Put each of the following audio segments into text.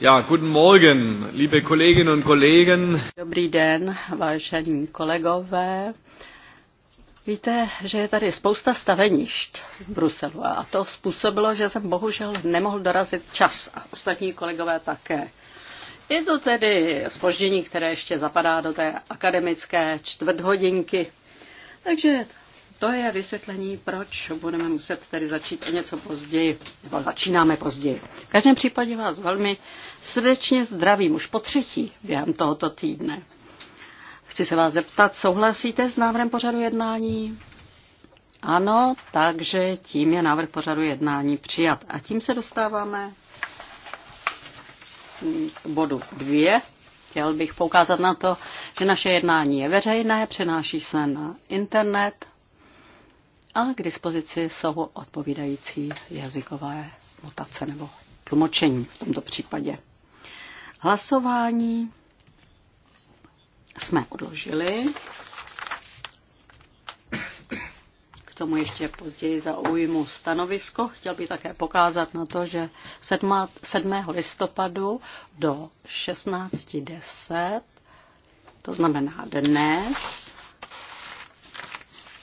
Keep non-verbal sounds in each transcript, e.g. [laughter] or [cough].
Ja, guten Morgen, liebe Kolleginnen und Kollegen. Dobrý den, vážení kolegové. Víte, že je tady spousta stavenišť v Bruselu a to způsobilo, že jsem bohužel nemohl dorazit čas a ostatní kolegové také. Je to tedy spoždění, které ještě zapadá do té akademické čtvrthodinky. Takže to je vysvětlení, proč budeme muset tedy začít o něco později, nebo začínáme později. V každém případě vás velmi srdečně zdravím už po třetí během tohoto týdne. Chci se vás zeptat, souhlasíte s návrhem pořadu jednání? Ano, takže tím je návrh pořadu jednání přijat. A tím se dostáváme k bodu dvě. Chtěl bych poukázat na to, že naše jednání je veřejné, přenáší se na internet, a k dispozici jsou odpovídající jazykové mutace nebo tlumočení v tomto případě. Hlasování jsme odložili. K tomu ještě později zaujmu stanovisko. Chtěl bych také pokázat na to, že 7. listopadu do 16.10, to znamená dnes,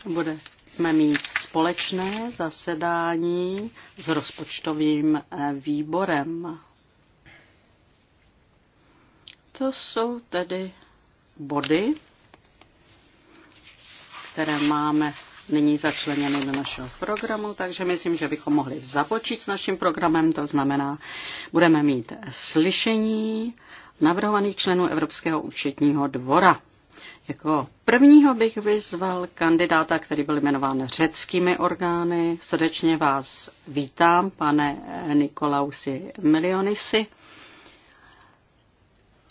bude budeme mít společné zasedání s rozpočtovým eh, výborem. To jsou tedy body, které máme nyní začleněny do našeho programu, takže myslím, že bychom mohli započít s naším programem, to znamená, budeme mít slyšení navrhovaných členů Evropského účetního dvora. Jako prvního bych vyzval kandidáta, který byl jmenován řeckými orgány. Srdečně vás vítám, pane Nikolausi Milionisi.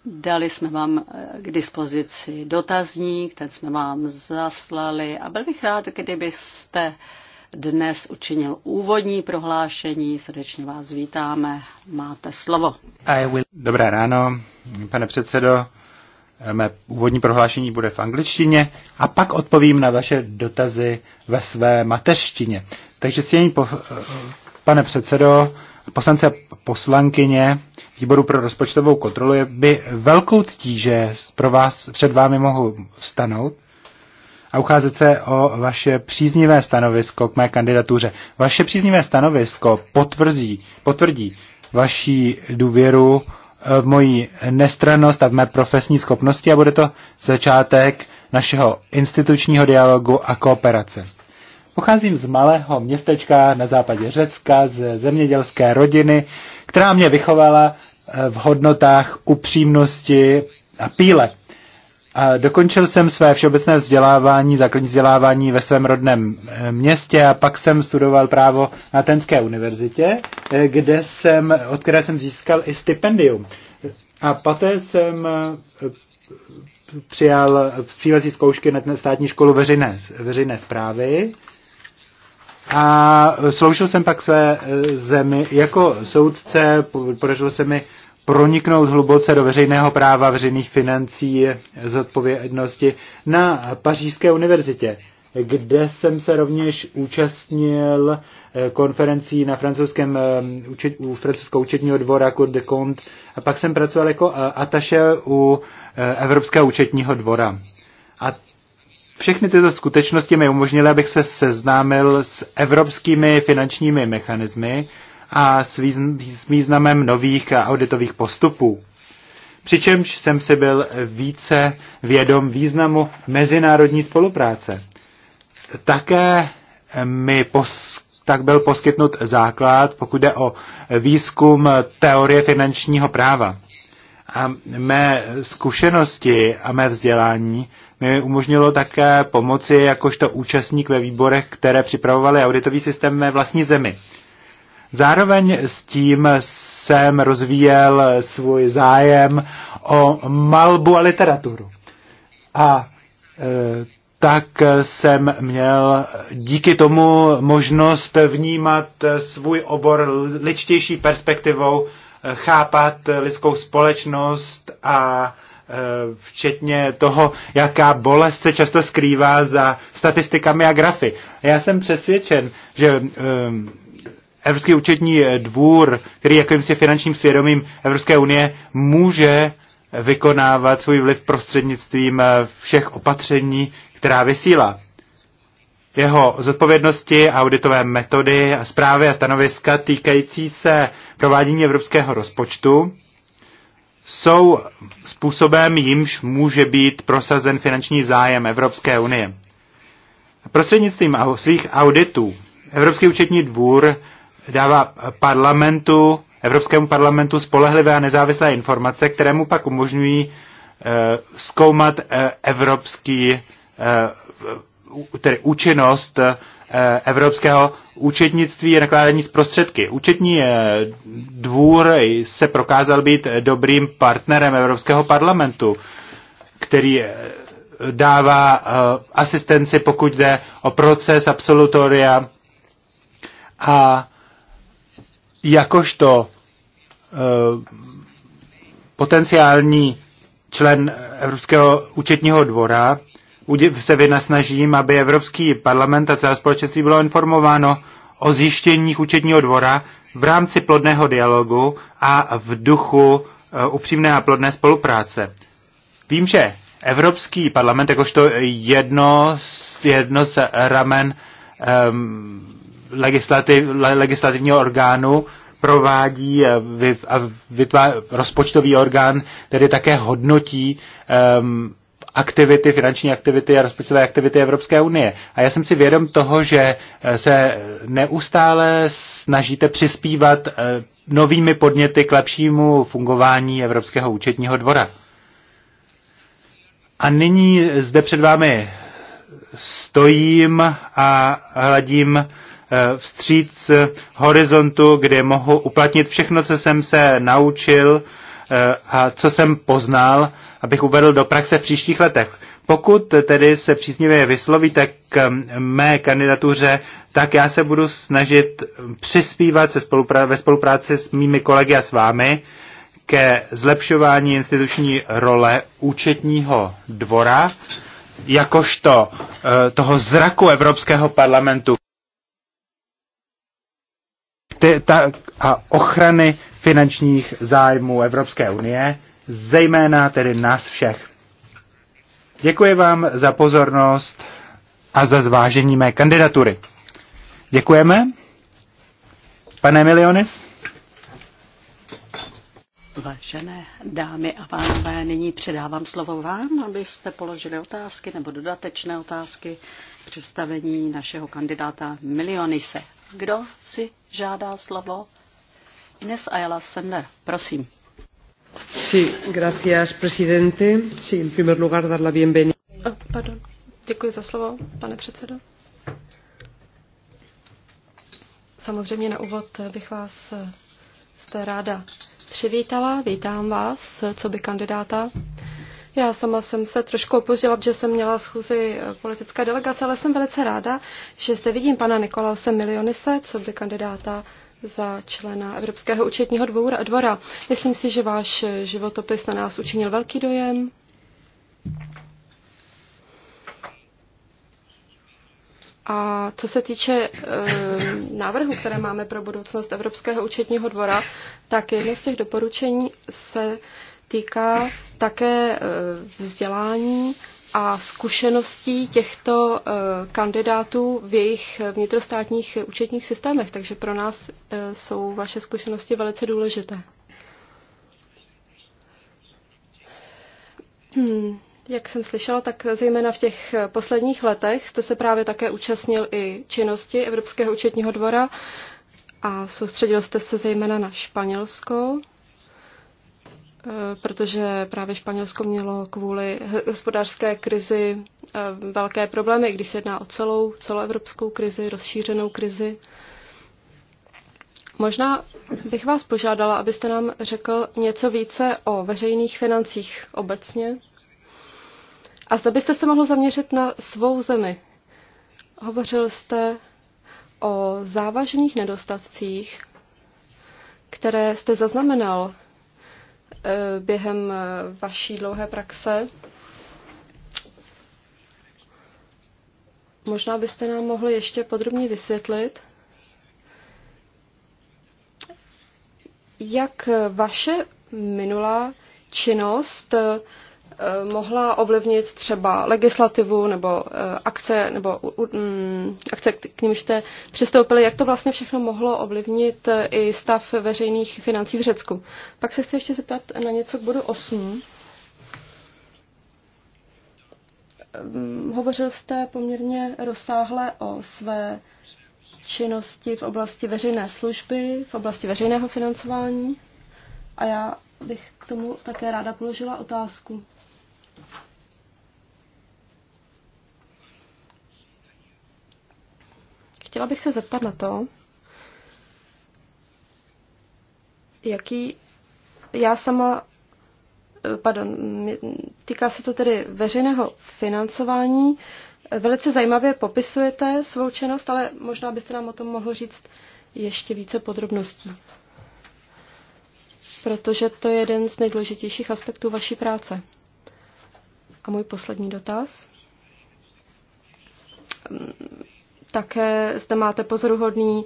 Dali jsme vám eh, k dispozici dotazník, ten jsme vám zaslali a byl bych rád, kdybyste dnes učinil úvodní prohlášení. Srdečně vás vítáme. Máte slovo. Dobré ráno, pane předsedo, mé úvodní prohlášení bude v angličtině a pak odpovím na vaše dotazy ve své mateřštině. Takže ctění po, pane předsedo, poslance poslankyně výboru pro rozpočtovou kontrolu je by velkou ctí, že pro vás před vámi mohu stanout a ucházet se o vaše příznivé stanovisko k mé kandidatuře. Vaše příznivé stanovisko potvrzí, potvrdí vaší důvěru Eh, v mojí nestrannost a v mé profesní schopnosti a bude to začátek našeho institučního dialogu a kooperace. Pocházím z malého městečka na západě Řecka, z zemědělské rodiny, která mě vychovala eh, v hodnotách upřímnosti a píle. A dokončil jsem své všeobecné vzdělávání, základní vzdělávání ve svém rodném eh, městě a pak jsem studoval právo na Tenské univerzitě, eh, kde jsem, od které jsem získal i stipendium. A poté jsem eh, přijal přijímací zkoušky na státní školu veřejné, veřejné zprávy a sloužil jsem pak své zemi jako soudce, podařilo se mi proniknout hluboce do veřejného práva, veřejných financí, zodpovědnosti na Pařížské univerzitě, kde jsem se rovněž účastnil eh, konferencí na francouzském eh, u francouzského účetního dvora Cour de Compte a pak jsem pracoval jako eh, ataše u Evropského účetního dvora. A všechny tyto skutečnosti mi umožnily, abych se seznámil s evropskými finančními mechanismy, a s významem nových auditových postupů. Přičemž jsem si byl více vědom významu mezinárodní spolupráce. Také mi pos- tak byl poskytnut základ, pokud jde o výzkum teorie finančního práva. A mé zkušenosti a mé vzdělání mi umožnilo také pomoci jakožto účastník ve výborech, které připravovaly auditový systém mé vlastní zemi. Zároveň s tím jsem rozvíjel svůj zájem o malbu a literaturu. A e, tak jsem měl díky tomu možnost vnímat svůj obor ličtější perspektivou, chápat lidskou společnost a e, včetně toho, jaká bolest se často skrývá za statistikami a grafy. Já jsem přesvědčen, že e, Evropský účetní dvůr, který jakýmsi finančním svědomím Evropské unie může vykonávat svůj vliv prostřednictvím eh, všech opatření, která vysílá. Jeho zodpovědnosti, auditové metody, zprávy a stanoviska týkající se provádění evropského rozpočtu jsou způsobem, jimž může být prosazen finanční zájem Evropské unie. Prostřednictvím svých auditů Evropský účetní dvůr dává parlamentu, Evropskému parlamentu spolehlivé a nezávislé informace, které mu pak umožňují eh, zkoumat eh, evropský, eh, tedy účinnost evropského účetnictví a nakládání s prostředky. Účetní dvůr se prokázal být dobrým partnerem Evropského parlamentu, který dává asistenci, pokud jde o proces absolutoria a jakožto eh, potenciální člen Evropského účetního dvora se vynasnažím, aby Evropský parlament a celé společenství bylo informováno o zjištěních účetního dvora v rámci plodného dialogu a v duchu eh, upřímné a plodné spolupráce. Vím, že Evropský parlament, jakožto jedno, jedno z ramen um, legislativ, legislativního orgánu provádí eh, a vytvá, rozpočtový orgán, tedy také hodnotí um, aktivity, finanční aktivity a rozpočtové aktivity Evropské unie. A já jsem si vědom toho, že eh, se neustále snažíte přispívat eh, novými podněty k lepšímu fungování Evropského účetního dvora. A nyní zde před vámi stojím a hladím Eh, vstříc horizontu, kde mohu uplatnit všechno, co jsem se naučil eh, a co jsem poznal, abych uvedl do praxe v příštích letech. Pokud tedy se příznivě vyslovíte k eh, mé kandidatuře, tak já se budu snažit přispívat se spolupra- ve spolupráci s mými kolegy a s vámi ke zlepšování instituční role účetního dvora, jakožto toho zraku Evropského parlamentu ty, ta, a ochrany finančních zájmů Evropské unie, zejména tedy nás všech. Děkuji vám za pozornost a za zvážení mé kandidatury. Děkujeme. Pane Milionis? Vážené dámy a pánové, nyní předávám slovo vám, abyste položili otázky nebo dodatečné otázky představení našeho kandidáta Milionise. Kdo si žádá slovo? Ines Ayala Sender, prosím. Sí, gracias, presidente. Sí, en primer lugar, dar la bienvenida. Oh, pardon. Děkuji za slovo, pane předsedo. Samozřejmě na úvod bych vás eh, z té ráda přivítala. Vítám vás, eh, co by kandidáta já sama jsem se trošku opozdila, protože jsem měla schůzi eh, politické delegace, ale jsem velice ráda, že zde vidím pana Nikolause Milionise, co by kandidáta za člena Evropského účetního dvora. Myslím si, že váš eh, životopis na nás učinil velký dojem. A co se týče e, eh, návrhu, které máme pro budoucnost Evropského účetního dvora, tak jedno z těch doporučení se týká také e, vzdělání a zkušeností těchto e, kandidátů v jejich vnitrostátních účetních systémech, takže pro nás e, jsou vaše zkušenosti velice důležité. Hmm. Jak jsem slyšela, tak zejména v těch posledních letech jste se právě také účastnil i činnosti Evropského účetního dvora a soustředil jste se zejména na Španělsko. Eh, protože právě Španělsko mělo kvůli hospodářské krizi eh, velké problémy, když se jedná o celou celoevropskou krizi, rozšířenou krizi. Možná bych vás požádala, abyste nám řekl něco více o veřejných financích obecně. A zda byste se mohl zaměřit na svou zemi. Hovořil jste o závažných nedostatcích, které jste zaznamenal Eh, během eh, vaší dlouhé praxe. Možná byste nám mohli ještě podrobně vysvětlit, jak vaše minulá činnost Eh, mohla ovlivnit třeba legislativu nebo eh, akce, nebo mm, akce, k nimž jste přistoupili, jak to vlastně všechno mohlo ovlivnit eh, i stav veřejných financí v Řecku. Pak se chci ještě zeptat na něco k bodu 8. Hovořil jste poměrně rozsáhle o své činnosti v oblasti veřejné služby, v oblasti veřejného financování a já bych k tomu také ráda položila otázku. Chtěla bych se zeptat na to, jaký... Já sama... Eh, pardon, týká se to tedy veřejného financování. Velice zajímavě popisujete svou činnost, ale možná byste nám o tom mohl říct ještě více podrobností. Protože to je jeden z nejdůležitějších aspektů vaší práce. A můj poslední dotaz. Ehm, také zde máte pozoruhodný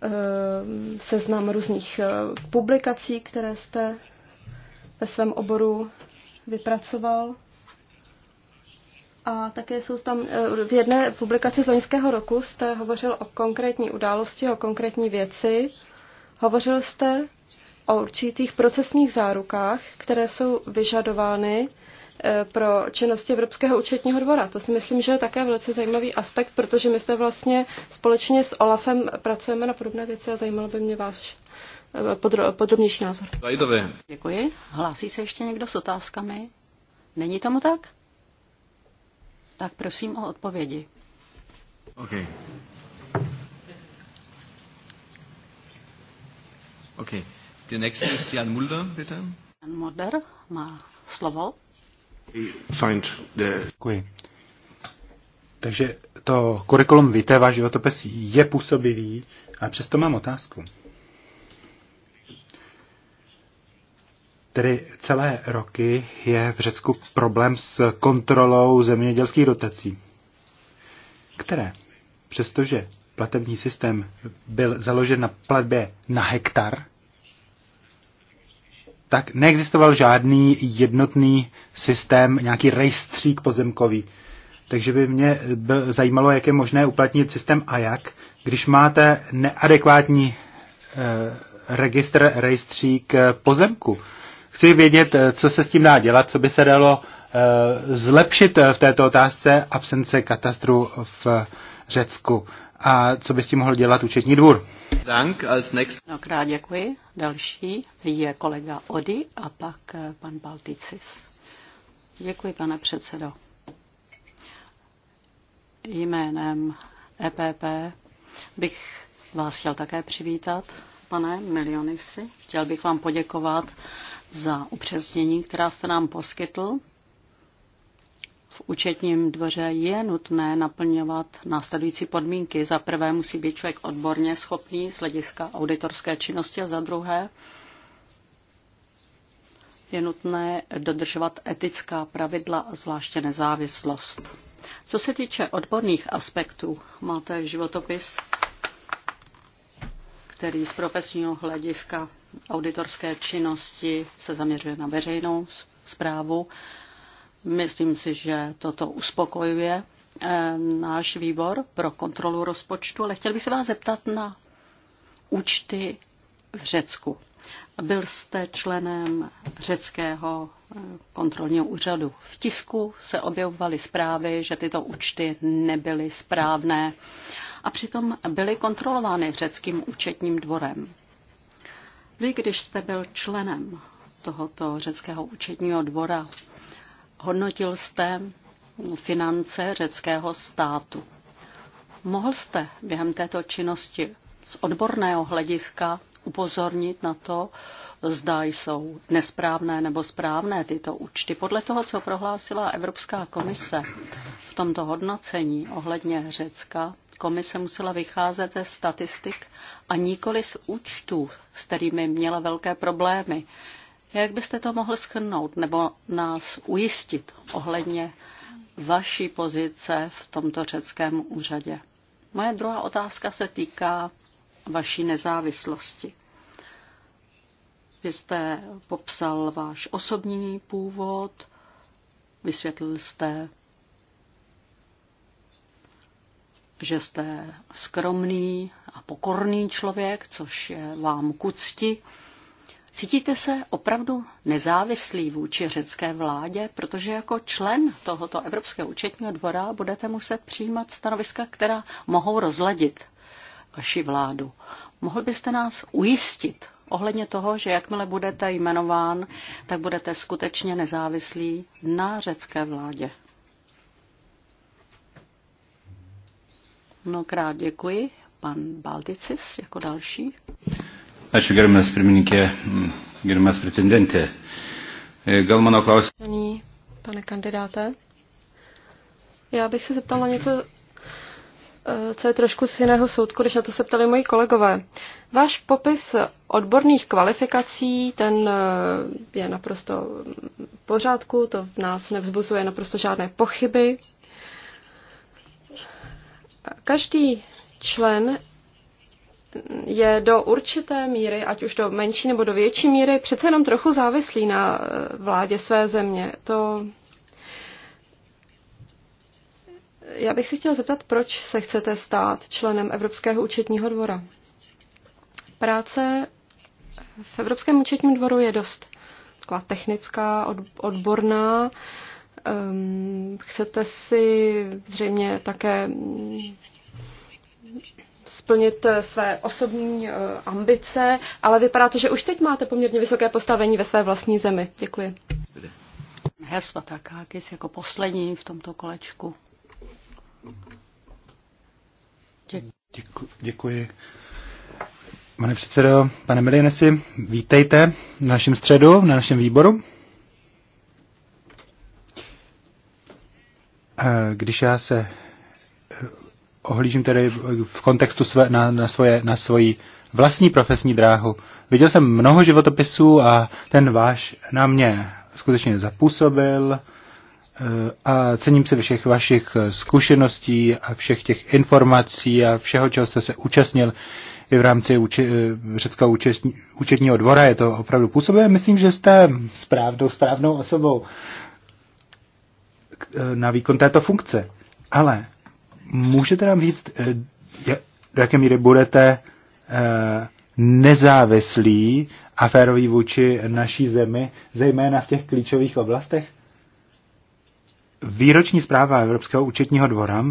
ehm, seznam různých eh, publikací, které jste ve svém oboru vypracoval. A také jsou tam, eh, v jedné publikaci z loňského roku jste hovořil o konkrétní události, o konkrétní věci. Hovořil jste o určitých procesních zárukách, které jsou vyžadovány E, pro činnosti Evropského účetního dvora. To si myslím, že je také velice zajímavý aspekt, protože my jste vlastně společně s Olafem pracujeme na podobné věci a zajímalo by mě váš e, podro, podrobnější názor. Zajdově. Děkuji. Hlásí se ještě někdo s otázkami? Není tomu tak? Tak prosím o odpovědi. OK. OK. Der next ist Jan Mulder, bitte. Jan Mulder má slovo. Děkuji. Takže to kurikulum víte, váš životopis je působivý, a přesto mám otázku. Tedy celé roky je v Řecku problém s kontrolou zemědělských dotací, které, přestože platební systém byl založen na platbě na hektar, tak neexistoval žádný jednotný systém, nějaký rejstřík pozemkový. Takže by mě eh, zajímalo, jak je možné uplatnit systém jak, když máte neadekvátní e, registr, rejstřík eh, pozemku. Chci vědět, co se s tím dá dělat, co by se dalo e, zlepšit v této otázce absence katastru v Řecku. A co by s tím mohl dělat účetní dvůr? Dank, als next. No, krát děkuji. Další je kolega Odi a pak eh, pan Balticis. Děkuji, pane předsedo. Jménem EPP bych vás chtěl také přivítat, pane Milionisi. Chtěl bych vám poděkovat za upřesnění, která jste nám poskytl v účetním dvoře je nutné naplňovat následující podmínky. Za prvé musí být člověk odborně schopný z hlediska auditorské činnosti a za druhé je nutné dodržovat etická pravidla a zvláště nezávislost. Co se týče odborných aspektů, máte životopis, který z profesního hlediska auditorské činnosti se zaměřuje na veřejnou zprávu Myslím si, že toto uspokojuje eh, náš výbor pro kontrolu rozpočtu, ale chtěl bych se vás zeptat na účty v Řecku. Byl jste členem řeckého eh, kontrolního úřadu. V tisku se objevovaly zprávy, že tyto účty nebyly správné a přitom byly kontrolovány řeckým účetním dvorem. Vy, když jste byl členem tohoto řeckého účetního dvora, Hodnotil jste finance řeckého státu. Mohl jste během této činnosti z odborného hlediska upozornit na to, zda jsou nesprávné nebo správné tyto účty. Podle toho, co prohlásila Evropská komise v tomto hodnocení ohledně Řecka, komise musela vycházet ze statistik a nikoli z účtů, s kterými měla velké problémy. Jak byste to mohl schrnout nebo nás ujistit ohledně vaší pozice v tomto řeckém úřadě? Moje druhá otázka se týká vaší nezávislosti. Vy jste popsal váš osobní původ, vysvětlil jste, že jste skromný a pokorný člověk, což je vám k Cítíte se opravdu nezávislý vůči řecké vládě, protože jako člen tohoto Evropského účetního dvora budete muset přijímat stanoviska, která mohou rozladit vaši vládu. Mohl byste nás ujistit ohledně toho, že jakmile budete jmenován, tak budete skutečně nezávislí na řecké vládě? Mnohokrát děkuji. Pan Balticis jako další. Ačiū gerbiamas pirmininkė, mm, gerbiamas pretendentė. E, gal mano Pani, Pane kandidáte, já bych se zeptala něco, e, co je trošku z jiného soudku, když na to se ptali moji kolegové. Váš popis odborných kvalifikací, ten e, je naprosto v pořádku, to v nás nevzbuzuje naprosto žádné pochyby. Každý člen je do určité míry, ať už do menší nebo do větší míry, přece jenom trochu závislý na eh, vládě své země. To já bych si chtěla zeptat, proč se chcete stát členem Evropského účetního dvora? Práce v Evropském účetním dvoru je dost taková technická, odborná. Ehm, chcete si zřejmě také splnit eh, své osobní eh, ambice, ale vypadá to, že už teď máte poměrně vysoké postavení ve své vlastní zemi. Děkuji. Hesva Takákis jako poslední v tomto kolečku. Děkuji. děkuji. Pane předsedo, pane Milinesi, vítejte na našem středu, na našem výboru. Eh, když já se ohlížím tedy v kontextu své, na, na, svoje, na svoji vlastní profesní dráhu. Viděl jsem mnoho životopisů a ten váš na mě skutečně zapůsobil eh, a cením si všech vašich eh, zkušeností a všech těch informací a všeho, čeho jste se účastnil i v rámci uči, eh, řeckého účetní, účetního dvora. Je to opravdu působivé. Myslím, že jste správnou, správnou osobou na výkon této funkce. Ale Můžete nám říct, eh, do jaké míry budete eh, nezávislí a féroví vůči naší zemi, zejména v těch klíčových oblastech? Výroční zpráva Evropského účetního dvora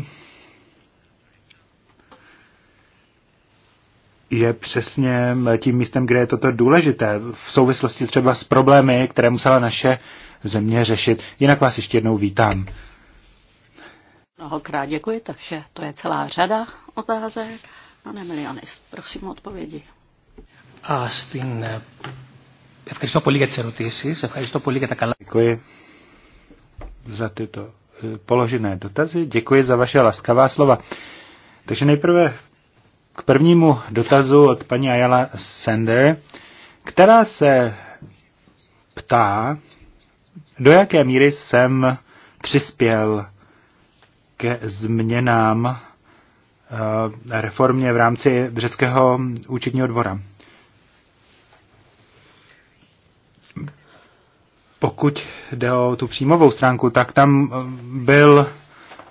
je přesně eh, tím místem, kde je toto důležité v souvislosti třeba s problémy, které musela naše země řešit. Jinak vás ještě jednou vítám. Mnohokrát děkuji, takže to je celá řada otázek. Pane miliony. prosím o odpovědi. A tím... Eh, ευχαριστώ πολύ για τις ερωτήσεις, ευχαριστώ πολύ για τα καλά. Děkuji za tyto eh, položené dotazy, děkuji za vaše laskavá slova. Takže nejprve k prvnímu dotazu od paní Ayala Sender, která se ptá, do jaké míry jsem přispěl ke změnám eh, reformě v rámci řeckého účetního dvora. Pokud jde o tu příjmovou stránku, tak tam eh, byl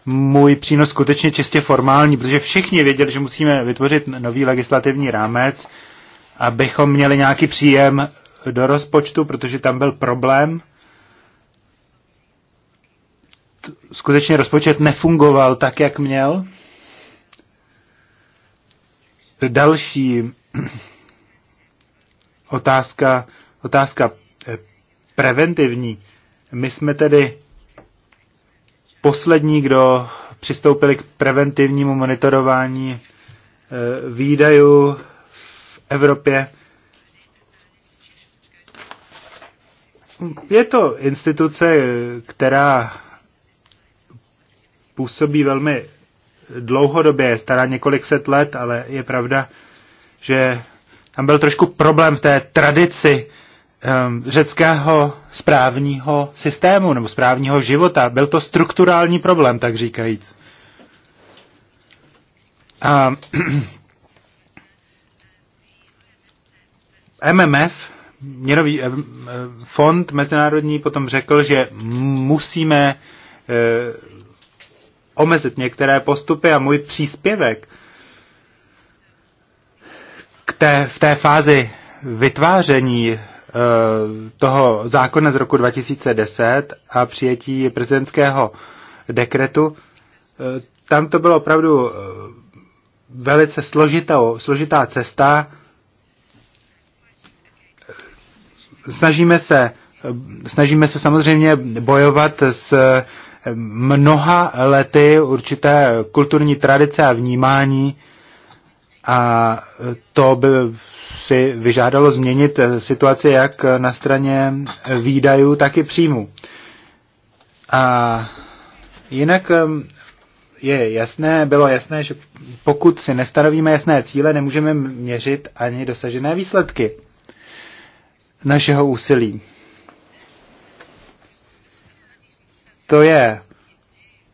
můj přínos skutečně čistě formální, protože všichni věděli, že musíme vytvořit nový legislativní rámec, abychom měli nějaký příjem do rozpočtu, protože tam byl problém skutečně rozpočet nefungoval tak, jak měl. Další otázka, otázka eh, preventivní. My jsme tedy poslední, kdo přistoupili k preventivnímu monitorování eh, výdajů v Evropě. Je to instituce, která působí velmi dlouhodobě, stará několik set let, ale je pravda, že tam byl trošku problém v té tradici um, řeckého správního systému nebo správního života. Byl to strukturální problém, tak říkajíc. A [clears throat] MMF, měnový eh, eh, fond mezinárodní, potom řekl, že musíme eh, omezit některé postupy a můj příspěvek k té, v té fázi vytváření eh, toho zákona z roku 2010 a přijetí prezidentského dekretu, eh, tam to bylo opravdu eh, velice složitá, složitá cesta. Snažíme se, snažíme se samozřejmě bojovat s mnoha lety určité kulturní tradice a vnímání a to by si vyžádalo změnit situaci jak na straně výdajů, tak i příjmů. A jinak um, je jasné, bylo jasné, že pokud si nestanovíme jasné cíle, nemůžeme měřit ani dosažené výsledky našeho úsilí. to je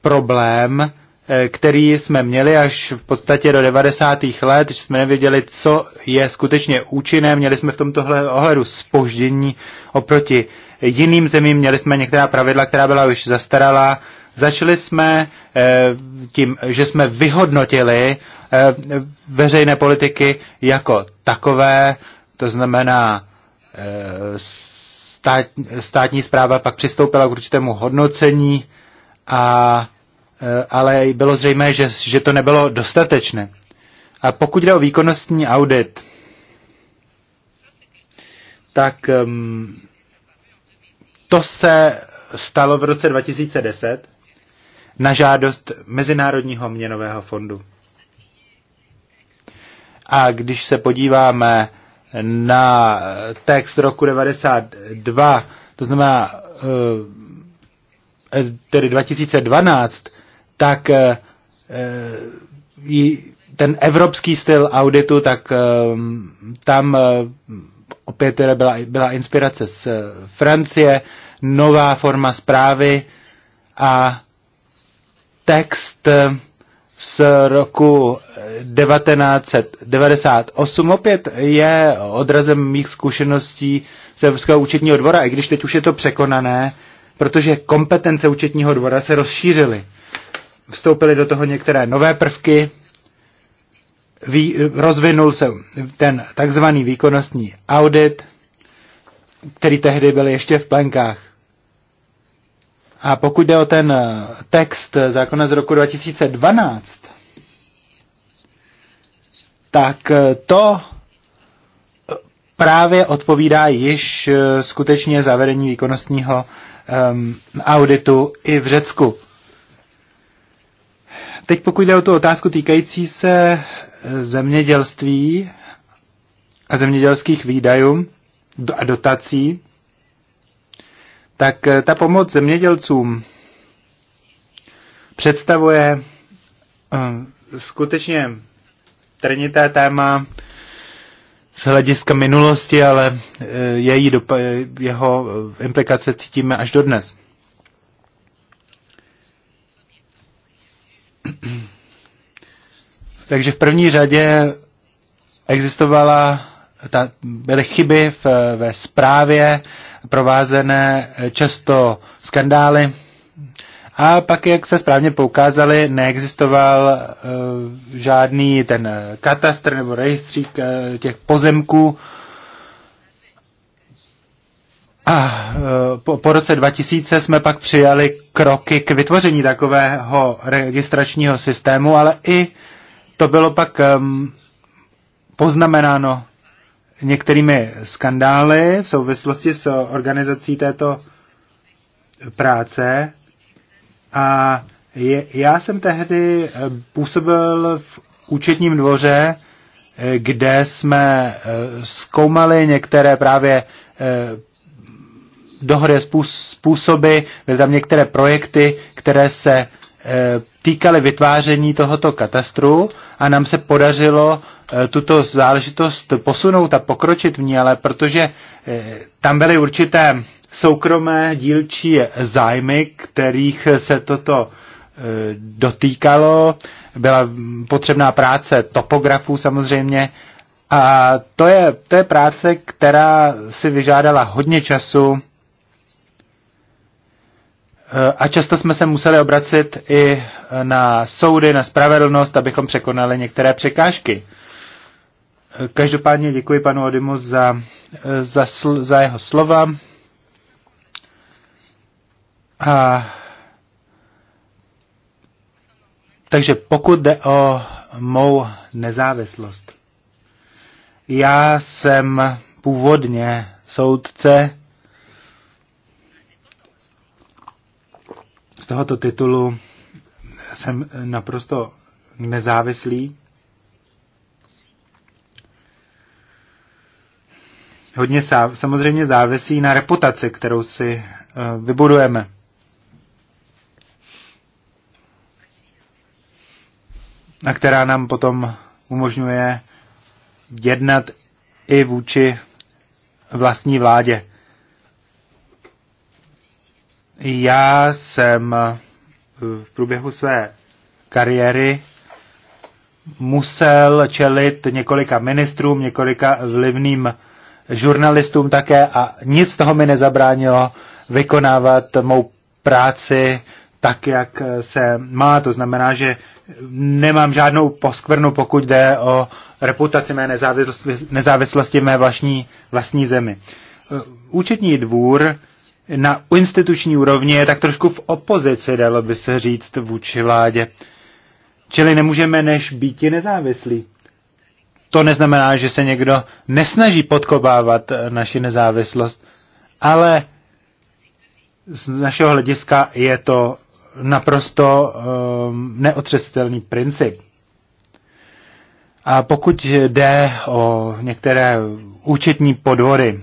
problém, eh, který jsme měli až v podstatě do 90. let, že jsme nevěděli, co je skutečně účinné. Měli jsme v tomto ohledu spoždění oproti jiným zemím, měli jsme některá pravidla, která byla už zastaralá. Začali jsme eh, tím, že jsme vyhodnotili eh, veřejné politiky jako takové, to znamená stát, státní zpráva pak přistoupila k určitému hodnocení, a, e, ale bylo zřejmé, že, že to nebylo dostatečné. A pokud jde o výkonnostní audit, tak um, to se stalo v roce 2010 na žádost Mezinárodního měnového fondu. A když se podíváme na text roku 92, to znamená eh, eh, tedy 2012, tak eh, ten evropský styl auditu, tak tam opět teda byla, byla inspirace z Francie, nová forma zprávy a text z roku 1998. Eh, Opět je odrazem mých zkušeností z Evropského účetního dvora, i když teď už je to překonané, protože kompetence účetního dvora se rozšířily. Vstoupily do toho některé nové prvky, vý, rozvinul se ten takzvaný výkonnostní audit, který tehdy byl ještě v plenkách. A pokud jde o ten eh, text eh, zákona z roku 2012, tak eh, to právě odpovídá již skutečně zavedení výkonnostního um, auditu i v Řecku. Teď pokud jde o tu otázku týkající se zemědělství a zemědělských výdajů a dotací, tak eh, ta pomoc zemědělcům představuje eh, skutečně trnité téma z hlediska minulosti, ale eh, její dopa- jeho implikace cítíme až dodnes. [clears throat] Takže v první řadě existovala ta, byly chyby v, ve správě provázené eh, často skandály. A pak, jak se správně poukázali, neexistoval uh, žádný ten eh, katastr nebo rejstřík uh, těch pozemků. A uh, po, po roce 2000 jsme pak přijali kroky k vytvoření takového registračního systému, ale i to bylo pak um, poznamenáno některými skandály v souvislosti s organizací této práce. A je, já jsem tehdy eh, působil v účetním dvoře, eh, kde jsme eh, zkoumali některé právě dohody způsoby, byly tam některé projekty, které se týkaly vytváření tohoto katastru a nám se podařilo Eh, tuto záležitost posunout a pokročit v ní, ale protože eh, tam byly určité soukromé dílčí zájmy, kterých se toto eh, dotýkalo, byla potřebná práce topografů samozřejmě a to je, to je práce, která si vyžádala hodně času a často jsme se museli obracet i na soudy, na spravedlnost, abychom překonali některé překážky. Každopádně děkuji panu Odimu za, za, sl, za jeho slova. A, takže pokud jde o mou nezávislost. Já jsem původně soudce z tohoto titulu jsem naprosto nezávislý hodně samozřejmě závisí na reputaci, kterou si eh, vybudujeme. A která nám potom umožňuje jednat i vůči vlastní vládě. Já jsem eh, v průběhu své kariéry musel čelit několika ministrům, několika vlivným žurnalistům také a nic toho mi nezabránilo vykonávat mou práci tak, jak se má. To znamená, že nemám žádnou poskvrnu, pokud jde o reputaci mé nezávislosti, nezávislosti v mé vlastní, vlastní zemi. Účetní dvůr na instituční úrovni je tak trošku v opozici, dalo by se říct, vůči vládě. Čili nemůžeme než být nezávislí. To neznamená, že se někdo nesnaží podkobávat eh, naši nezávislost, ale z našeho hlediska je to naprosto um, neotřesitelný princip. A pokud jde o některé účetní podvody,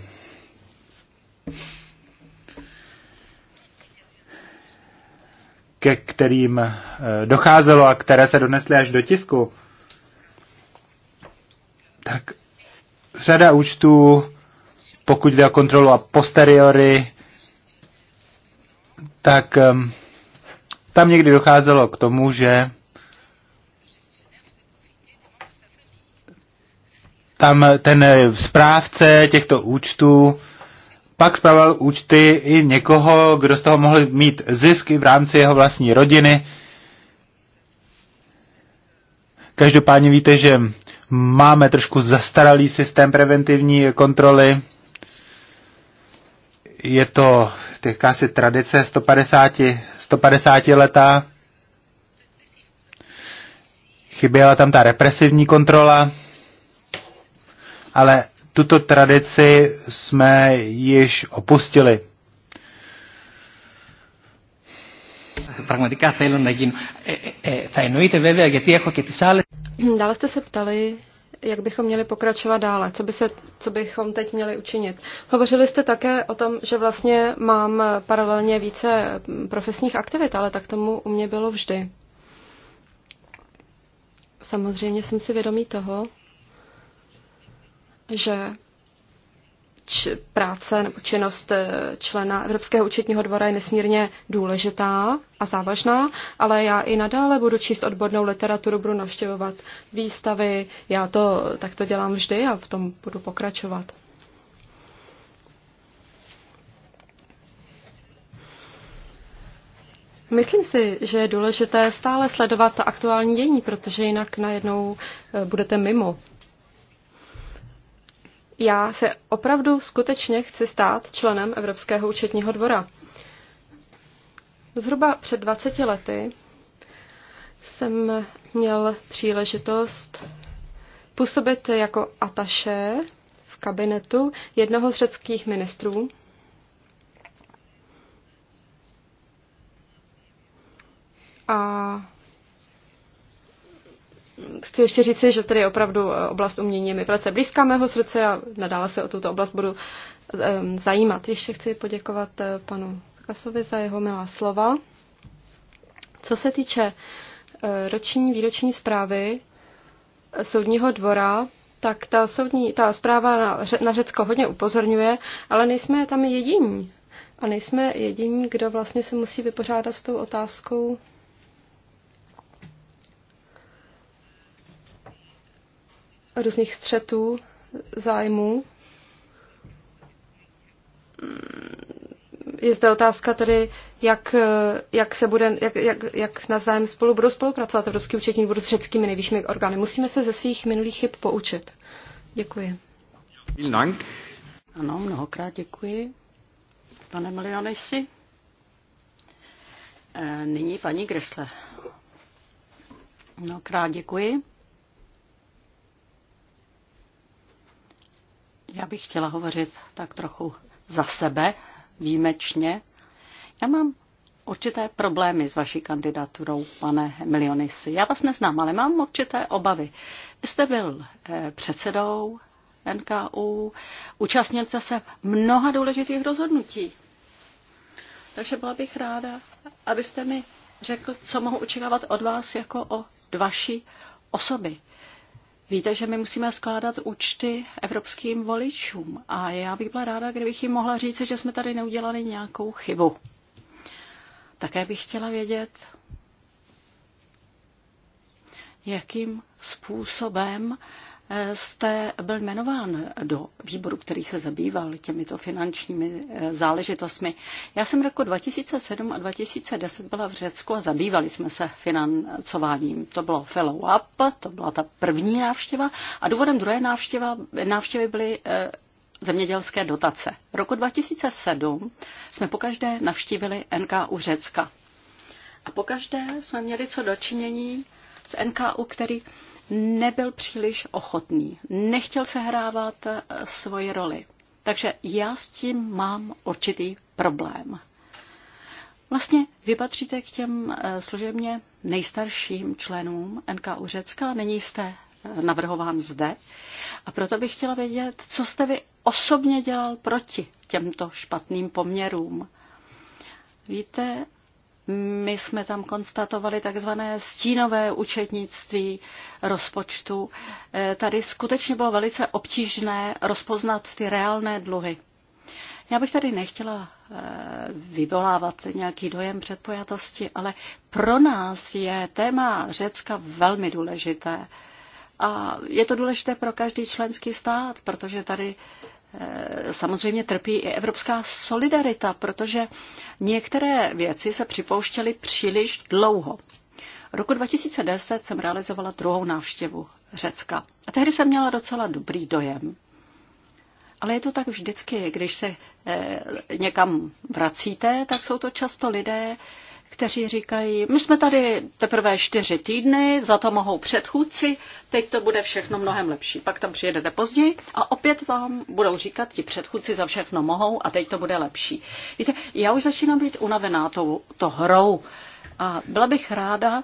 ke kterým eh, docházelo a které se donesly až do tisku, tak řada účtů, pokud jde o kontrolu a posteriori, tak tam někdy docházelo k tomu, že tam ten správce těchto účtů pak spravoval účty i někoho, kdo z toho mohl mít zisky v rámci jeho vlastní rodiny. Každopádně víte, že máme trošku zastaralý systém preventivní kontroly. Je to teďka si tradice 150, 150 letá. Chyběla tam ta represivní kontrola, ale tuto tradici jsme již opustili. Πραγματικά θέλω να γίνω. Ε, ε, θα εννοείται βέβαια γιατί έχω και τις άλλες Dále jste se ptali, jak bychom měli pokračovat dále, co, by se, co bychom teď měli učinit. Hovořili jste také o tom, že vlastně mám paralelně více profesních aktivit, ale tak tomu u mě bylo vždy. Samozřejmě jsem si vědomý toho, že č- práce nebo činnost eh, člena Evropského účetního dvora je nesmírně důležitá a závažná, ale já i nadále budu číst odbornou literaturu, budu navštěvovat výstavy, já to takto dělám vždy a v tom budu pokračovat. Myslím si, že je důležité stále sledovat aktuální dění, protože jinak najednou eh, budete mimo já se opravdu skutečně chci stát členem Evropského účetního dvora. Zhruba před 20 lety jsem měl příležitost působit jako ataše v kabinetu jednoho z řeckých ministrů. A chci ještě říci, že tady opravdu eh, oblast umění mi velice blízká mého srdce a nadále se o tuto oblast budu ehm, zajímat. Ještě chci poděkovat eh, panu Kasovi za jeho milá slova. Co se týče eh, roční výroční zprávy soudního dvora, tak ta, soudní, ta zpráva na, na Řecko hodně upozorňuje, ale nejsme tam jediní. A nejsme jediní, kdo vlastně se musí vypořádat s tou otázkou různých střetů zájmů. Je zde otázka tedy, jak, jak, se bude, jak, jak, jak na zájem spolu budou spolupracovat Evropský účetní dvůr s řeckými nejvyššími orgány. Musíme se ze svých minulých chyb poučit. Děkuji. Dank. Ano, mnohokrát děkuji. Pane Milionisi. Eh, nyní paní Gresle. Mnohokrát děkuji. Já bych chtěla hovořit tak trochu za sebe, výjimečně. Já mám určité problémy s vaší kandidaturou, pane Milionisi. Já vás neznám, ale mám určité obavy. Vy jste byl eh, předsedou NKU, účastnil jste se mnoha důležitých rozhodnutí. Takže byla bych ráda, abyste mi řekl, co mohu očekávat od vás jako od vaší osoby. Víte, že my musíme skládat účty evropským voličům a já bych byla ráda, kdybych jim mohla říct, že jsme tady neudělali nějakou chybu. Také bych chtěla vědět, jakým způsobem jste byl jmenován do výboru, který se zabýval těmito finančními eh, záležitostmi. Já jsem roku 2007 a 2010 byla v Řecku a zabývali jsme se financováním. To bylo fellow up to byla ta první návštěva a důvodem druhé návštěva, návštěvy byly eh, zemědělské dotace. Roku 2007 jsme pokaždé navštívili NKU Řecka. A pokaždé jsme měli co dočinění s NKU, který nebyl příliš ochotný, nechtěl hrávat eh, svoji roli. Takže já s tím mám určitý problém. Vlastně vy patříte k těm eh, služebně nejstarším členům NKU Řecka, není jste eh, navrhován zde. A proto bych chtěla vědět, co jste vy osobně dělal proti těmto špatným poměrům. Víte, my jsme tam konstatovali takzvané stínové účetnictví rozpočtu. Eh, tady skutečně bylo velice obtížné rozpoznat ty reálné dluhy. Já bych tady nechtěla eh, vyvolávat nějaký dojem předpojatosti, ale pro nás je téma Řecka velmi důležité. A je to důležité pro každý členský stát, protože tady eh, samozřejmě trpí i evropská solidarita, protože některé věci se připouštěly příliš dlouho. Roku 2010 jsem realizovala druhou návštěvu Řecka. A tehdy jsem měla docela dobrý dojem. Ale je to tak vždycky, když se eh, někam vracíte, tak jsou to často lidé, kteří říkají, my jsme tady teprve čtyři týdny, za to mohou předchůdci, teď to bude všechno mnohem lepší. Pak tam přijedete později a opět vám budou říkat, ti předchůdci za všechno mohou a teď to bude lepší. Víte, já už začínám být unavená tou, to hrou a byla bych ráda,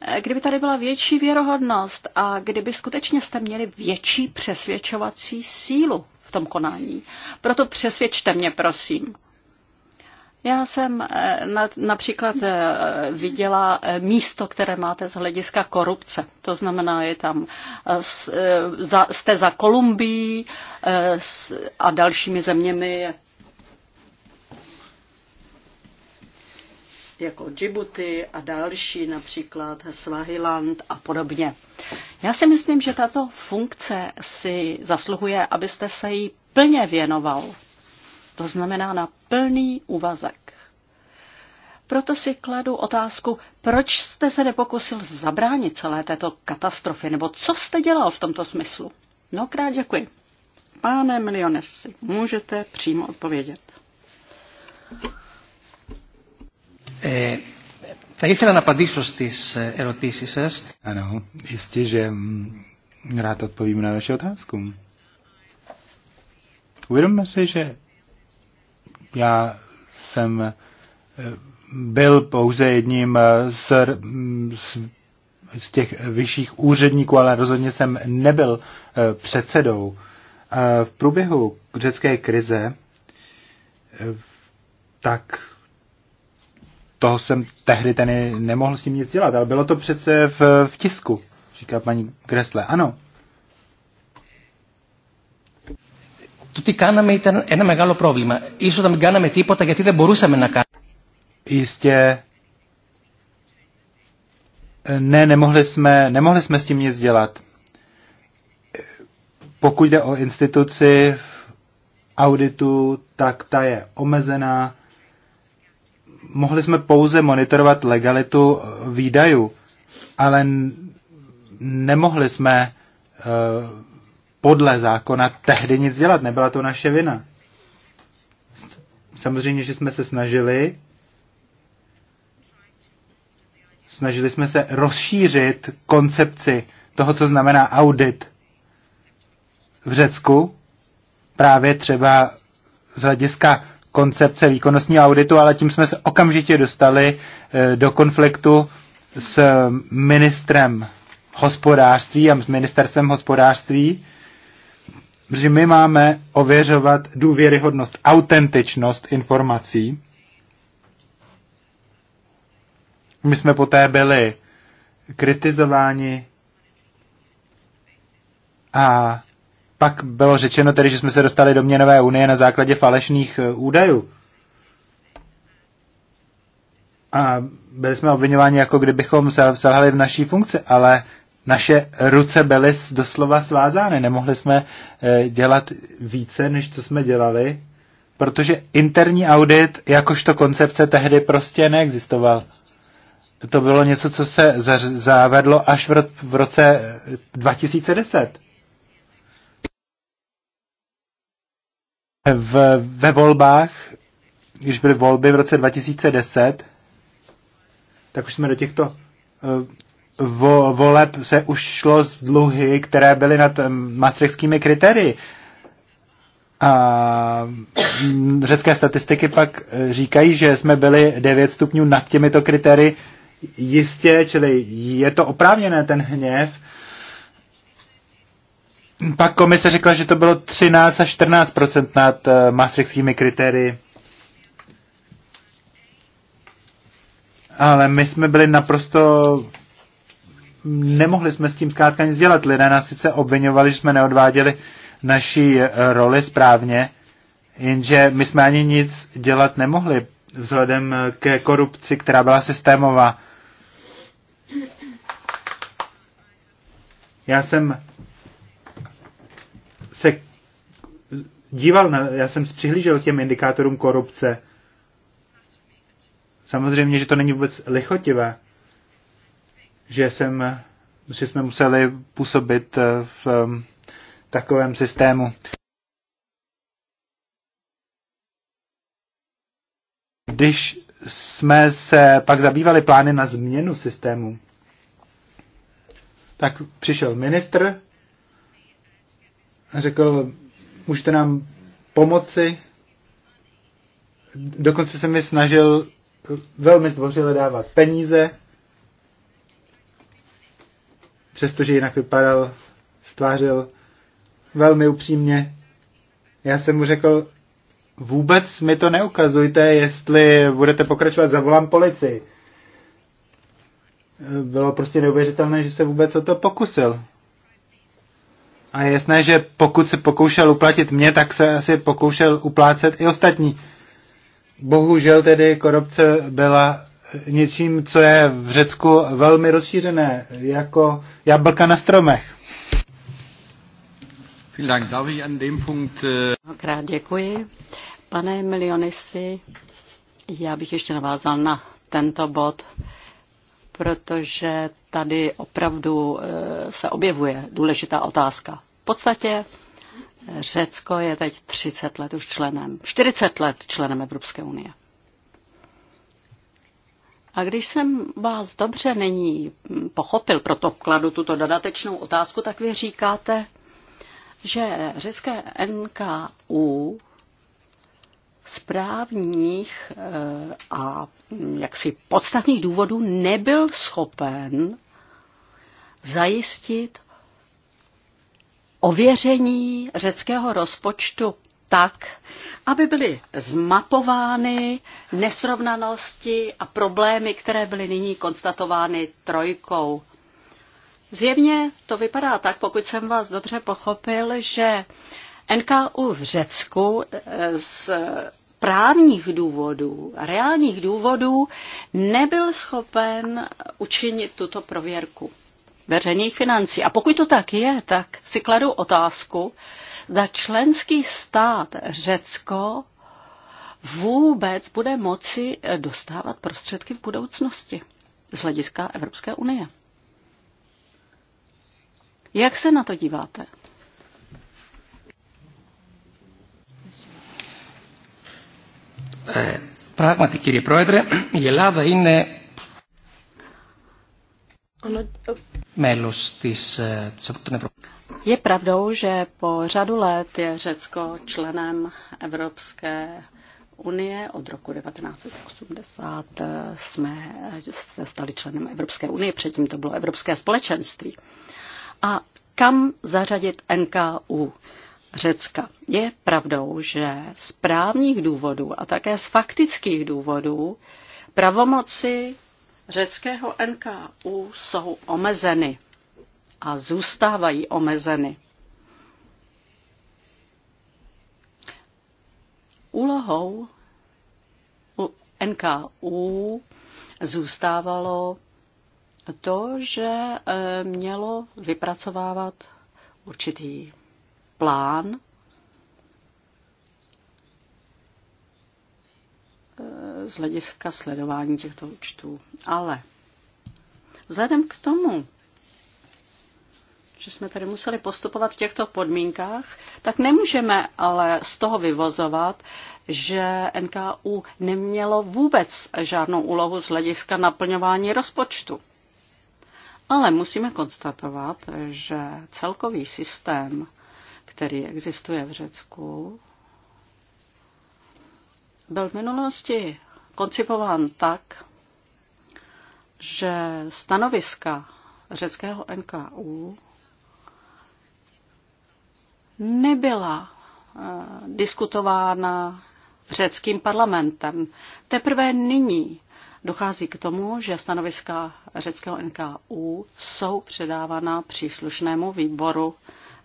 eh, kdyby tady byla větší věrohodnost a kdyby skutečně jste měli větší přesvědčovací sílu v tom konání. Proto přesvědčte mě, prosím. Já jsem eh, například eh, viděla eh, místo, které máte z hlediska korupce. To znamená, je tam, jste za Kolumbií a dalšími zeměmi jako Djibouti a další, například Swahiland a podobně. Já si myslím, že tato funkce si zasluhuje, abyste se jí plně věnoval to znamená na plný úvazek. Proto si kladu otázku, proč jste se nepokusil zabránit celé této katastrofy, nebo co jste dělal v tomto smyslu? No, krát děkuji. Páne Milionesi, můžete přímo odpovědět. Eh, θα ήθελα να απαντήσω στις eh, ερωτήσεις Ano, jistě, že mm, rád odpovím na vaši otázku. Uvědomme si, že já jsem eh, byl pouze jedním eh, z, mm, z, z těch vyšších úředníků, ale rozhodně jsem nebyl eh, předsedou. V průběhu řecké krize tak toho jsem tehdy ten nemohl s tím nic dělat, ale bylo to přece v, v tisku, říká paní Kresle. Ano, το τι κάναμε ήταν ένα μεγάλο πρόβλημα. Ίσως να μην κάναμε τίποτα γιατί δεν μπορούσαμε να κάνουμε. Jistě ne, nemohli jsme, nemohli jsme s tím nic dělat. Pokud jde o instituci auditu, tak ta je omezená. Mohli jsme pouze monitorovat legalitu eh, výdajů, ale nemohli jsme eh, podle zákona tehdy nic dělat. Nebyla to naše vina. Samozřejmě, že jsme se snažili. Snažili jsme se rozšířit koncepci toho, co znamená audit v Řecku. Právě třeba z hlediska koncepce výkonnostního auditu, ale tím jsme se okamžitě dostali eh, do konfliktu s ministrem hospodářství a s ministerstvem hospodářství, protože my máme ověřovat důvěryhodnost, autentičnost informací. My jsme poté byli kritizováni a pak bylo řečeno tedy, že jsme se dostali do měnové unie na základě falešných eh, údajů. A byli jsme obvinováni, jako kdybychom selhali v naší funkci, ale naše ruce byly doslova svázány. Nemohli jsme eh, dělat více, než co jsme dělali, protože interní audit jakožto koncepce tehdy prostě neexistoval. To bylo něco, co se zavedlo až v roce 2010. Eh, v, ve volbách, když byly volby v roce 2010, tak už jsme do těchto eh, vo, voleb se už šlo z dluhy, které byly nad maastrichtskými kritérii. A mm, řecké statistiky pak e, říkají, že jsme byli 9 stupňů nad těmito kritérii jistě, čili je to oprávněné ten hněv. Pak komise řekla, že to bylo 13 až 14 nad e, maastrichtskými kritérii. Ale my jsme byli naprosto nemohli jsme s tím zkrátka nic dělat. Lidé nás sice obvinovali, že jsme neodváděli naší eh, roli správně, jenže my jsme ani nic dělat nemohli vzhledem eh, ke korupci, která byla systémová. Já jsem se díval na, já jsem přihlížel těm indikátorům korupce. Samozřejmě, že to není vůbec lichotivé že, jsem, že jsme museli působit eh, v eh, takovém systému. Když jsme se pak zabývali plány na změnu systému, tak přišel ministr a řekl, můžete nám pomoci. Dokonce se mi snažil velmi zdvořile dávat peníze, přestože jinak vypadal, stvářil velmi upřímně. Já jsem mu řekl, vůbec mi to neukazujte, jestli budete pokračovat, zavolám policii. Bylo prostě neuvěřitelné, že se vůbec o to pokusil. A je jasné, že pokud se pokoušel uplatit mě, tak se asi pokoušel uplácet i ostatní. Bohužel tedy korupce byla něčím, co je v Řecku velmi rozšířené, jako jablka na stromech. Mnohokrát äh, děkuji. Pane Milionisi, já bych ještě navázal na tento bod, protože tady opravdu e, se objevuje důležitá otázka. V podstatě e, Řecko je teď 30 let už členem, 40 let členem Evropské unie. A když jsem vás dobře není pochopil, proto vkladu tuto dodatečnou otázku, tak vy říkáte, že řecké NKU správních eh, a hm, jaksi podstatných důvodů nebyl schopen zajistit ověření řeckého rozpočtu tak, aby byly zmapovány nesrovnanosti a problémy, které byly nyní konstatovány trojkou. Zjevně to vypadá tak, pokud jsem vás dobře pochopil, že NKU v Řecku eh, z právních důvodů, reálních důvodů nebyl schopen učinit tuto prověrku veřejných financí. A pokud to tak je, tak si kladu otázku, zda členský stát Řecko vůbec bude moci eh, dostávat prostředky v budoucnosti z hlediska Evropské unie. Jak se na to díváte? Πράγματι, κύριε Πρόεδρε, η Ελλάδα είναι μέλος της, των Ευρωπαϊκών je pravdou, že po řadu let je Řecko členem Evropské unie. Od roku 1980 eh, jsme se stali členem Evropské unie, předtím to bylo Evropské společenství. A kam zařadit NKU Řecka? Je pravdou, že z právních důvodů a také z faktických důvodů pravomoci řeckého NKU jsou omezeny a zůstávají omezeny. Úlohou NKU zůstávalo to, že e, mělo vypracovávat určitý plán e, z hlediska sledování těchto účtů. Ale vzhledem k tomu, že jsme tady museli postupovat v těchto podmínkách, tak nemůžeme ale z toho vyvozovat, že NKU nemělo vůbec žádnou úlohu z hlediska naplňování rozpočtu. Ale musíme konstatovat, že celkový systém, který existuje v Řecku, byl v minulosti koncipován tak, že stanoviska řeckého NKU nebyla eh, diskutována řeckým parlamentem. Teprve nyní dochází k tomu, že stanoviska řeckého NKU jsou předávána příslušnému výboru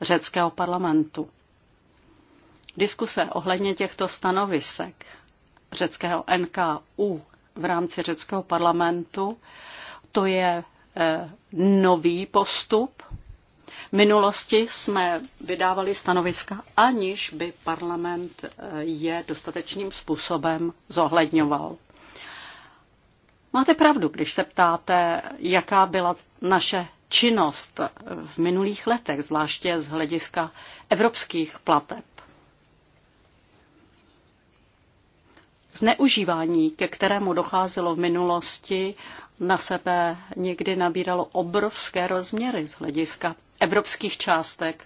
řeckého parlamentu. Diskuse ohledně těchto stanovisek řeckého NKU v rámci řeckého parlamentu, to je eh, nový postup minulosti jsme vydávali stanoviska, aniž by parlament eh, je dostatečným způsobem zohledňoval. Máte pravdu, když se ptáte, jaká byla naše činnost v minulých letech, zvláště z hlediska evropských plateb. Zneužívání, ke kterému docházelo v minulosti, na sebe někdy nabíralo obrovské rozměry z hlediska evropských částek.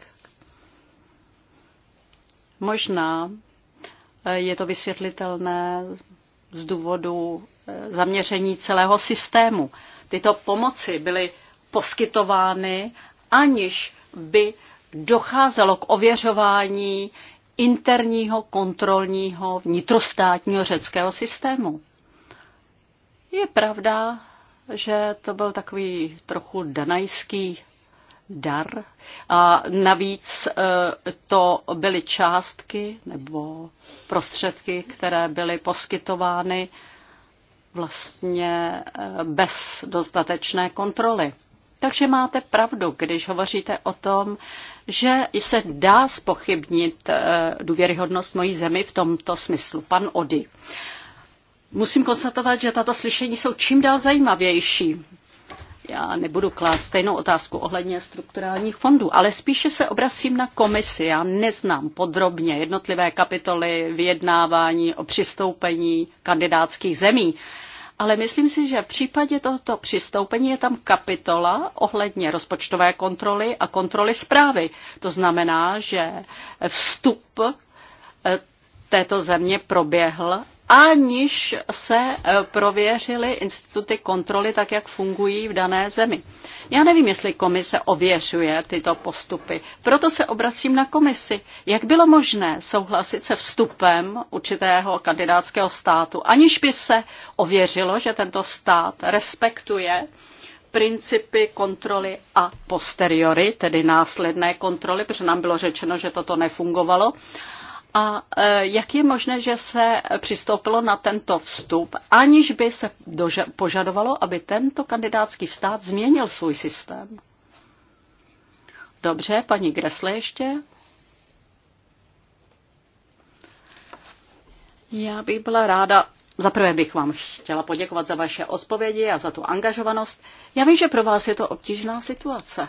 Možná eh, je to vysvětlitelné z důvodu eh, zaměření celého systému. Tyto pomoci byly poskytovány, aniž by docházelo k ověřování interního kontrolního vnitrostátního řeckého systému. Je pravda, že to byl takový trochu danajský dar. A navíc e, to byly částky nebo prostředky, které byly poskytovány vlastně e, bez dostatečné kontroly. Takže máte pravdu, když hovoříte o tom, že se dá spochybnit e, důvěryhodnost mojí zemi v tomto smyslu. Pan Ody. Musím konstatovat, že tato slyšení jsou čím dál zajímavější já nebudu klást stejnou otázku ohledně strukturálních fondů, ale spíše se obracím na komisi. Já neznám podrobně jednotlivé kapitoly vyjednávání o přistoupení kandidátských zemí, ale myslím si, že v případě tohoto přistoupení je tam kapitola ohledně rozpočtové kontroly a kontroly zprávy. To znamená, že vstup eh, této země proběhl aniž se eh, prověřily instituty kontroly tak, jak fungují v dané zemi. Já nevím, jestli komise ověřuje tyto postupy. Proto se obracím na komisi. Jak bylo možné souhlasit se vstupem určitého kandidátského státu, aniž by se ověřilo, že tento stát respektuje principy kontroly a posteriori, tedy následné kontroly, protože nám bylo řečeno, že toto nefungovalo. A e, jak je možné, že se přistoupilo na tento vstup, aniž by se požadovalo, aby tento kandidátský stát změnil svůj systém? Dobře, paní Gresle ještě. Já bych byla ráda, za prvé bych vám chtěla poděkovat za vaše odpovědi a za tu angažovanost. Já vím, že pro vás je to obtížná situace.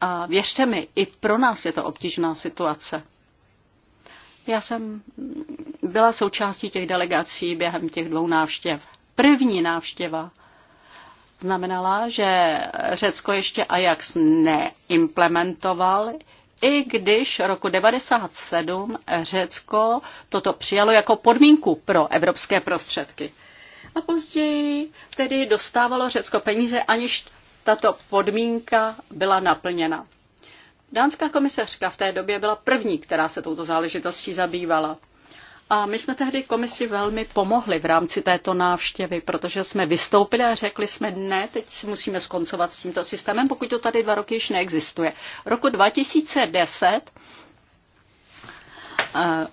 A věřte mi, i pro nás je to obtížná situace. Já jsem byla součástí těch delegací během těch dvou návštěv. První návštěva znamenala, že Řecko ještě Ajax neimplementoval, i když roku 1997 Řecko toto přijalo jako podmínku pro evropské prostředky. A později tedy dostávalo Řecko peníze, aniž tato podmínka byla naplněna. Dánská komisařka v té době byla první, která se touto záležitostí zabývala. A my jsme tehdy komisi velmi pomohli v rámci této návštěvy, protože jsme vystoupili a řekli jsme ne, teď musíme skoncovat s tímto systémem, pokud to tady dva roky již neexistuje. Roku 2010 eh,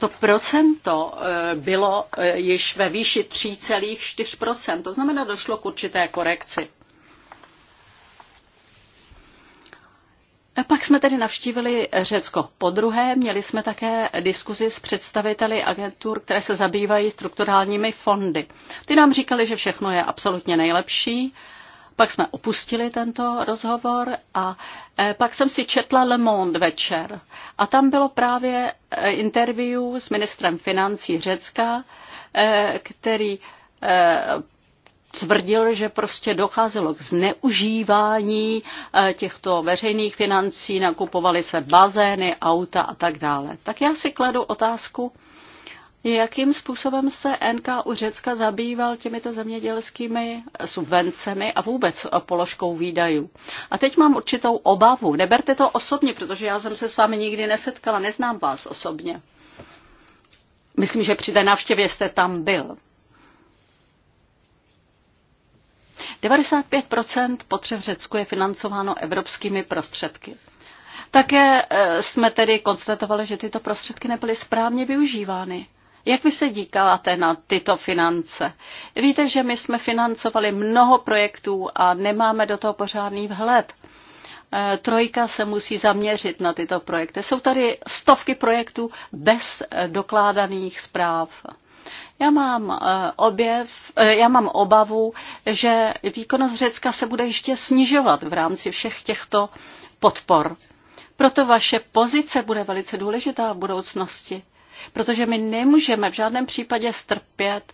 to procento eh, bylo eh, již ve výši 3,4%. To znamená, došlo k určité korekci. A pak jsme tedy navštívili Řecko. Po druhé měli jsme také diskuzi s představiteli agentur, které se zabývají strukturálními fondy. Ty nám říkali, že všechno je absolutně nejlepší. Pak jsme opustili tento rozhovor a e, pak jsem si četla Le Monde večer. A tam bylo právě e, interview s ministrem financí Řecka, e, který tvrdil, že prostě docházelo k zneužívání eh, těchto veřejných financí, nakupovaly se bazény, auta a tak dále. Tak já si kladu otázku, jakým způsobem se u Řecka zabýval těmito zemědělskými subvencemi a vůbec položkou výdajů. A teď mám určitou obavu. Neberte to osobně, protože já jsem se s vámi nikdy nesetkala, neznám vás osobně. Myslím, že při té návštěvě jste tam byl. 95 potřeb v Řecku je financováno evropskými prostředky. Také eh, jsme tedy konstatovali, že tyto prostředky nebyly správně využívány. Jak vy se díkáte na tyto finance? Víte, že my jsme financovali mnoho projektů a nemáme do toho pořádný vhled. Eh, trojka se musí zaměřit na tyto projekty. Jsou tady stovky projektů bez eh, dokládaných zpráv. Já mám, eh, objev, eh, já mám obavu, že výkonnost Řecka se bude ještě snižovat v rámci všech těchto podpor. Proto vaše pozice bude velice důležitá v budoucnosti, protože my nemůžeme v žádném případě strpět,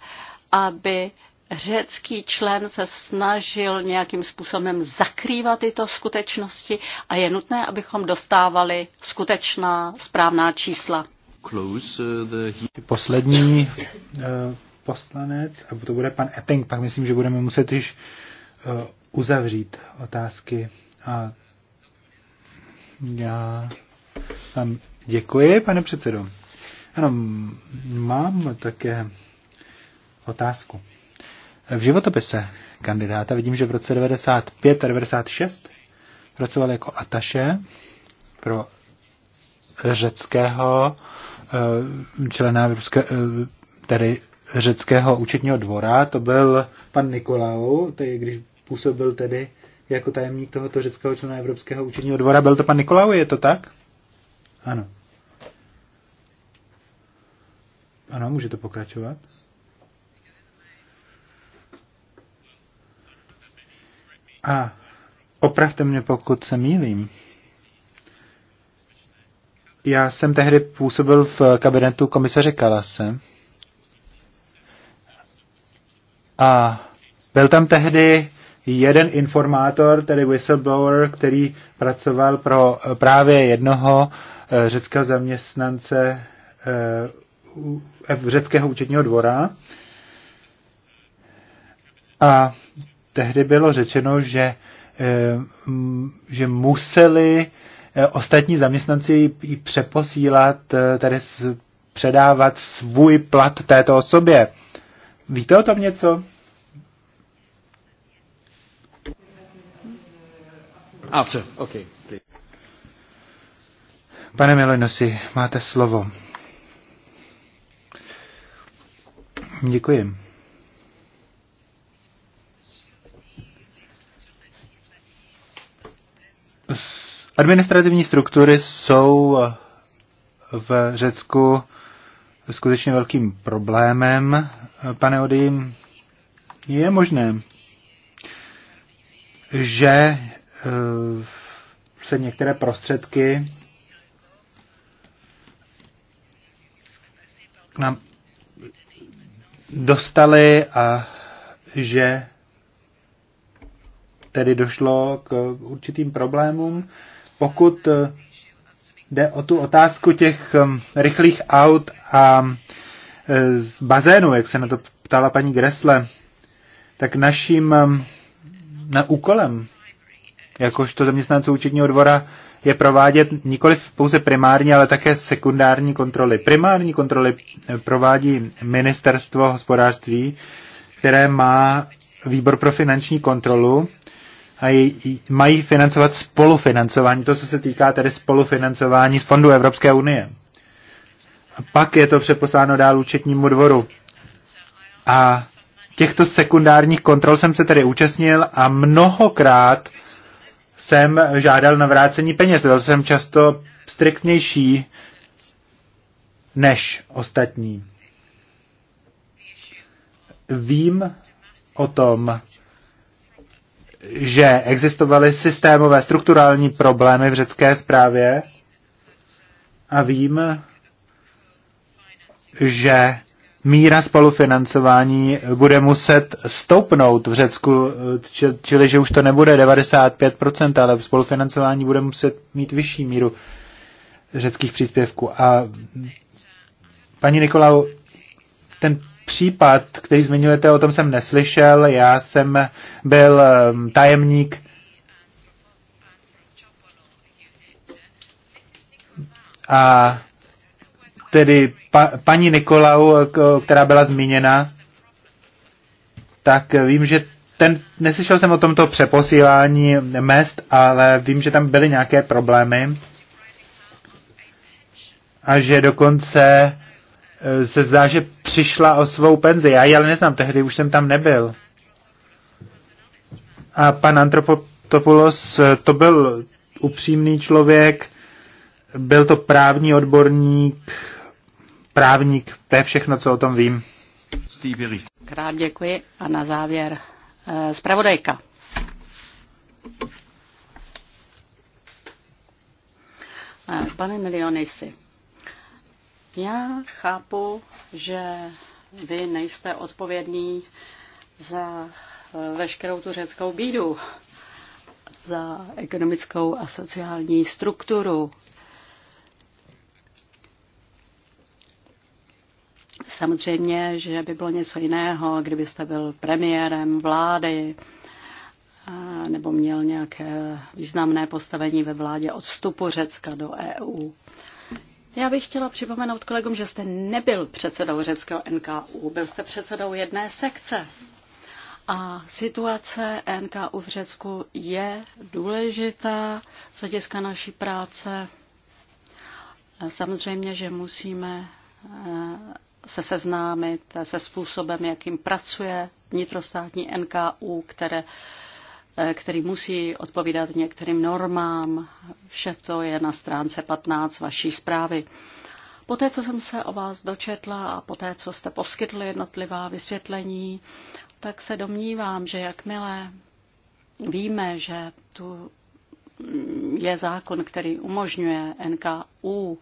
aby řecký člen se snažil nějakým způsobem zakrývat tyto skutečnosti a je nutné, abychom dostávali skutečná správná čísla. Uh, poslední uh, poslanec, a to bude pan Epping, pak myslím, že budeme muset již uh, uzavřít otázky. A já vám děkuji, pane předsedo. Ano, mám také otázku. V životopise kandidáta vidím, že v roce 95 a 96 pracoval jako ataše pro řeckého Eh, člena Evropské, eh, tedy řeckého účetního dvora, to byl pan Nikolau, tedy když působil tedy jako tajemník tohoto řeckého člena Evropského účetního dvora, byl to pan Nikolau, je to tak? Ano. Ano, můžete pokračovat. A opravte mě, pokud se mýlím. Já jsem tehdy působil v kabinetu komisaře Kalase. A byl tam tehdy jeden informátor, tedy whistleblower, který pracoval pro eh, právě jednoho eh, řeckého zaměstnance eh, řeckého účetního dvora. A tehdy bylo řečeno, že, že museli Eh, ostatní zaměstnanci ji přeposílat, eh, tedy předávat svůj plat této osobě. Víte o tom něco? After, okay, please. Pane Milinosi, máte slovo. Děkuji. Administrativní struktury jsou eh, v Řecku skutečně velkým problémem. Eh, pane Odím, je možné, že eh, se některé prostředky k nám dostaly a že tedy došlo k určitým problémům pokud eh, jde o tu otázku těch eh, rychlých aut a eh, z bazénu, jak se na to ptala paní Gresle, tak naším na úkolem, jakožto zaměstnanců účetního dvora, je provádět nikoli pouze primární, ale také sekundární kontroly. Primární kontroly provádí ministerstvo hospodářství, které má výbor pro finanční kontrolu a mají financovat spolufinancování, to, co se týká tedy spolufinancování z Fondu Evropské unie. A pak je to přeposláno dál účetnímu dvoru. A těchto sekundárních kontrol jsem se tedy účastnil a mnohokrát jsem žádal na vrácení peněz. Byl jsem často striktnější než ostatní. Vím o tom, že existovaly systémové strukturální problémy v řecké správě a vím, že míra spolufinancování bude muset stoupnout v Řecku, čili že už to nebude 95%, ale spolufinancování bude muset mít vyšší míru řeckých příspěvků. A paní Nikolau, ten případ, který zmiňujete, o tom jsem neslyšel. Já jsem byl um, tajemník a tedy pa, paní Nikolau, která byla zmíněna, tak vím, že ten, neslyšel jsem o tomto přeposílání mest, ale vím, že tam byly nějaké problémy a že dokonce Eh, se zdá, že přišla o svou penzi. Já ji ale neznám, tehdy už jsem tam nebyl. A pan Antropopoulos eh, to byl upřímný člověk, byl to právní odborník, právník, to je všechno, co o tom vím. Krát děkuji a na závěr eh, zpravodajka. Pane Milionisi, já chápu, že vy nejste odpovědný za veškerou tu řeckou bídu, za ekonomickou a sociální strukturu. Samozřejmě, že by bylo něco jiného, kdybyste byl premiérem vlády nebo měl nějaké významné postavení ve vládě odstupu Řecka do EU. Já bych chtěla připomenout kolegům, že jste nebyl předsedou řeckého NKU, byl jste předsedou jedné sekce. A situace NKU v Řecku je důležitá z hlediska naší práce. Samozřejmě, že musíme eh, se seznámit se způsobem, jakým pracuje vnitrostátní NKU, které Eh, který musí odpovídat některým normám. Vše to je na stránce 15 vaší zprávy. Poté, co jsem se o vás dočetla a poté, co jste poskytli jednotlivá vysvětlení, tak se domnívám, že jakmile víme, že tu je zákon, který umožňuje NKU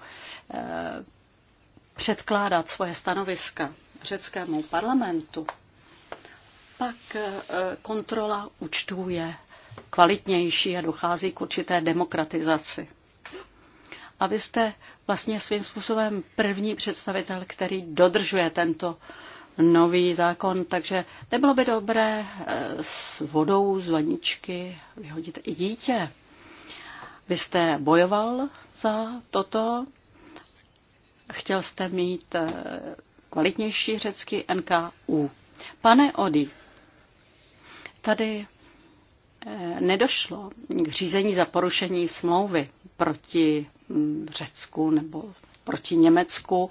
eh, předkládat svoje stanoviska řeckému parlamentu, pak eh, kontrola účtů je kvalitnější a dochází k určité demokratizaci. A vy jste vlastně svým způsobem první představitel, který dodržuje tento nový zákon, takže nebylo by dobré eh, s vodou z vaničky vyhodit i dítě. Vy jste bojoval za toto, chtěl jste mít eh, kvalitnější řecky NKU. Pane Odi, Tady eh, nedošlo k řízení za porušení smlouvy proti hm, Řecku nebo proti Německu,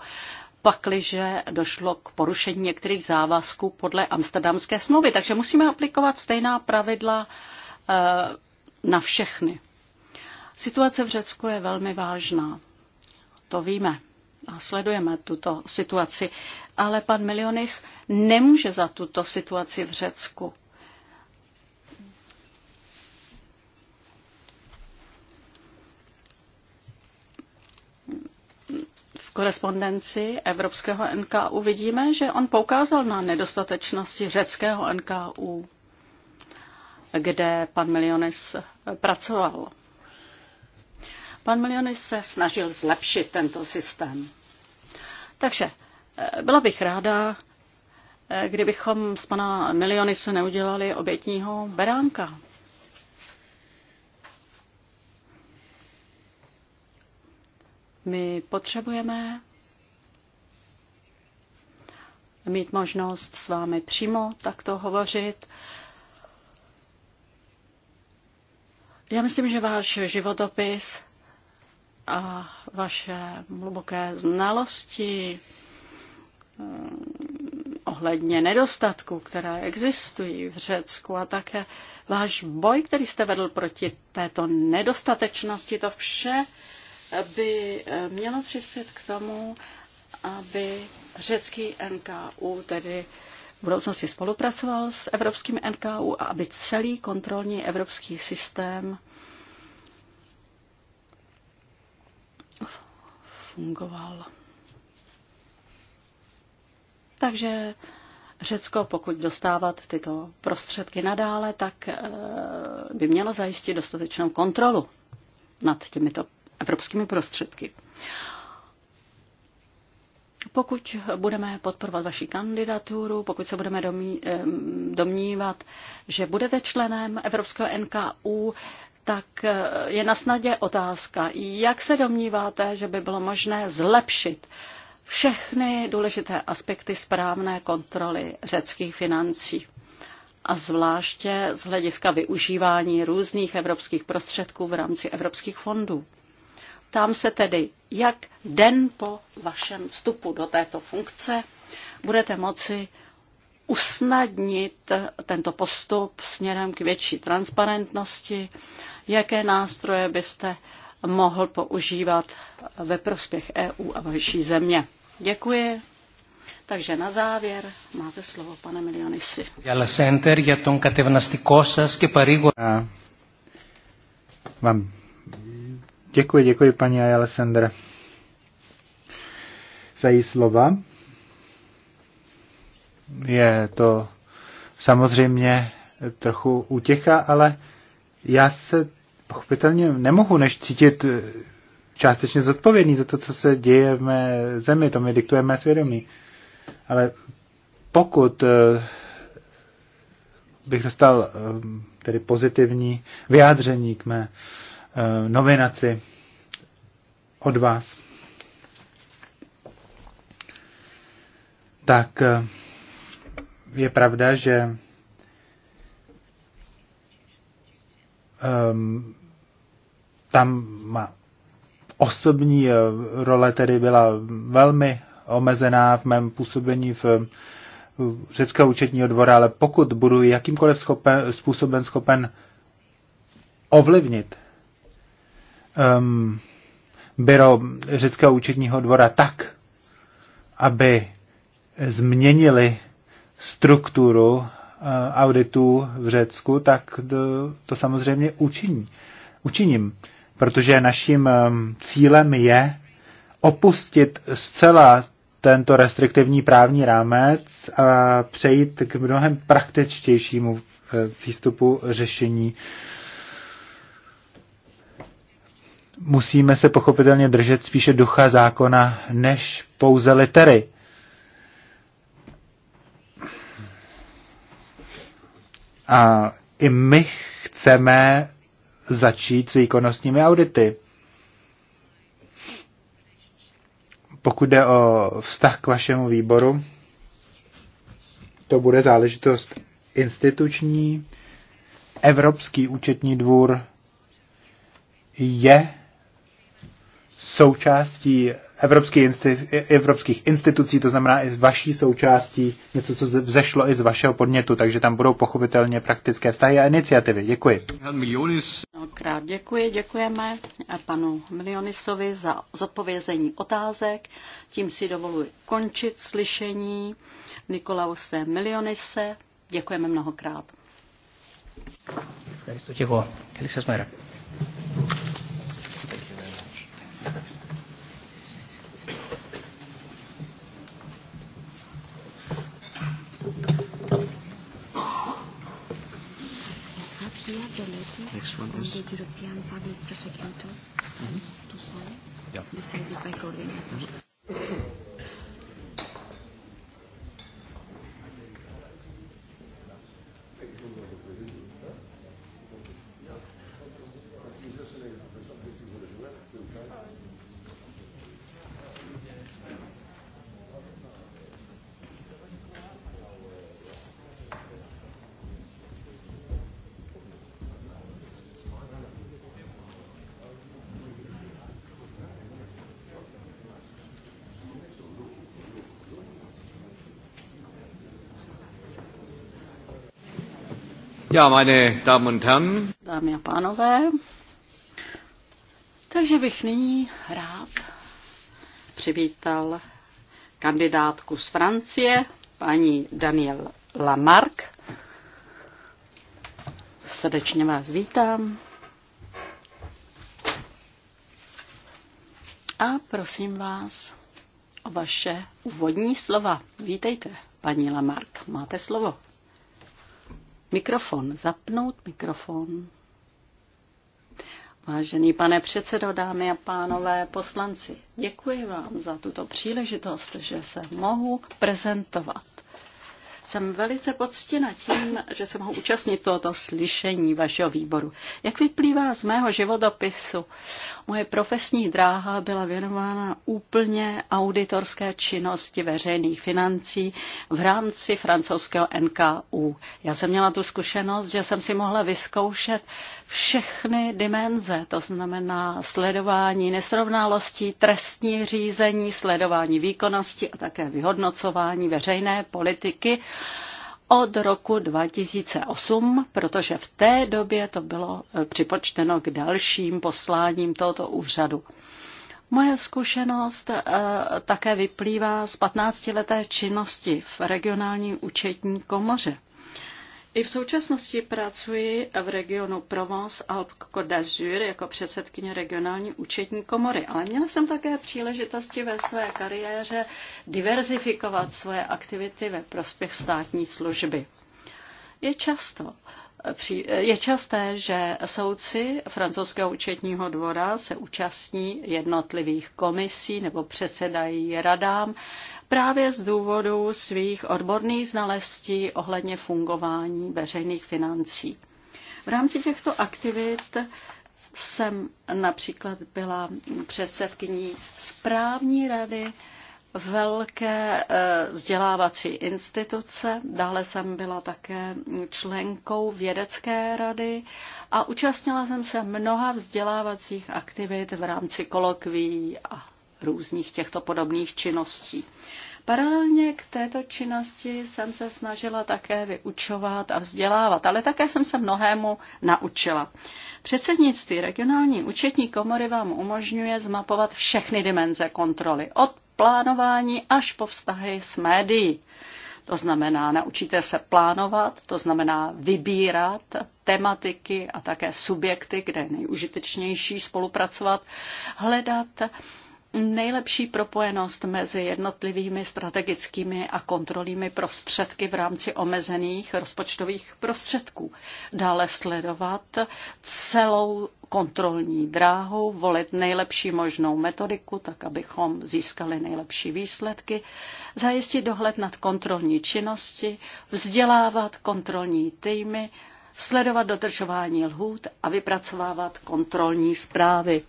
pakliže došlo k porušení některých závazků podle amsterdamské smlouvy. Takže musíme aplikovat stejná pravidla eh, na všechny. Situace v Řecku je velmi vážná. To víme a sledujeme tuto situaci. Ale pan Milionis nemůže za tuto situaci v Řecku. korespondenci Evropského NKU vidíme, že on poukázal na nedostatečnosti řeckého NKU, kde pan Milionis pracoval. Pan Milionis se snažil zlepšit tento systém. Takže eh, byla bych ráda, eh, kdybychom z pana Milionise neudělali obětního beránka. My potřebujeme mít možnost s vámi přímo takto hovořit. Já myslím, že váš životopis a vaše hluboké znalosti eh, ohledně nedostatků, které existují v Řecku a také váš boj, který jste vedl proti této nedostatečnosti, to vše by eh, mělo přispět k tomu, aby řecký NKU tedy v budoucnosti spolupracoval s evropským NKU a aby celý kontrolní evropský systém fungoval. Takže Řecko, pokud dostávat tyto prostředky nadále, tak eh, by mělo zajistit dostatečnou kontrolu nad těmito evropskými prostředky. Pokud budeme podporovat vaši kandidaturu, pokud se budeme domnívat, že budete členem Evropského NKU, tak eh, je na snadě otázka, jak se domníváte, že by bylo možné zlepšit všechny důležité aspekty správné kontroly řeckých financí a zvláště z hlediska využívání různých evropských prostředků v rámci evropských fondů. Ptám se tedy, jak den po vašem vstupu do této funkce budete moci usnadnit tento postup směrem k větší transparentnosti, jaké nástroje byste mohl používat ve prospěch EU a vaší země. Děkuji. Takže na závěr máte slovo, pane Milionisi. Vám Děkuji, děkuji paní Alessandra za její slova. Je to samozřejmě trochu útěcha, ale já se pochopitelně nemohu než cítit částečně zodpovědný za to, co se děje v mé zemi, to mi diktuje mé svědomí. Ale pokud eh, bych dostal eh, tedy pozitivní vyjádření k mé Eh, novinaci od vás. Tak eh, je pravda, že um, tam osobní eh, role tedy byla velmi omezená v mém působení v řeckého účetního dvora, ale pokud budu jakýmkoliv schopen, způsobem schopen ovlivnit um, byro řeckého účetního dvora tak, aby změnili strukturu uh, auditů v Řecku, tak to, to samozřejmě učiní, učiním, protože naším um, cílem je opustit zcela tento restriktivní právní rámec a přejít k mnohem praktičtějšímu uh, přístupu řešení musíme se pochopitelně držet spíše ducha zákona než pouze litery. A i my chceme začít s výkonnostními audity. Pokud jde o vztah k vašemu výboru, to bude záležitost instituční. Evropský účetní dvůr je součástí evropských, insti- evropských institucí, to znamená i vaší součástí, něco, co vzešlo i z vašeho podnětu, takže tam budou pochopitelně praktické vztahy a iniciativy. Děkuji. Krát děkuji, děkujeme panu Milionisovi za zodpovězení otázek. Tím si dovoluji končit slyšení Nikolause Milionise. Děkujeme mnohokrát. Ευχαριστώ και εγώ. Καλή this one is. The to sign, yeah. decided by Ja, meine Damen und Herren. Dámy a pánové, takže bych nyní rád přivítal kandidátku z Francie, paní Daniel Lamarck. Srdečně vás vítám. A prosím vás o vaše úvodní slova. Vítejte, paní Lamarck, máte slovo. Mikrofon, zapnout mikrofon. Vážený pane předsedo, dámy a pánové poslanci, děkuji vám za tuto příležitost, že se mohu prezentovat. Jsem velice poctěna tím, že se mohu účastnit tohoto slyšení vašeho výboru. Jak vyplývá z mého životopisu, moje profesní dráha byla věnována úplně auditorské činnosti veřejných financí v rámci francouzského NKU. Já jsem měla tu zkušenost, že jsem si mohla vyzkoušet všechny dimenze, to znamená sledování nesrovnalostí, trestní řízení, sledování výkonnosti a také vyhodnocování veřejné politiky od roku 2008, protože v té době to bylo eh, připočteno k dalším posláním tohoto úřadu. Moje zkušenost eh, také vyplývá z 15-leté činnosti v regionální účetní komoře. I v současnosti pracuji v regionu Provence Alpes Côte d'Azur jako předsedkyně regionální účetní komory, ale měla jsem také příležitosti ve své kariéře diverzifikovat svoje aktivity ve prospěch státní služby. Je často je časté, že soudci francouzského účetního dvora se účastní jednotlivých komisí nebo předsedají radám právě z důvodu svých odborných znalostí ohledně fungování veřejných financí. V rámci těchto aktivit jsem například byla předsedkyní správní rady velké eh, vzdělávací instituce, dále jsem byla také členkou vědecké rady a účastnila jsem se mnoha vzdělávacích aktivit v rámci kolokví a různých těchto podobných činností. Paralelně k této činnosti jsem se snažila také vyučovat a vzdělávat, ale také jsem se mnohému naučila. Předsednictví regionální účetní komory vám umožňuje zmapovat všechny dimenze kontroly, od plánování až po vztahy s médií. To znamená, naučíte se plánovat, to znamená vybírat tematiky a také subjekty, kde je nejužitečnější spolupracovat, hledat nejlepší propojenost mezi jednotlivými strategickými a kontrolními prostředky v rámci omezených rozpočtových prostředků. Dále sledovat celou kontrolní dráhu, volit nejlepší možnou metodiku, tak abychom získali nejlepší výsledky, zajistit dohled nad kontrolní činnosti, vzdělávat kontrolní týmy, sledovat dodržování lhůt a vypracovávat kontrolní zprávy.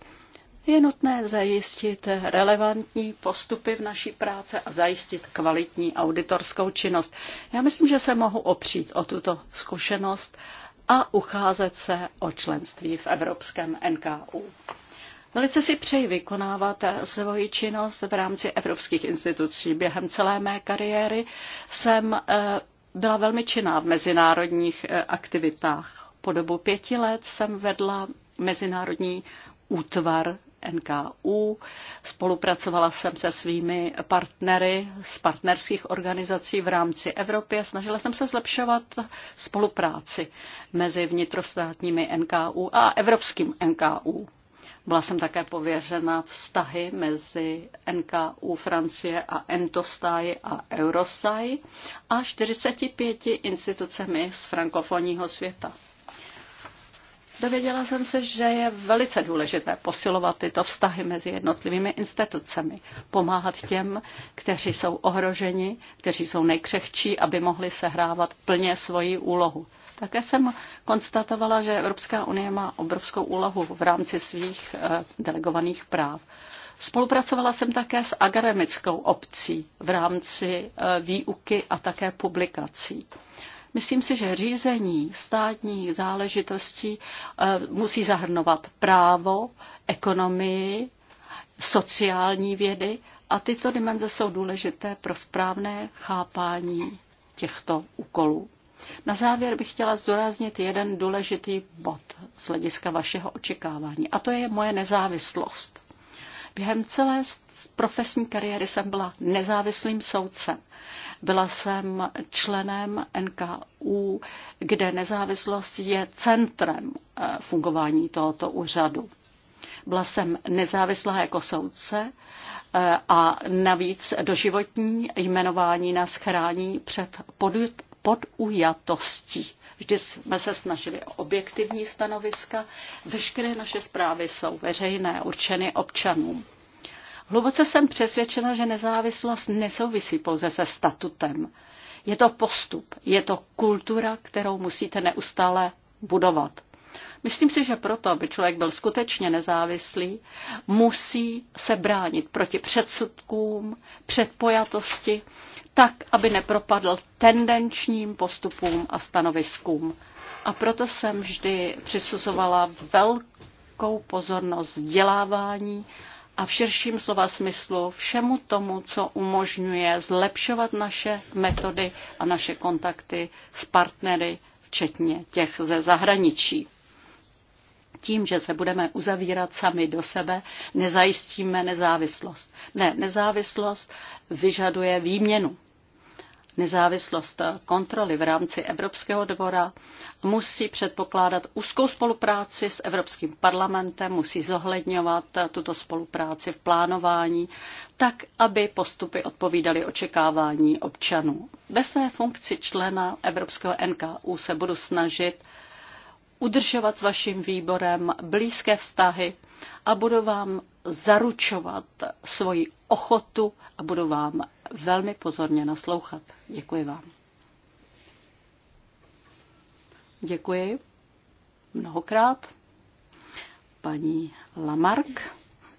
Je nutné zajistit relevantní postupy v naší práce a zajistit kvalitní auditorskou činnost. Já myslím, že se mohu opřít o tuto zkušenost a ucházet se o členství v Evropském NKU. Velice si přeji vykonávat svoji činnost v rámci evropských institucí. Během celé mé kariéry jsem eh, byla velmi činná v mezinárodních eh, aktivitách. Po dobu pěti let jsem vedla mezinárodní útvar NKU, spolupracovala jsem se svými partnery z partnerských organizací v rámci Evropy a snažila jsem se zlepšovat spolupráci mezi vnitrostátními NKU a evropským NKU. Byla jsem také pověřena vztahy mezi NKU Francie a Entostai a Eurosai a 45 institucemi z frankofonního světa. Dověděla jsem se, že je velice důležité posilovat tyto vztahy mezi jednotlivými institucemi, pomáhat těm, kteří jsou ohroženi, kteří jsou nejkřehčí, aby mohli sehrávat plně svoji úlohu. Také jsem konstatovala, že Evropská unie má obrovskou úlohu v rámci svých eh, delegovaných práv. Spolupracovala jsem také s akademickou obcí v rámci eh, výuky a také publikací. Myslím si, že řízení státních záležitostí eh, musí zahrnovat právo, ekonomii, sociální vědy a tyto dimenze jsou důležité pro správné chápání těchto úkolů. Na závěr bych chtěla zdůraznit jeden důležitý bod z hlediska vašeho očekávání, a to je moje nezávislost. Během celé profesní kariéry jsem byla nezávislým soudcem. Byla jsem členem NKU, kde nezávislost je centrem eh, fungování tohoto úřadu. Byla jsem nezávislá jako soudce eh, a navíc doživotní jmenování nás chrání před podujatostí. Vždy jsme se snažili o objektivní stanoviska. Veškeré naše zprávy jsou veřejné, určeny občanům. Hluboce jsem přesvědčena, že nezávislost nesouvisí pouze se statutem. Je to postup, je to kultura, kterou musíte neustále budovat. Myslím si, že proto, aby člověk byl skutečně nezávislý, musí se bránit proti předsudkům, předpojatosti tak, aby nepropadl tendenčním postupům a stanoviskům. A proto jsem vždy přisuzovala velkou pozornost vzdělávání a v širším slova smyslu všemu tomu, co umožňuje zlepšovat naše metody a naše kontakty s partnery, včetně těch ze zahraničí. Tím, že se budeme uzavírat sami do sebe, nezajistíme nezávislost. Ne, nezávislost vyžaduje výměnu. Nezávislost kontroly v rámci Evropského dvora musí předpokládat úzkou spolupráci s Evropským parlamentem, musí zohledňovat tuto spolupráci v plánování, tak, aby postupy odpovídaly očekávání občanů. Ve své funkci člena Evropského NKU se budu snažit udržovat s vaším výborem blízké vztahy a budu vám zaručovat svoji ochotu a budu vám velmi pozorně naslouchat. Děkuji vám. Děkuji mnohokrát paní Lamark.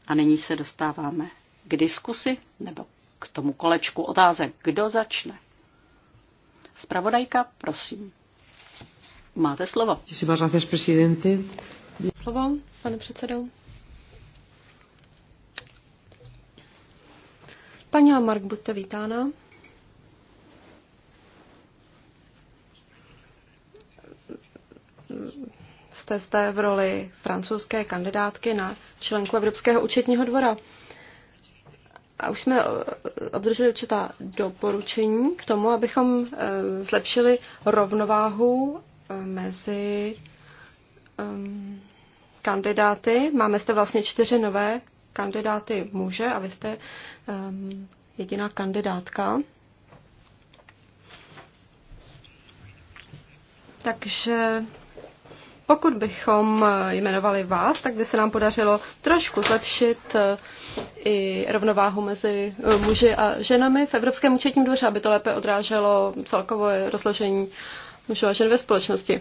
a nyní se dostáváme k diskusi nebo k tomu kolečku otázek. Kdo začne? Spravodajka, prosím. Máte slovo. Slovo, pane předsedo. Paní Mark, buďte vítána. Jste zde v roli francouzské kandidátky na členku Evropského účetního dvora. A už jsme eh, obdrželi určitá doporučení k tomu, abychom eh, zlepšili rovnováhu mezi um, kandidáty. Máme zde vlastně čtyři nové kandidáty muže a vy jste um, jediná kandidátka. Takže pokud bychom jmenovali vás, tak by se nám podařilo trošku zlepšit uh, i rovnováhu mezi uh, muži a ženami v Evropském účetním dvoře, aby to lépe odráželo celkové rozložení mužů a žen ve společnosti.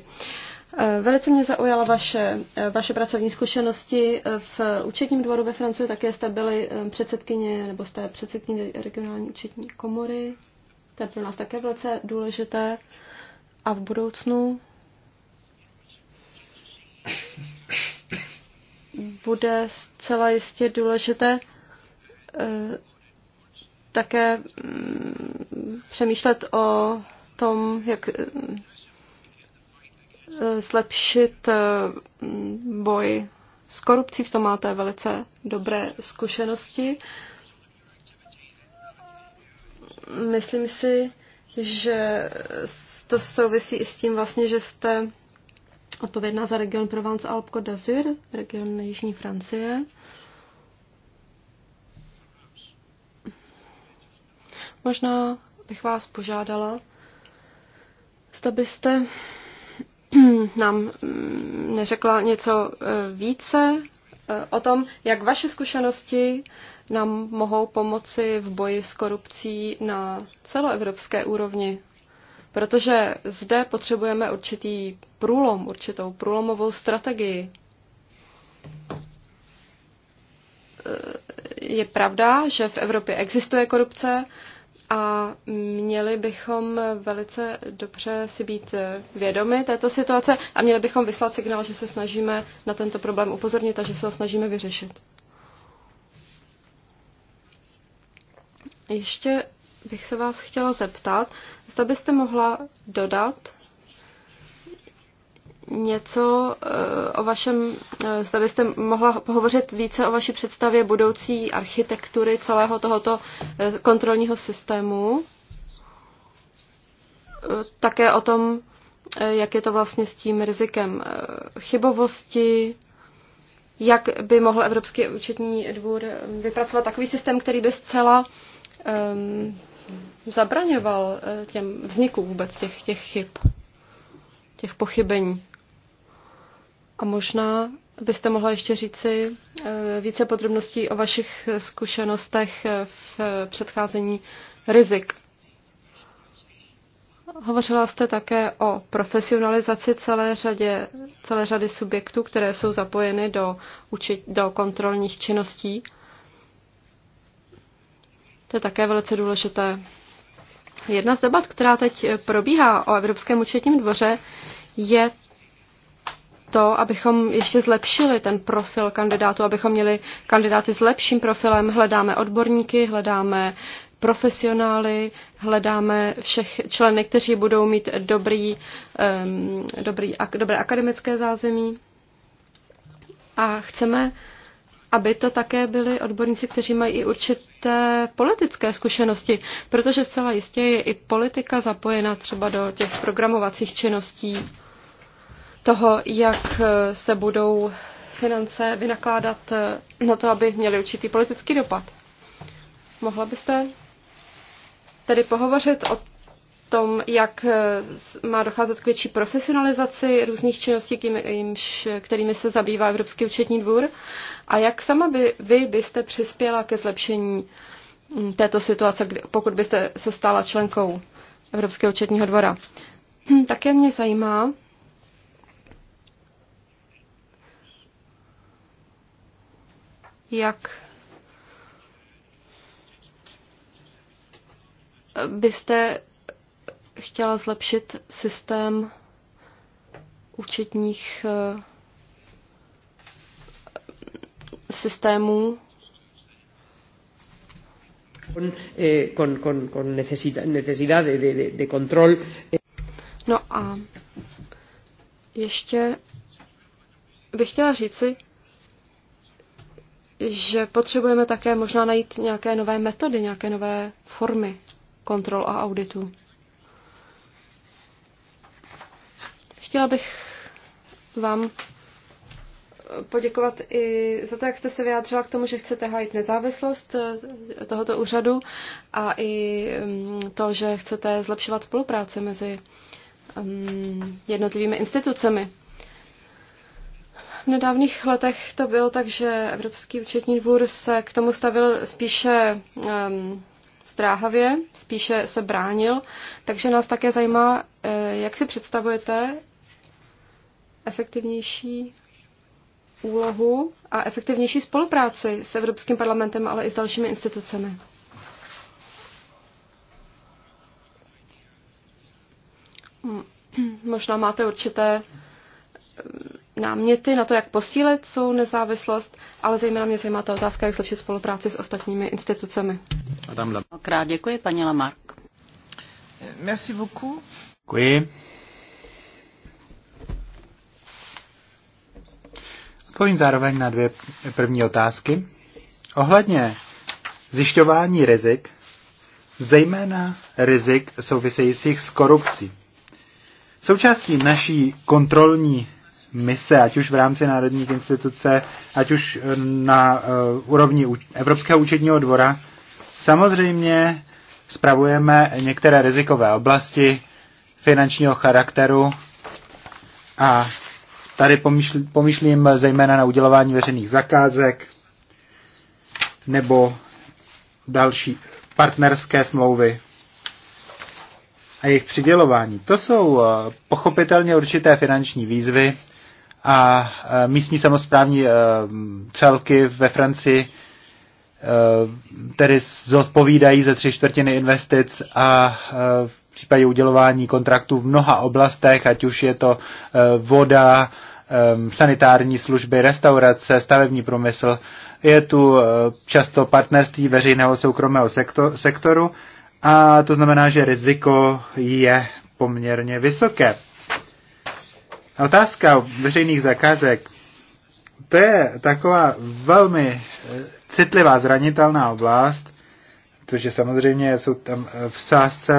Eh, velice mě zaujala vaše, eh, vaše pracovní zkušenosti. Eh, v účetním dvoru ve Francii také jste byli předsedkyně, nebo jste předsedkyně regionální účetní komory. To je pro nás také velice důležité. A v budoucnu bude zcela jistě důležité také mm, přemýšlet o tom, jak Eh, zlepšit eh, boj s korupcí, v tom máte velice dobré zkušenosti. Myslím si, že to souvisí i s tím vlastně, že jste odpovědná za region Provence Alpes Côte d'Azur, region Jižní Francie. Možná bych vás požádala, zda byste [clears throat] nám mm, neřekla něco e, více e, o tom, jak vaše zkušenosti nám mohou pomoci v boji s korupcí na celoevropské úrovni. Protože zde potřebujeme určitý průlom, určitou průlomovou strategii. E, je pravda, že v Evropě existuje korupce, a měli bychom velice dobře si být vědomi této situace a měli bychom vyslat signál, že se snažíme na tento problém upozornit a že se ho snažíme vyřešit. Ještě bych se vás chtěla zeptat, zda byste mohla dodat něco eh, o vašem, eh, zda byste mohla pohovořit více o vaší představě budoucí architektury celého tohoto eh, kontrolního systému. Také o tom, jak je to vlastně s tím rizikem chybovosti, jak by mohl Evropský účetní dvůr vypracovat takový systém, který by zcela um, zabraňoval těm vzniku vůbec těch, těch chyb, těch pochybení. A možná byste mohla ještě říci eh, více podrobností o vašich zkušenostech eh, v předcházení rizik. Hovořila jste také o profesionalizaci celé, řadě, celé řady subjektů, které jsou zapojeny do, učit, do kontrolních činností. To je také velice důležité. Jedna z debat, která teď probíhá o Evropském účetním dvoře, je to, abychom ještě zlepšili ten profil kandidátů, abychom měli kandidáty s lepším profilem. Hledáme odborníky, hledáme profesionály, hledáme všech členy, kteří budou mít dobrý, um, dobrý ak, dobré akademické zázemí. A chceme, aby to také byli odborníci, kteří mají i určité politické zkušenosti, protože zcela jistě je i politika zapojena třeba do těch programovacích činností toho, jak eh, se budou finance vynakládat eh, na to, aby měly určitý politický dopad. Mohla byste tedy pohovořit o tom, jak eh, má docházet k větší profesionalizaci různých činností, jimž, kterými se zabývá Evropský účetní dvůr a jak sama by, vy byste přispěla ke zlepšení hm, této situace, pokud byste se stala členkou Evropského účetního dvora. Hm, také mě zajímá, jak byste chtěla zlepšit systém účetních eh, systémů. Con, eh, con, con, necesidad de, de, de control. Eh. No a ještě bych chtěla říci, že potřebujeme také možná najít nějaké nové metody, nějaké nové formy kontrol a auditu. Chtěla bych vám poděkovat i za to, jak jste se vyjádřila k tomu, že chcete hájit nezávislost eh, tohoto úřadu a i mm, to, že chcete zlepšovat spolupráci mezi mm, jednotlivými institucemi. V nedávných letech to bylo tak, že Evropský účetní dvůr se k tomu stavil spíše um, ehm, stráhavě, spíše se bránil, takže nás také zajímá, eh, jak si představujete efektivnější úlohu a efektivnější spolupráci s Evropským parlamentem, ale i s dalšími institucemi. Hmm. [clears throat] Možná máte určité Eh, náměty na to, jak posílit svou nezávislost, ale zejména mě zajímá ta otázka, jak zlepšit spolupráci s ostatními institucemi. Adam Krát děkuji, paní Lamarck. Merci beaucoup. Děkuji. Odpovím zároveň na dvě první otázky. Ohledně zjišťování rizik, zejména rizik souvisejících s korupcí. Součástí naší kontrolní mise, ať už v rámci národních instituce, ať už eh, na eh, úrovni Evropského účetního dvora. Samozřejmě spravujeme některé rizikové oblasti finančního charakteru a tady pomýšl- pomýšlím zejména na udělování veřejných zakázek nebo další partnerské smlouvy a jejich přidělování. To jsou eh, pochopitelně určité finanční výzvy, a e, místní samozprávní e, celky ve Francii e, tedy zodpovídají ze tři čtvrtiny investic a v případě udělování kontraktů v mnoha oblastech, ať už je to voda, sanitární služby, restaurace, stavební průmysl. Je tu často partnerství veřejného soukromého sektoru a to znamená, že riziko je poměrně vysoké. Otázka veřejných zakázek, to je taková velmi eh, citlivá, zranitelná oblast, protože samozřejmě jsou tam eh, v sázce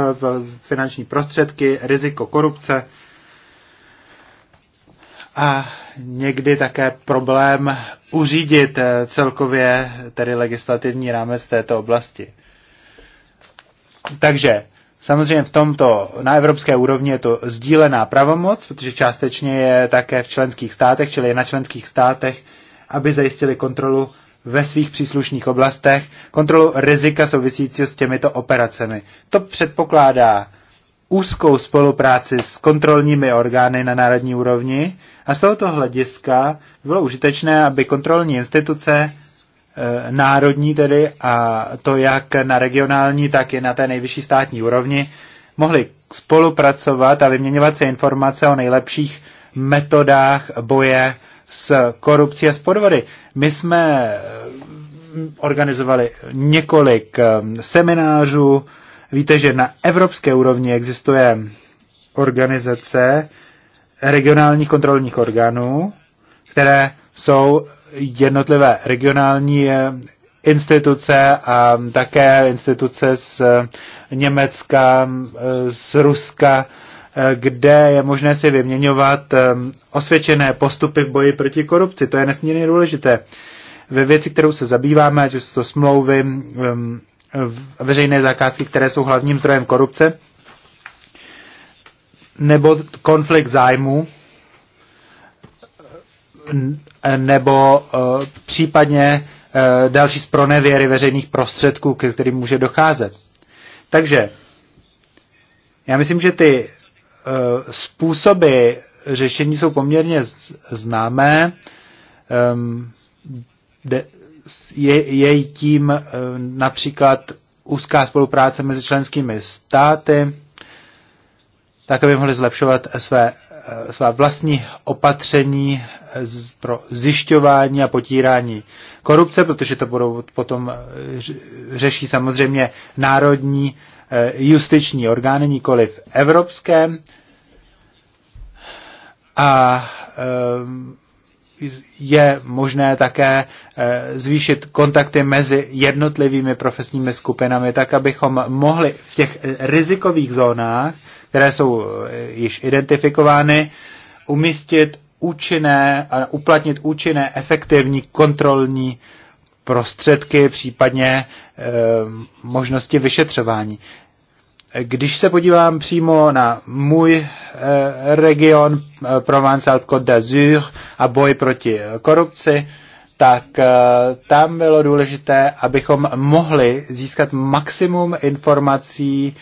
finanční prostředky, riziko korupce a někdy také problém uřídit eh, celkově tedy legislativní rámec této oblasti. Takže Samozřejmě v tomto, na evropské úrovni je to sdílená pravomoc, protože částečně je také v členských státech, čili je na členských státech, aby zajistili kontrolu ve svých příslušných oblastech, kontrolu rizika souvisícího s těmito operacemi. To předpokládá úzkou spolupráci s kontrolními orgány na národní úrovni a z tohoto hlediska bylo užitečné, aby kontrolní instituce Eh, národní tedy a to jak na regionální, tak i na té nejvyšší státní úrovni mohli spolupracovat a vyměňovat si informace o nejlepších metodách boje s korupcí a s podvody. My jsme eh, organizovali několik eh, seminářů. Víte, že na evropské úrovni existuje organizace regionálních kontrolních orgánů, které jsou jednotlivé regionální eh, instituce a také instituce z eh, Německa, eh, z Ruska, kde je možné si vyměňovat osvědčené postupy v boji proti korupci. To je nesmírně důležité. Ve věci, kterou se zabýváme, ať jsou to smlouvy, veřejné zakázky, které jsou hlavním trojem korupce, nebo konflikt zájmů, nebo eh, případně eh, další z pronevěry veřejných prostředků, ke kterým může docházet. Takže já myslím, že ty eh, způsoby řešení jsou poměrně známé. Ehm, je, je tím například úzká spolupráce mezi členskými státy, tak aby mohli zlepšovat své Eh, svá vlastní opatření eh, pro zjišťování a potírání korupce, protože to budou potom eh, řeší samozřejmě národní justiční orgány, nikoliv evropské. A je možné také zvýšit kontakty mezi jednotlivými profesními skupinami, tak abychom mohli v těch rizikových zónách které jsou eh, již identifikovány, umístit účinné a uplatnit účinné efektivní kontrolní prostředky, případně e, možnosti vyšetřování. Když se podívám přímo na můj e, region e, Provence Alpes Côte d'Azur a boj proti korupci, tak e, tam bylo důležité, abychom mohli získat maximum informací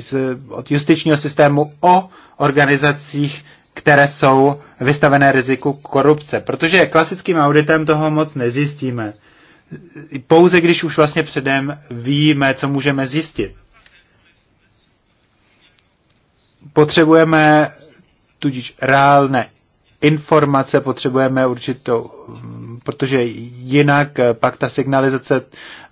z, od justičního systému o organizacích, které jsou vystavené riziku korupce. Protože klasickým auditem toho moc nezjistíme. Pouze když už vlastně předem víme, co můžeme zjistit. Potřebujeme tudíž reálné informace, potřebujeme určitou protože jinak eh, pak ta signalizace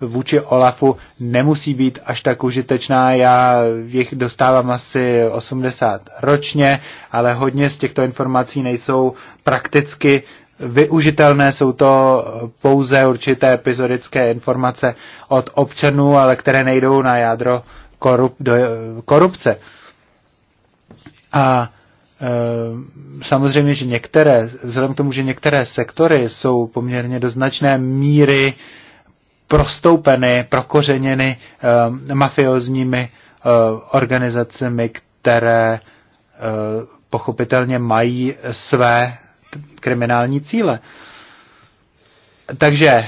vůči Olafu nemusí být až tak užitečná. Já jich dostávám asi 80 ročně, ale hodně z těchto informací nejsou prakticky využitelné, jsou to pouze určité epizodické informace od občanů, ale které nejdou na jádro korup, do korupce. A Eh, samozřejmě, že některé, vzhledem k tomu, že některé sektory jsou poměrně do značné míry prostoupeny, prokořeněny eh, mafiozními eh, organizacemi, které pochopitelně mají své kriminální cíle. Takže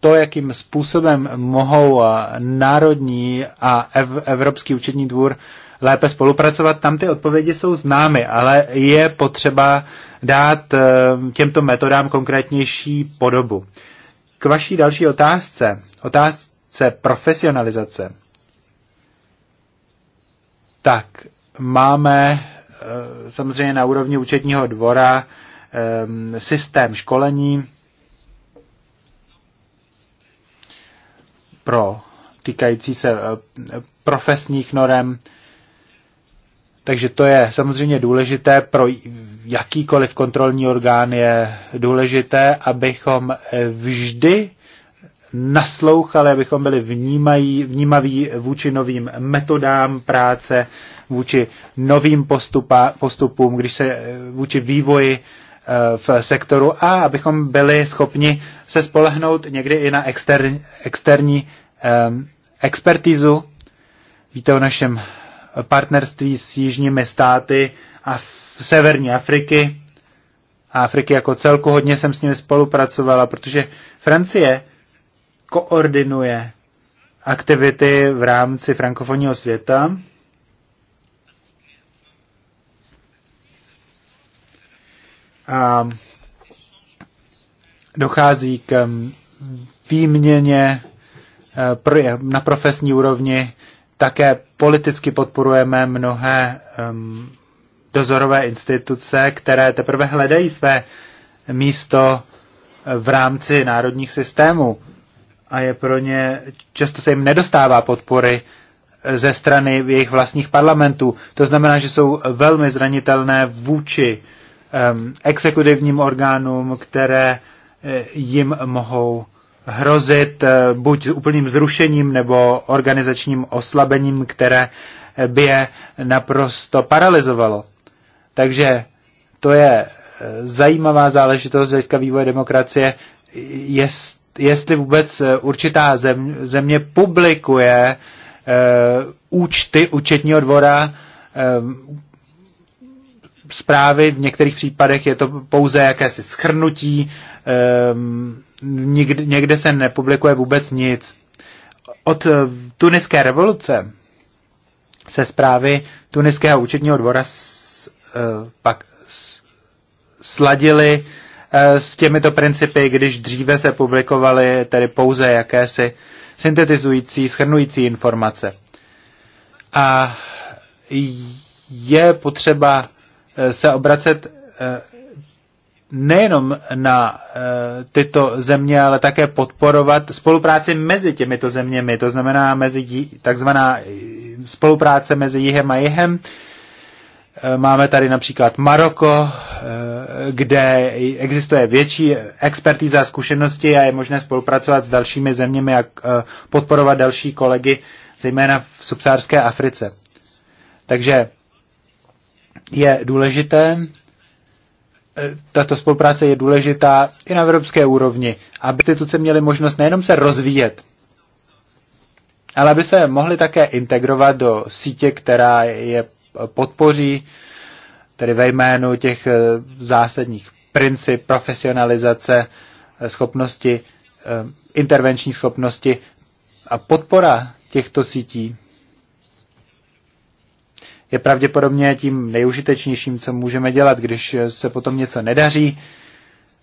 to, jakým způsobem mohou národní a ev- Evropský účetní dvůr lépe spolupracovat. Tam ty odpovědi jsou známy, ale je potřeba dát eh, těmto metodám konkrétnější podobu. K vaší další otázce, otázce profesionalizace. Tak, máme eh, samozřejmě na úrovni účetního dvora eh, systém školení pro týkající se profesních norem. Takže to je samozřejmě důležité pro jakýkoliv kontrolní orgán je důležité, abychom vždy naslouchali, abychom byli vnímají, vnímaví vůči novým metodám práce, vůči novým postupa, postupům, když se vůči vývoji eh, v sektoru a abychom byli schopni se spolehnout někdy i na externí, externí eh, expertizu. Víte o našem partnerství s jižními státy a severní Afriky a Afriky jako celku. Hodně jsem s nimi spolupracovala, protože Francie koordinuje aktivity v rámci frankofonního světa. A dochází k mm, výměně eh, na profesní úrovni také politicky podporujeme mnohé um, dozorové instituce, které teprve hledají své místo v rámci národních systémů a je pro ně, často se jim nedostává podpory eh, ze strany jejich vlastních parlamentů. To znamená, že jsou velmi zranitelné vůči um, exekutivním orgánům, které eh, jim mohou hrozit eh, buď úplným zrušením nebo organizačním oslabením, které eh, by je naprosto paralizovalo. Takže to je eh, zajímavá záležitost z hlediska vývoje demokracie, jest, jestli vůbec určitá zem, země publikuje e, účty účetního dvora, e, zprávy, v některých případech je to pouze jakési schrnutí, e, nikde, někde se nepublikuje vůbec nic. Od eh, tuniské revoluce se zprávy tuniského účetního dvora s, eh, pak sladily eh, s těmito principy, když dříve se publikovaly tedy pouze jakési syntetizující, schrnující informace. A je potřeba se obracet nejenom na eh, tyto země, ale také podporovat spolupráci mezi těmito zeměmi, to znamená mezi takzvaná eh, spolupráce mezi jihem a jihem. Eh, máme tady například Maroko, kde existuje větší expertíza a zkušenosti a je možné spolupracovat s dalšími zeměmi a podporovat další kolegy, zejména v subsárské Africe. Takže je důležité tato spolupráce je důležitá i na evropské úrovni, aby instituce měly možnost nejenom se rozvíjet, ale aby se mohly také integrovat do sítě, která je podpoří, tedy ve jménu těch eh, zásadních princip profesionalizace, eh, schopnosti, eh, intervenční schopnosti a podpora těchto sítí je pravděpodobně tím nejužitečnějším, co můžeme dělat, když se potom něco nedaří,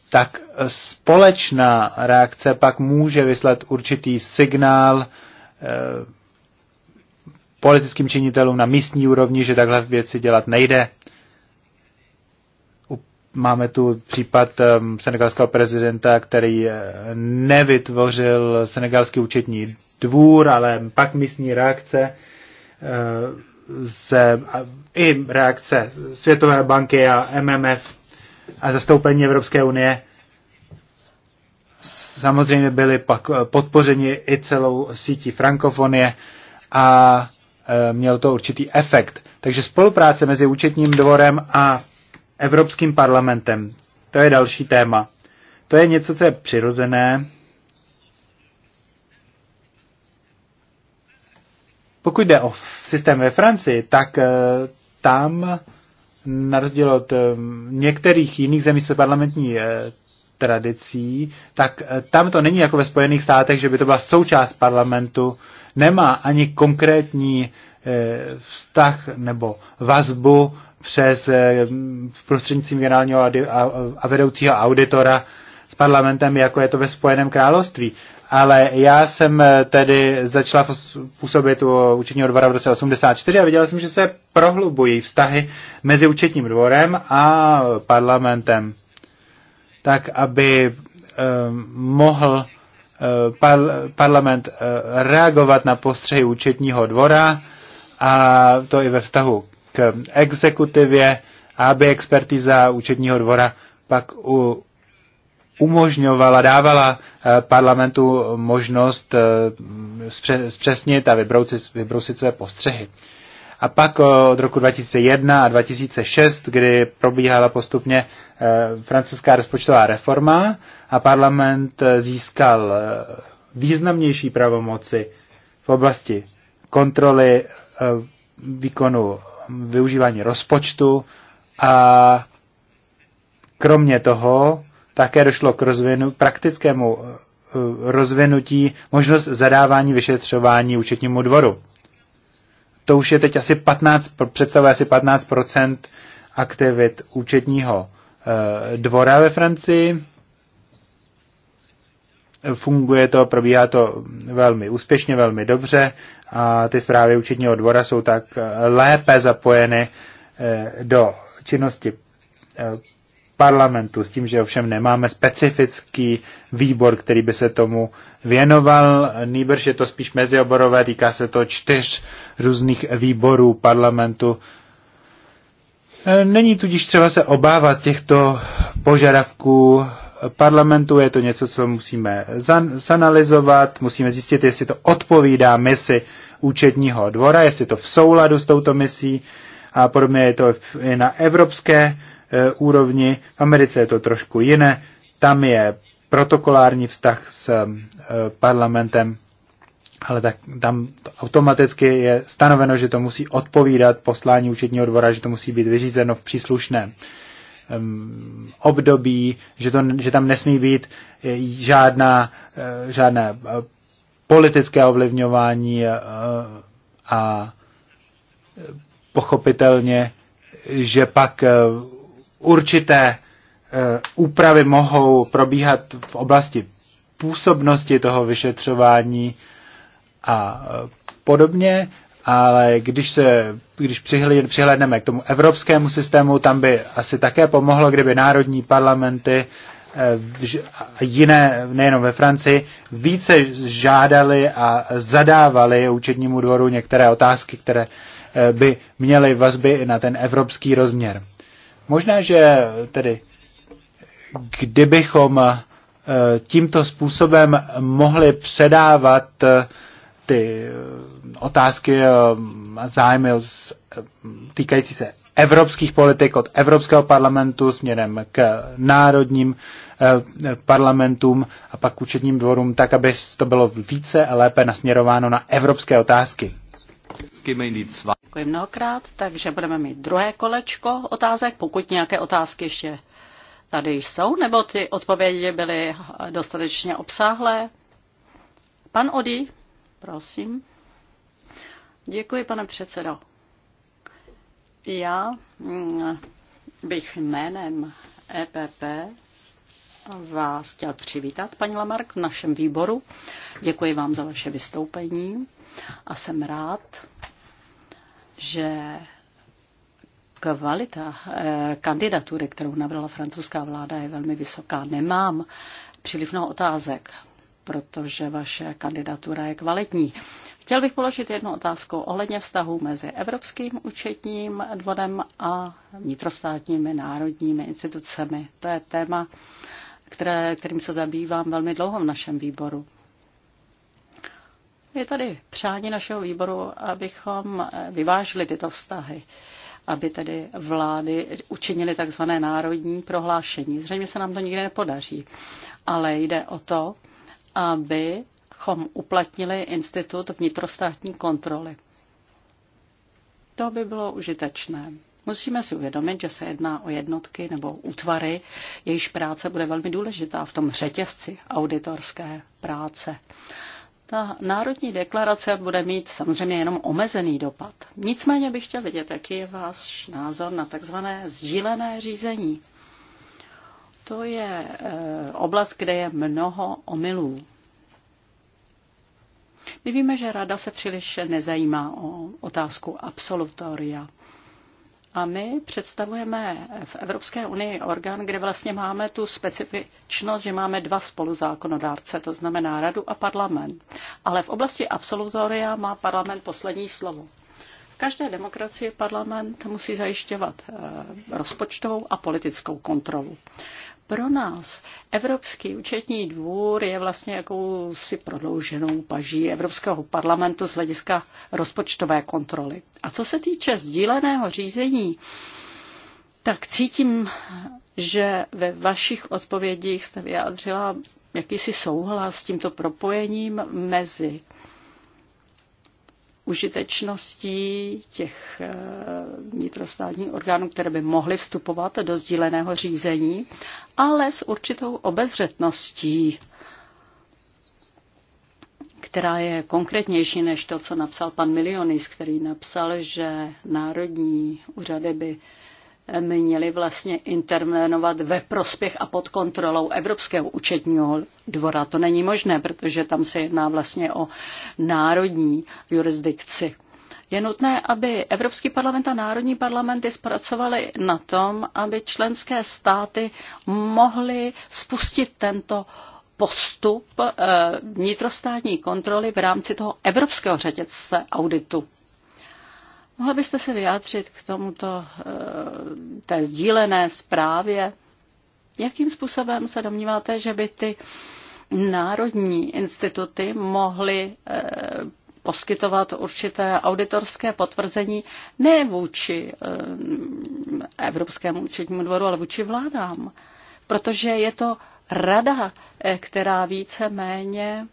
tak společná reakce pak může vyslat určitý signál eh, politickým činitelům na místní úrovni, že takhle věci dělat nejde. Máme tu případ ehm, senegalského prezidenta, který eh, nevytvořil senegalský účetní dvůr, ale pak místní reakce eh, z, i reakce Světové banky a MMF a zastoupení Evropské unie samozřejmě byli pak eh, podpořeni i celou sítí frankofonie a eh, měl to určitý efekt. Takže spolupráce mezi účetním dvorem a Evropským parlamentem, to je další téma. To je něco, co je přirozené, Pokud jde o systém ve Francii, tak eh, tam na rozdíl od eh, některých jiných zemí své parlamentní eh, tradicí, tak tam to není jako ve Spojených státech, že by to byla součást parlamentu, nemá ani konkrétní vztah nebo vazbu přes prostřednictvím generálního a vedoucího auditora s parlamentem, jako je to ve Spojeném království ale já jsem eh, tedy začala působit u účetního dvora v roce 84 a viděla jsem, že se prohlubují vztahy mezi účetním dvorem a parlamentem. Tak, aby ehm, mohl eh, parlament eh, reagovat na postřehy účetního dvora a to i ve vztahu k exekutivě, aby expertiza účetního dvora pak u, umožňovala, dávala eh, parlamentu možnost eh, zpřesnit a vybrousit, vybrousit své postřehy. A pak eh, od roku 2001 a 2006, kdy probíhala postupně francouzská rozpočtová reforma a parlament získal významnější pravomoci v oblasti kontroly výkonu využívání rozpočtu a kromě toho také došlo k rozvinu, praktickému eh, rozvinutí možnost zadávání vyšetřování účetnímu dvoru. To už je teď asi 15, představuje asi 15 aktivit účetního eh, dvora ve Francii. Funguje to, probíhá to velmi úspěšně, velmi dobře a ty zprávy účetního dvora jsou tak eh, lépe zapojeny do činnosti parlamentu, s tím, že ovšem nemáme specifický výbor, který by se tomu věnoval. Nýbrž je to spíš mezioborové, týká se to čtyř různých výborů parlamentu. E, není tudíž třeba se obávat těchto požadavků parlamentu, je to něco, co musíme zanalizovat, musíme zjistit, jestli to odpovídá misi účetního dvora, jestli to v souladu s touto misí, a podobně je to i na evropské e, úrovni. V Americe je to trošku jiné. Tam je protokolární vztah s e, parlamentem, ale tak tam automaticky je stanoveno, že to musí odpovídat poslání účetního dvora, že to musí být vyřízeno v příslušné období, že, to, že tam nesmí být e, žádná, žádné politické ovlivňování a pochopitelně, že pak eh, určité eh, úpravy mohou probíhat v oblasti působnosti toho vyšetřování a eh, podobně, ale když se když přihledneme k tomu evropskému systému, tam by asi také pomohlo, kdyby národní parlamenty jiné, nejenom ve Francii, více žádali a zadávali účetnímu dvoru některé otázky, které Eh, by měly vazby i na ten evropský rozměr. Možná, že tedy kdybychom eh, tímto způsobem mohli předávat eh, ty otázky a zájmy týkající se evropských politik od Evropského parlamentu směrem k národním parlamentům a pak k účetním dvorům, tak, aby to bylo více a lépe nasměrováno na evropské otázky. Děkuji mnohokrát, takže budeme mít druhé kolečko otázek, pokud nějaké otázky ještě tady jsou, nebo ty odpovědi byly dostatečně obsáhlé. Pan Odi, prosím. Děkuji, pane předsedo. Já mm, bych jménem EPP vás chtěl přivítat, paní Lamark, v našem výboru. Děkuji vám za vaše vystoupení a jsem rád, že kvalita eh, kandidatury, kterou navrhla francouzská vláda, je velmi vysoká. Nemám příliš mnoho otázek, protože vaše kandidatura je kvalitní. Chtěl bych položit jednu otázku ohledně vztahu mezi Evropským účetním dvorem a vnitrostátními národními institucemi. To je téma, které, kterým se zabývám velmi dlouho v našem výboru. Je tady přání našeho výboru, abychom vyvážili tyto vztahy aby tedy vlády učinily takzvané národní prohlášení. Zřejmě se nám to nikdy nepodaří, ale jde o to, abychom uplatnili institut vnitrostátní kontroly. To by bylo užitečné. Musíme si uvědomit, že se jedná o jednotky nebo útvary, jejíž práce bude velmi důležitá v tom řetězci auditorské práce. Ta národní deklarace bude mít samozřejmě jenom omezený dopad. Nicméně bych chtěl vědět, jaký je váš názor na takzvané sdílené řízení. To je eh, oblast, kde je mnoho omylů. My víme, že rada se příliš nezajímá o otázku absolutoria. A my představujeme v Evropské unii orgán, kde vlastně máme tu specifičnost, že máme dva spoluzákonodárce, to znamená radu a parlament. Ale v oblasti absolutoria má parlament poslední slovo. V každé demokracii parlament musí zajišťovat eh, rozpočtovou a politickou kontrolu. Pro nás Evropský účetní dvůr je vlastně jakousi prodlouženou paží Evropského parlamentu z hlediska rozpočtové kontroly. A co se týče sdíleného řízení, tak cítím, že ve vašich odpovědích jste vyjádřila jakýsi souhlas s tímto propojením mezi užitečností těch eh, vnitrostátních orgánů, které by mohly vstupovat do sdíleného řízení, ale s určitou obezřetností, která je konkrétnější než to, co napsal pan Milionis, který napsal, že národní úřady by měli vlastně intervenovat ve prospěch a pod kontrolou Evropského účetního dvora. To není možné, protože tam se jedná vlastně o národní jurisdikci. Je nutné, aby Evropský parlament a národní parlamenty zpracovaly na tom, aby členské státy mohly spustit tento postup eh, vnitrostátní kontroly v rámci toho evropského řetězce auditu. Mohla byste se vyjádřit k tomuto eh, té sdílené zprávě? Jakým způsobem se domníváte, že by ty národní instituty mohly eh, poskytovat určité auditorské potvrzení ne vůči eh, Evropskému účetnímu dvoru, ale vůči vládám? Protože je to rada, která více méně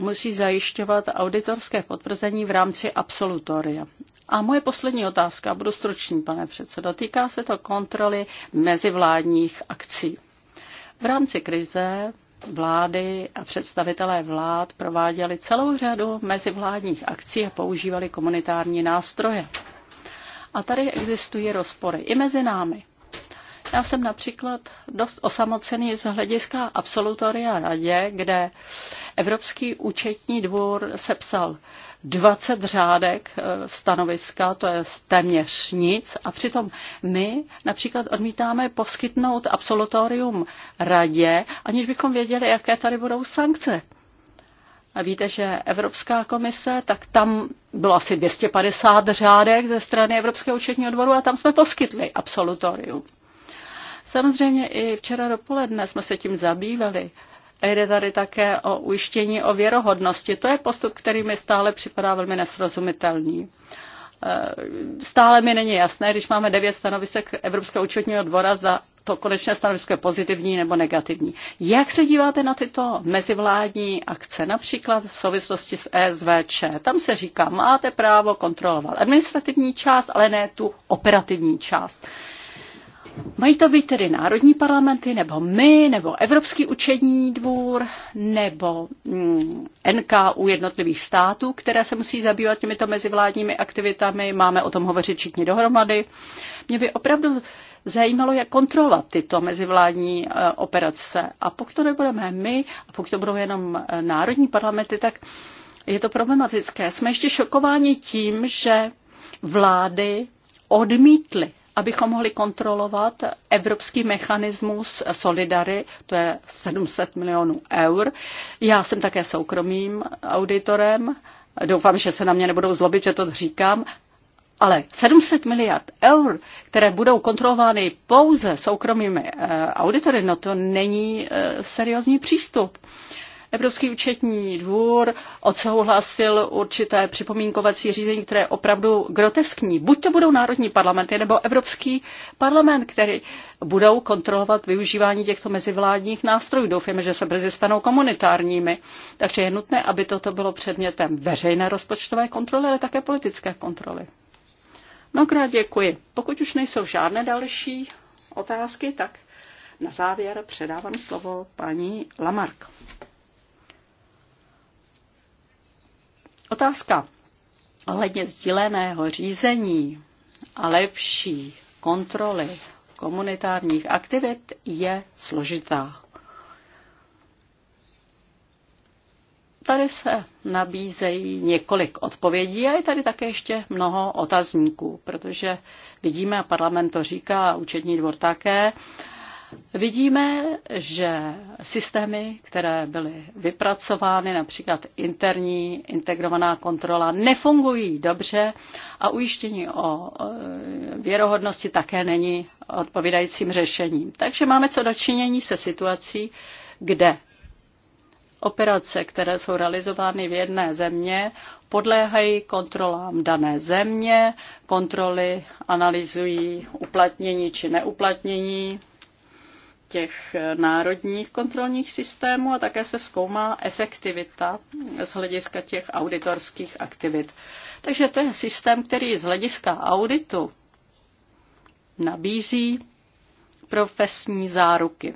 musí zajišťovat auditorské potvrzení v rámci absolutoria. A moje poslední otázka, budu stručný, pane předsedo, týká se to kontroly mezivládních akcí. V rámci krize vlády a představitelé vlád prováděli celou řadu mezivládních akcí a používali komunitární nástroje. A tady existují rozpory i mezi námi. Já jsem například dost osamocený z hlediska absolutoria radě, kde Evropský účetní dvůr sepsal 20 řádek e, stanoviska, to je téměř nic, a přitom my například odmítáme poskytnout absolutorium radě, aniž bychom věděli, jaké tady budou sankce. A víte, že Evropská komise, tak tam bylo asi 250 řádek ze strany Evropského účetního dvoru a tam jsme poskytli absolutorium. Samozřejmě i včera dopoledne jsme se tím zabývali. A jde tady také o ujištění o věrohodnosti. To je postup, který mi stále připadá velmi nesrozumitelný. Eh, stále mi není jasné, když máme devět stanovisek Evropského účetního dvora, zda to konečné stanovisko je pozitivní nebo negativní. Jak se díváte na tyto mezivládní akce, například v souvislosti s ESVČ? Tam se říká, máte právo kontrolovat administrativní část, ale ne tu operativní část. Mají to být tedy národní parlamenty, nebo my, nebo Evropský učení dvůr, nebo mm, NKU jednotlivých států, které se musí zabývat těmito mezivládními aktivitami. Máme o tom hovořit všichni dohromady. Mě by opravdu zajímalo, jak kontrolovat tyto mezivládní e, operace. A pokud to nebudeme my, a pokud to budou jenom e, národní parlamenty, tak je to problematické. Jsme ještě šokováni tím, že vlády odmítly abychom mohli kontrolovat evropský mechanismus Solidary, to je 700 milionů eur. Já jsem také soukromým auditorem, doufám, že se na mě nebudou zlobit, že to říkám, ale 700 miliard eur, které budou kontrolovány pouze soukromými eh, auditory, no to není eh, seriózní přístup. Evropský účetní dvůr odsouhlasil určité připomínkovací řízení, které je opravdu groteskní. Buď to budou národní parlamenty nebo Evropský parlament, který budou kontrolovat využívání těchto mezivládních nástrojů. Doufujeme, že se brzy stanou komunitárními. Takže je nutné, aby toto bylo předmětem veřejné rozpočtové kontroly, ale také politické kontroly. Mnohokrát děkuji. Pokud už nejsou žádné další otázky, tak na závěr předávám slovo paní Lamarck. Otázka ohledně sdíleného řízení a lepší kontroly komunitárních aktivit je složitá. Tady se nabízejí několik odpovědí a je tady také ještě mnoho otazníků, protože vidíme, a parlament to říká, a účetní dvor také, Vidíme, že systémy, které byly vypracovány, například interní integrovaná kontrola, nefungují dobře a ujištění o e, věrohodnosti také není odpovídajícím řešením. Takže máme co dočinění se situací, kde operace, které jsou realizovány v jedné země, podléhají kontrolám dané země, kontroly analyzují uplatnění či neuplatnění těch národních kontrolních systémů a také se zkoumá efektivita z hlediska těch auditorských aktivit. Takže to je systém, který z hlediska auditu nabízí profesní záruky.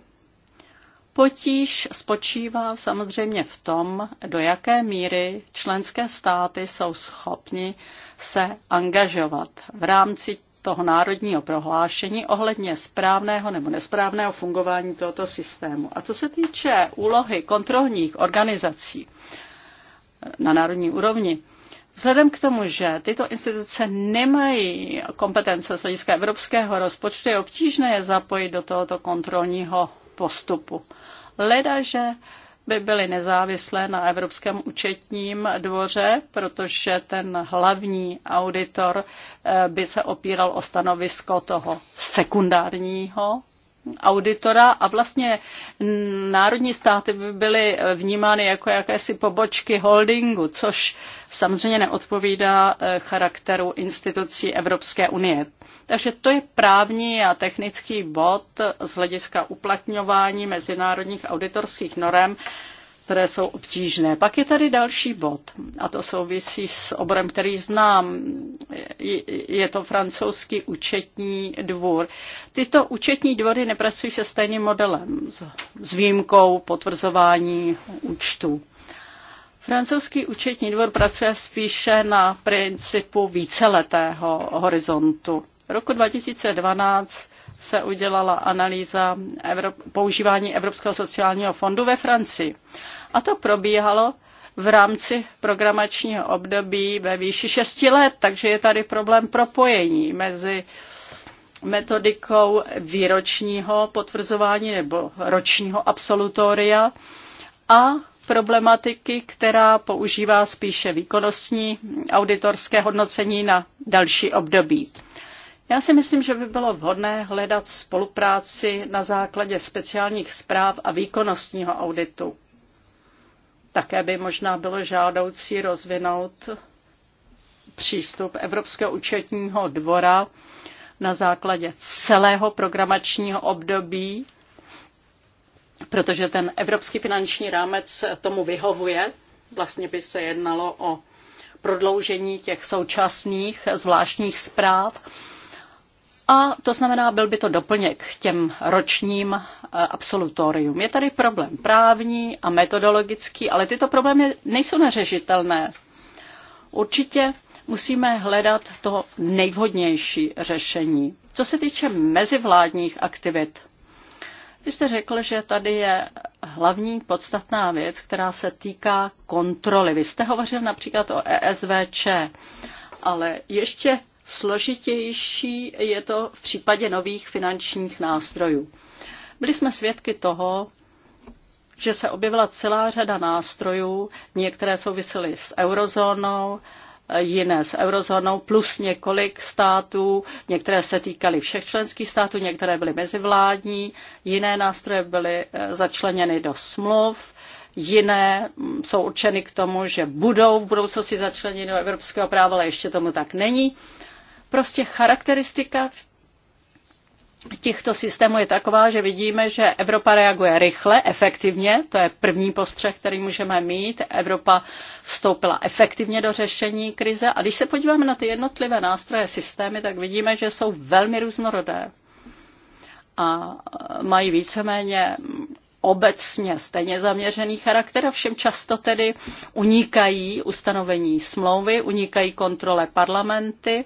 Potíž spočívá samozřejmě v tom, do jaké míry členské státy jsou schopni se angažovat v rámci toho národního prohlášení ohledně správného nebo nesprávného fungování tohoto systému. A co se týče úlohy kontrolních organizací na národní úrovni, Vzhledem k tomu, že tyto instituce nemají kompetence z hlediska evropského rozpočtu, je obtížné je zapojit do tohoto kontrolního postupu. Leda, že by byly nezávislé na Evropském účetním dvoře, protože ten hlavní auditor eh, by se opíral o stanovisko toho sekundárního auditora a vlastně národní státy by byly vnímány jako jakési pobočky holdingu, což samozřejmě neodpovídá eh, charakteru institucí Evropské unie. Takže to je právní a technický bod z hlediska uplatňování mezinárodních auditorských norem které jsou obtížné. Pak je tady další bod a to souvisí s oborem, který znám. Je to francouzský účetní dvůr. Tyto účetní dvory nepracují se stejným modelem, s výjimkou potvrzování účtů. Francouzský účetní dvor pracuje spíše na principu víceletého horizontu. V roku 2012 se udělala analýza Evrop- používání Evropského sociálního fondu ve Francii. A to probíhalo v rámci programačního období ve výši 6 let, takže je tady problém propojení mezi metodikou výročního potvrzování nebo ročního absolutoria a problematiky, která používá spíše výkonnostní auditorské hodnocení na další období. Já si myslím, že by bylo vhodné hledat spolupráci na základě speciálních zpráv a výkonnostního auditu. Také by možná bylo žádoucí rozvinout přístup Evropského účetního dvora na základě celého programačního období, protože ten evropský finanční rámec tomu vyhovuje. Vlastně by se jednalo o prodloužení těch současných zvláštních zpráv a to znamená, byl by to doplněk k těm ročním eh, absolutorium. Je tady problém právní a metodologický, ale tyto problémy nejsou neřešitelné. Určitě musíme hledat to nejvhodnější řešení. Co se týče mezivládních aktivit, vy jste řekl, že tady je hlavní podstatná věc, která se týká kontroly. Vy jste hovořil například o ESVČ, ale ještě Složitější je to v případě nových finančních nástrojů. Byli jsme svědky toho, že se objevila celá řada nástrojů, některé souvisely s eurozónou, jiné s eurozónou, plus několik států, některé se týkaly všech členských států, některé byly mezivládní, jiné nástroje byly eh, začleněny do smluv, jiné mm, jsou určeny k tomu, že budou v budoucnosti začleněny do evropského práva, ale ještě tomu tak není. Prostě charakteristika těchto systémů je taková, že vidíme, že Evropa reaguje rychle, efektivně, to je první postřeh, který můžeme mít. Evropa vstoupila efektivně do řešení krize a když se podíváme na ty jednotlivé nástroje systémy, tak vidíme, že jsou velmi různorodé a mají víceméně obecně stejně zaměřený charakter, všem často tedy unikají ustanovení smlouvy, unikají kontrole parlamenty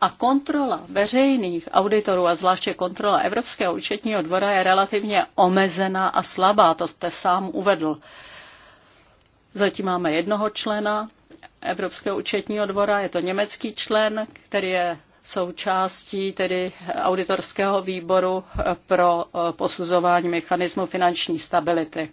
a kontrola veřejných auditorů a zvláště kontrola Evropského účetního dvora je relativně omezená a slabá, to jste sám uvedl. Zatím máme jednoho člena Evropského účetního dvora, je to německý člen, který je součástí tedy auditorského výboru pro eh, posuzování mechanismu finanční stability.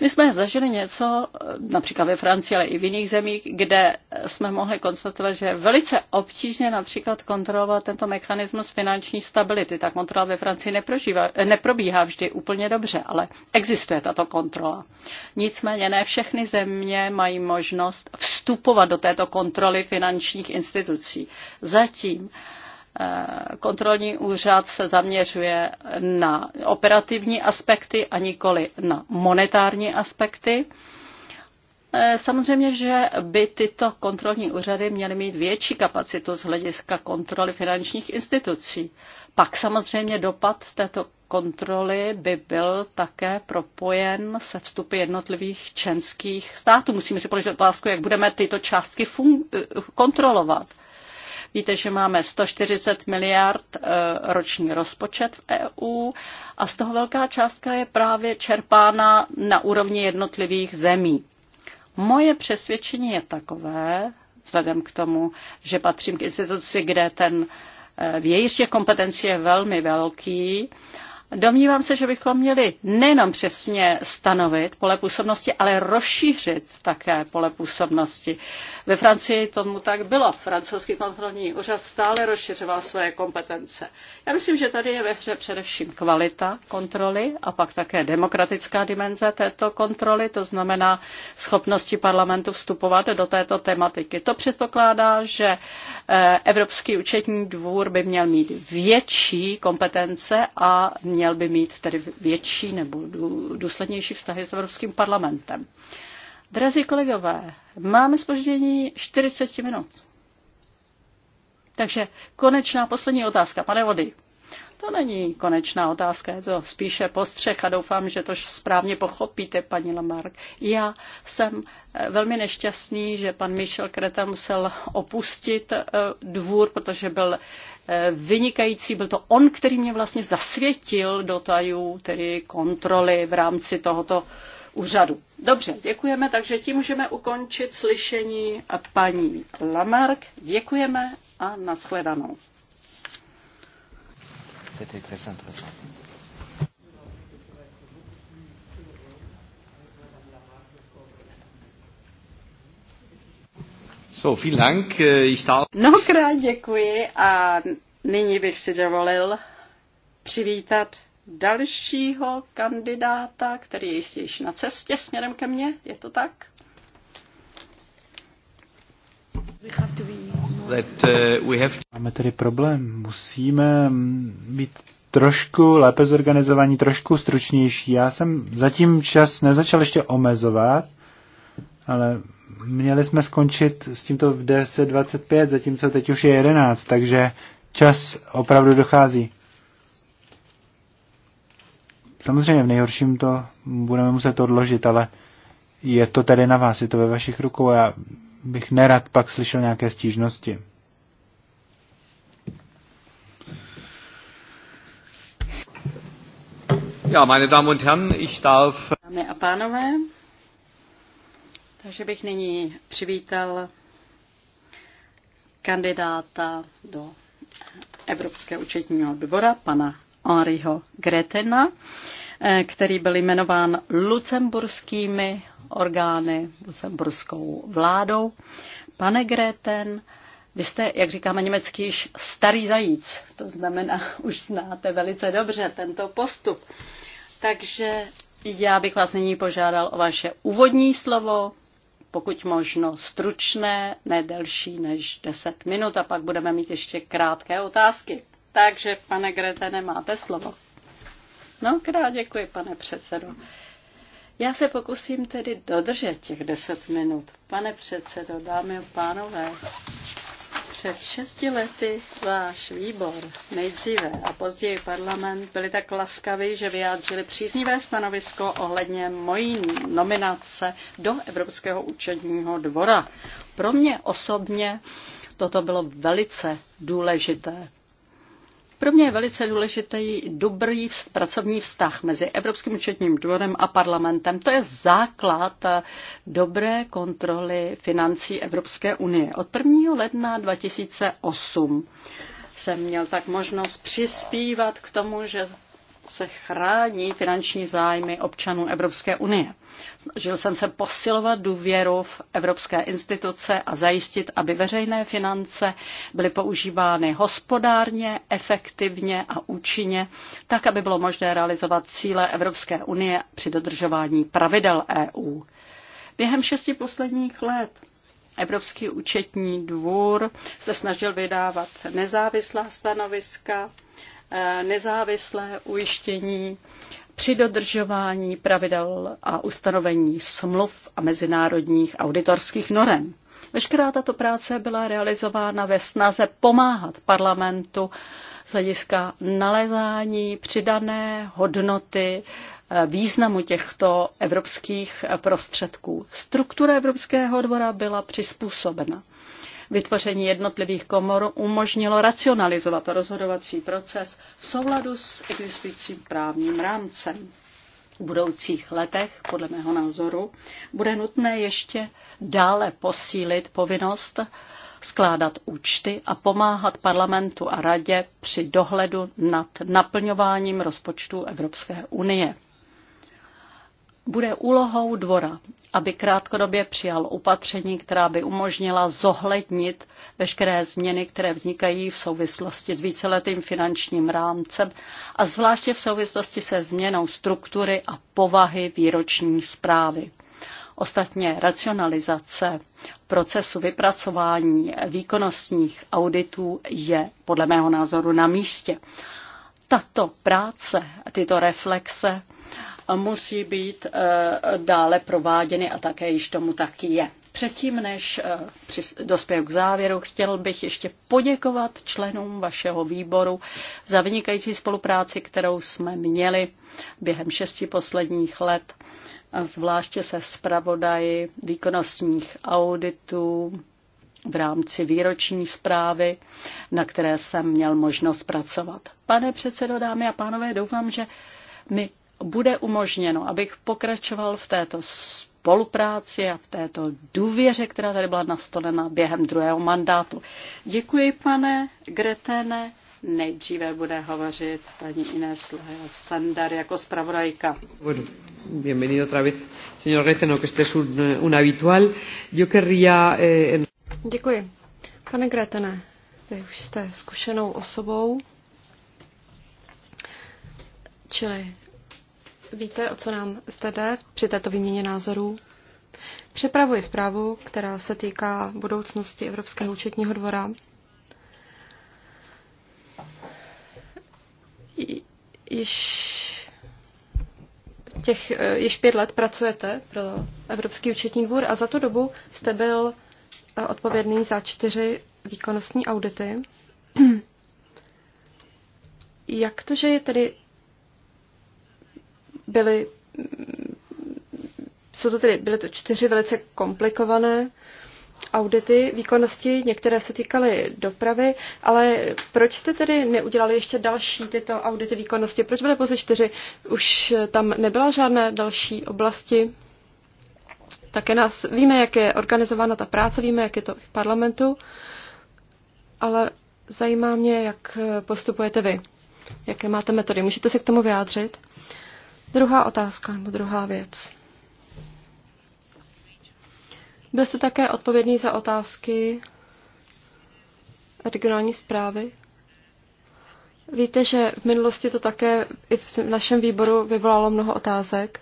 My jsme zažili něco, eh, například ve Francii, ale i v jiných zemích, kde jsme mohli konstatovat, že je velice obtížně například kontrolovat tento mechanismus finanční stability. Ta kontrola ve Francii neprožívá, eh, neprobíhá vždy úplně dobře, ale existuje tato kontrola. Nicméně ne všechny země mají možnost vstupovat do této kontroly finančních institucí. Zatím uh, Eh, kontrolní úřad se zaměřuje na operativní aspekty a nikoli na monetární aspekty. Eh, samozřejmě, že by tyto kontrolní úřady měly mít větší kapacitu z hlediska kontroly finančních institucí. Pak samozřejmě dopad této kontroly by byl také propojen se vstupy jednotlivých členských států. Musíme si položit otázku, jak budeme tyto částky eh, kontrolovat. Víte, že máme 140 miliard eh, roční rozpočet v EU a z toho velká částka je právě čerpána na úrovni jednotlivých zemí. Moje přesvědčení je takové, vzhledem k tomu, že patřím k instituci, kde ten eh, vějíř těch kompetencí je velmi velký Domnívám se, že bychom měli nejenom přesně stanovit pole působnosti, ale rozšířit také pole působnosti. Ve Francii tomu tak bylo. Francouzský kontrolní úřad stále rozšiřoval své kompetence. Já myslím, že tady je ve hře především kvalita kontroly a pak také demokratická dimenze této kontroly, to znamená schopnosti parlamentu vstupovat do této tematiky. To předpokládá, že eh, Evropský účetní dvůr by měl mít větší kompetence a měl by mít tedy větší nebo důslednější vztahy s Evropským parlamentem. Drazí kolegové, máme spoždění 40 minut. Takže konečná poslední otázka, pane Vody. To není konečná otázka, je to spíše postřeh a doufám, že to správně pochopíte, paní Lamark. Já jsem eh, velmi nešťastný, že pan Michel Kreta musel opustit eh, dvůr, protože byl vynikající. Byl to on, který mě vlastně zasvětil do tajů, tedy kontroly v rámci tohoto úřadu. Dobře, děkujeme, takže tím můžeme ukončit slyšení paní Lamarck. Děkujeme a nashledanou. C'était très intéressant. So, vielen Dank. Äh, ich darf... Mnohokrát děkuji a nyní bych si dovolil přivítat dalšího kandidáta, který je jistě již na cestě směrem ke mně. Je to tak? That, uh, we have... Máme tedy problém. Musíme být trošku lépe zorganizovaní, trošku stručnější. Já jsem zatím čas nezačal ještě omezovat, ale měli jsme skončit s tímto v 10.25, zatímco teď už je 11, takže čas opravdu dochází. Samozřejmě v nejhorším to budeme muset odložit, ale je to tedy na vás, je to ve vašich rukou. Já bych nerad pak slyšel nějaké stížnosti. Ja, meine Damen und Herren, ich darf... Dámy a pánové, takže bych nyní přivítal kandidáta do Evropského účetního dvora, pana Henriho Gretena, eh, který byl jmenován lucemburskými orgány, lucemburskou vládou. Pane Greten, vy jste, jak říkáme německy, již starý zajíc, to znamená, [laughs] už znáte velice dobře tento postup. Takže já bych vás nyní požádal o vaše úvodní slovo, pokud možno stručné, ne delší než 10 minut a pak budeme mít ještě krátké otázky. Takže, pane Grete, nemáte slovo. No, krát děkuji, pane předsedo. Já se pokusím tedy dodržet těch 10 minut. Pane předsedo, dámy a pánové, před šesti lety váš výbor, nejdříve a později parlament, byli tak laskaví, že vyjádřili příznivé stanovisko ohledně mojí nominace do Evropského účetního dvora. Pro mě osobně toto bylo velice důležité. Pro mě je velice důležitý dobrý pracovní vztah mezi Evropským účetním dvorem a parlamentem. To je základ eh, dobré kontroly financí Evropské unie. Od 1. ledna 2008 jsem měl tak možnost přispívat k tomu, že se chrání finanční zájmy občanů Evropské unie. Snažil jsem se posilovat důvěru v evropské instituce a zajistit, aby veřejné finance byly používány hospodárně, efektivně a účinně, tak, aby bylo možné realizovat cíle Evropské unie při dodržování pravidel EU. Během šesti posledních let Evropský účetní dvůr se snažil vydávat nezávislá stanoviska Eh, nezávislé ujištění při dodržování pravidel a ustanovení smluv a mezinárodních auditorských norem. Veškerá tato práce byla realizována ve snaze pomáhat parlamentu z hlediska nalezání přidané hodnoty eh, významu těchto evropských prostředků. Struktura Evropského dvora byla přizpůsobena. Vytvoření jednotlivých komor umožnilo racionalizovat rozhodovací proces v souladu s existujícím právním rámcem. V budoucích letech, podle mého názoru, bude nutné ještě dále posílit povinnost skládat účty a pomáhat parlamentu a radě při dohledu nad naplňováním rozpočtu Evropské unie bude úlohou dvora, aby krátkodobě přijal opatření, která by umožnila zohlednit veškeré změny, které vznikají v souvislosti s víceletým finančním rámcem a zvláště v souvislosti se změnou struktury a povahy výroční zprávy. Ostatně racionalizace procesu vypracování výkonnostních auditů je podle mého názoru na místě. Tato práce, tyto reflexe musí být eh, dále prováděny a také již tomu tak je. Předtím, než eh, dospěju k závěru, chtěl bych ještě poděkovat členům vašeho výboru za vynikající spolupráci, kterou jsme měli během šesti posledních let, a zvláště se zpravodaji výkonnostních auditů v rámci výroční zprávy, na které jsem měl možnost pracovat. Pane předsedo, dámy a pánové, doufám, že mi bude umožněno, abych pokračoval v této spolupráci a v této důvěře, která tady byla nastolena během druhého mandátu. Děkuji, pane Gretene. Nejdříve bude hovořit paní Inés Sandar jako zpravodajka. Bueno, bienvenido otra vez, señor Greteno, que este es un, eh, un habitual. Yo querría... Eh, en... Děkuji. Pane Gretene, vy už jste zkušenou osobou, čili Víte, o co nám zde jde při této výměně názorů? Připravuji zprávu, která se týká budoucnosti Evropského účetního dvora. Již, těch, již pět let pracujete pro Evropský účetní dvůr a za tu dobu jste byl eh, odpovědný za čtyři výkonnostní audity. [clears throat] Jak to, že je tedy byly, jsou to tedy, byly to čtyři velice komplikované audity výkonnosti, některé se týkaly dopravy, ale proč jste tedy neudělali ještě další tyto audity výkonnosti? Proč byly pouze čtyři? Už tam nebyla žádné další oblasti? Také nás, víme, jak je organizována ta práce, víme, jak je to v parlamentu, ale zajímá mě, jak postupujete vy. Jaké máte metody? Můžete se k tomu vyjádřit? Druhá otázka, nebo druhá věc. Byl jste také odpovědný za otázky regionální zprávy? Víte, že v minulosti to také i v našem výboru vyvolalo mnoho otázek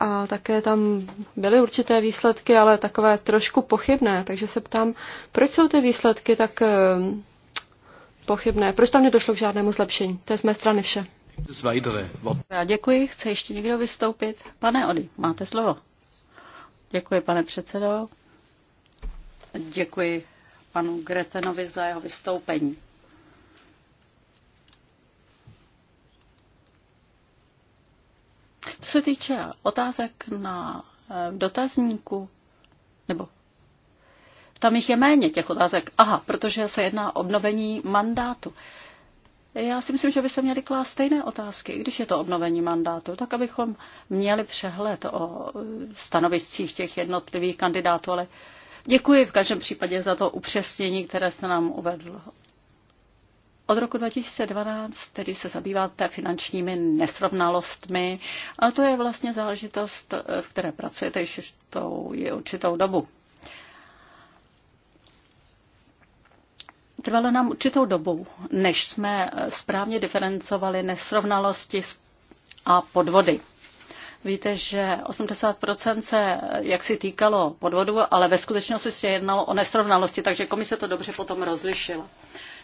a také tam byly určité výsledky, ale takové trošku pochybné. Takže se ptám, proč jsou ty výsledky tak eh, pochybné? Proč tam nedošlo k žádnému zlepšení? To je z mé strany vše. Já děkuji. Chce ještě někdo vystoupit? Pane Ody, máte slovo. Děkuji, pane předsedo. Děkuji panu Gretenovi za jeho vystoupení. Co se týče otázek na eh, dotazníku, nebo tam jich je méně těch otázek. Aha, protože se jedná o obnovení mandátu. Já si myslím, že by se měly klást stejné otázky, i když je to obnovení mandátu, tak abychom měli přehled o e, stanoviscích těch jednotlivých kandidátů, ale děkuji v každém případě za to upřesnění, které se nám uvedl. Od roku 2012 tedy se zabýváte finančními nesrovnalostmi a to je vlastně záležitost, e, v které pracujete již je určitou dobu. Trvalo nám určitou dobu, než jsme eh, správně diferencovali nesrovnalosti a podvody. Víte, že 80% se eh, si týkalo podvodu, ale ve skutečnosti se jednalo o nesrovnalosti, takže komise to dobře potom rozlišila.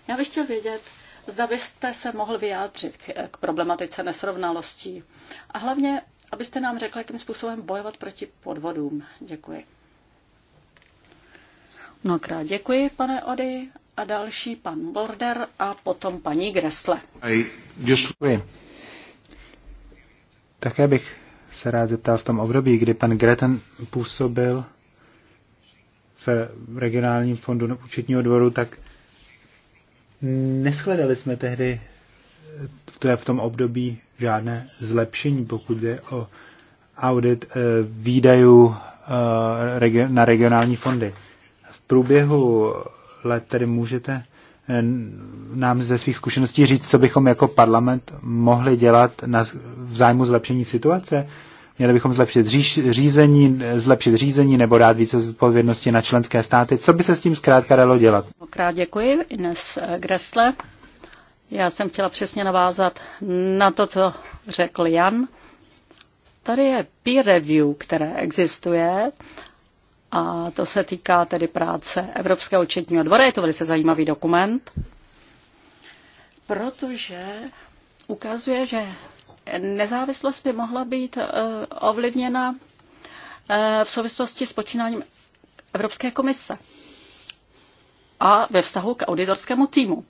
Já bych chtěl vědět, zda byste se mohl vyjádřit k eh, problematice nesrovnalostí a hlavně, abyste nám řekl, jakým způsobem bojovat proti podvodům. Děkuji. Mnohokrát děkuji, pane Ody a další pan Border a potom paní Gresle. Děkuji. Také bych se rád zeptal v tom období, kdy pan Greten působil v regionálním fondu účetního dvoru, tak neschledali jsme tehdy to je v tom období žádné zlepšení, pokud jde o audit eh, výdajů eh, na regionální fondy. V průběhu let tedy můžete eh, nám ze svých zkušeností říct, co bychom jako parlament mohli dělat na, v zájmu zlepšení situace? Měli bychom zlepšit říš, řízení, zlepšit řízení nebo dát více zodpovědnosti na členské státy. Co by se s tím zkrátka dalo dělat? Krát děkuji, Ines Gressle. Já jsem chtěla přesně navázat na to, co řekl Jan. Tady je peer review, které existuje a to se týká tedy práce Evropského účetního dvora. Je to velice zajímavý dokument, protože ukazuje, že nezávislost by mohla být eh, ovlivněna eh, v souvislosti s počínáním Evropské komise a ve vztahu k auditorskému týmu.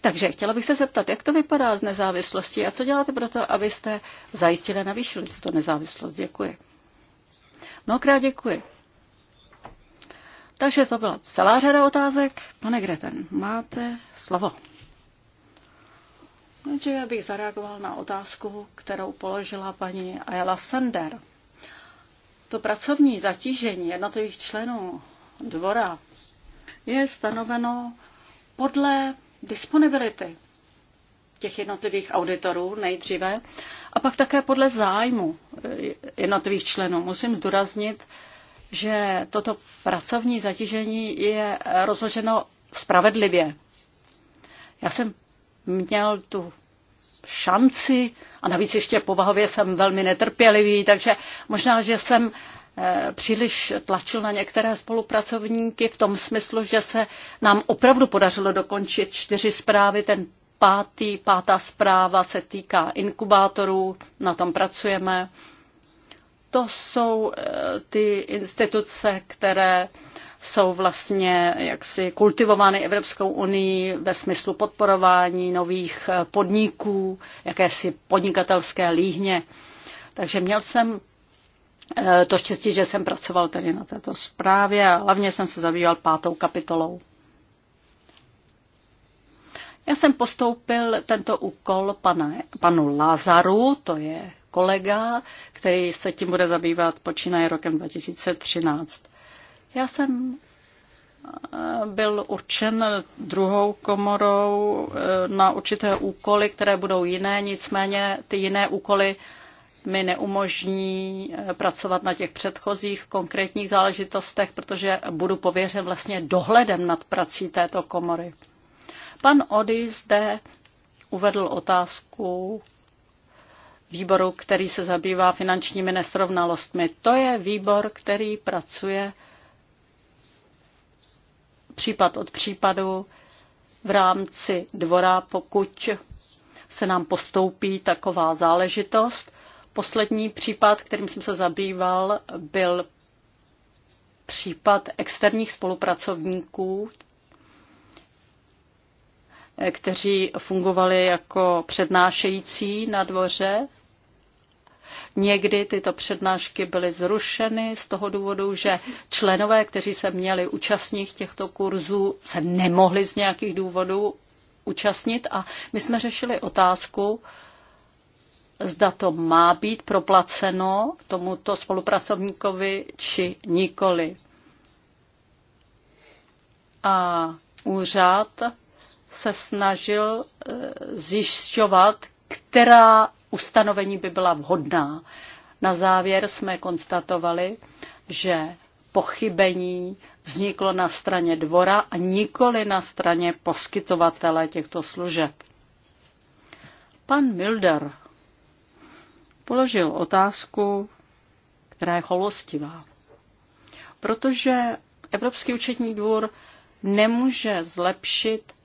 Takže chtěla bych se zeptat, jak to vypadá z nezávislostí a co děláte pro to, abyste zajistili a navýšili tuto nezávislost? Děkuji. Mnohokrát děkuji. Takže to byla celá řada otázek. Pane Greten, máte slovo. Takže já bych zareagoval na otázku, kterou položila paní Ayala Sender. To pracovní zatížení jednotlivých členů dvora je stanoveno podle disponibility těch jednotlivých auditorů nejdříve a pak také podle zájmu jednotlivých členů. Musím zdůraznit, že toto pracovní zatížení je rozloženo spravedlivě. Já jsem měl tu šanci a navíc ještě povahově jsem velmi netrpělivý, takže možná, že jsem eh, příliš tlačil na některé spolupracovníky v tom smyslu, že se nám opravdu podařilo dokončit čtyři zprávy. Ten pátý, pátá zpráva se týká inkubátorů, na tom pracujeme to jsou eh, ty instituce, které jsou vlastně jaksi kultivovány Evropskou unii ve smyslu podporování nových eh, podniků, jakési podnikatelské líhně. Takže měl jsem eh, to štěstí, že jsem pracoval tady na této zprávě a hlavně jsem se zabýval pátou kapitolou. Já jsem postoupil tento úkol pane, panu Lázaru, to je kolega, který se tím bude zabývat počínaje rokem 2013. Já jsem eh, byl určen druhou komorou eh, na určité úkoly, které budou jiné, nicméně ty jiné úkoly mi neumožní eh, pracovat na těch předchozích konkrétních záležitostech, protože budu pověřen vlastně dohledem nad prací této komory. Pan Ody zde uvedl otázku výboru, který se zabývá finančními nesrovnalostmi. To je výbor, který pracuje případ od případu v rámci dvora, pokud se nám postoupí taková záležitost. Poslední případ, kterým jsem se zabýval, byl případ externích spolupracovníků kteří fungovali jako přednášející na dvoře. Někdy tyto přednášky byly zrušeny z toho důvodu, že členové, kteří se měli účastnit těchto kurzů, se nemohli z nějakých důvodů účastnit a my jsme řešili otázku, zda to má být proplaceno tomuto spolupracovníkovi či nikoli. A úřad se snažil eh, zjišťovat, která ustanovení by byla vhodná. Na závěr jsme konstatovali, že pochybení vzniklo na straně dvora a nikoli na straně poskytovatele těchto služeb. Pan Milder položil otázku, která je holostivá. Protože Evropský účetní dvůr nemůže zlepšit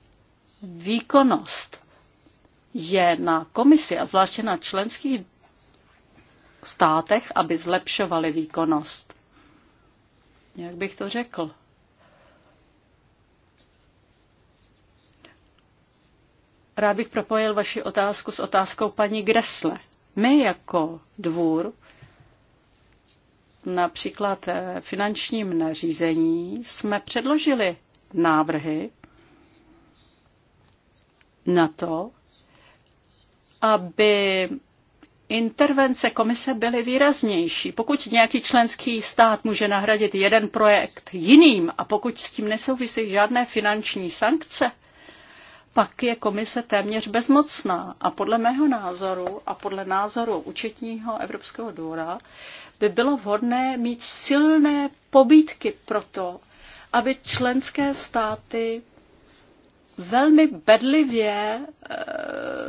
výkonnost je na komisi a zvláště na členských státech, aby zlepšovali výkonnost. Jak bych to řekl? Rád bych propojil vaši otázku s otázkou paní Gresle. My jako dvůr například eh, finančním nařízení jsme předložili návrhy na to, aby intervence komise byly výraznější. Pokud nějaký členský stát může nahradit jeden projekt jiným a pokud s tím nesouvisí žádné finanční sankce, pak je komise téměř bezmocná. A podle mého názoru a podle názoru účetního Evropského důra by bylo vhodné mít silné pobídky pro to, aby členské státy velmi bedlivě eh,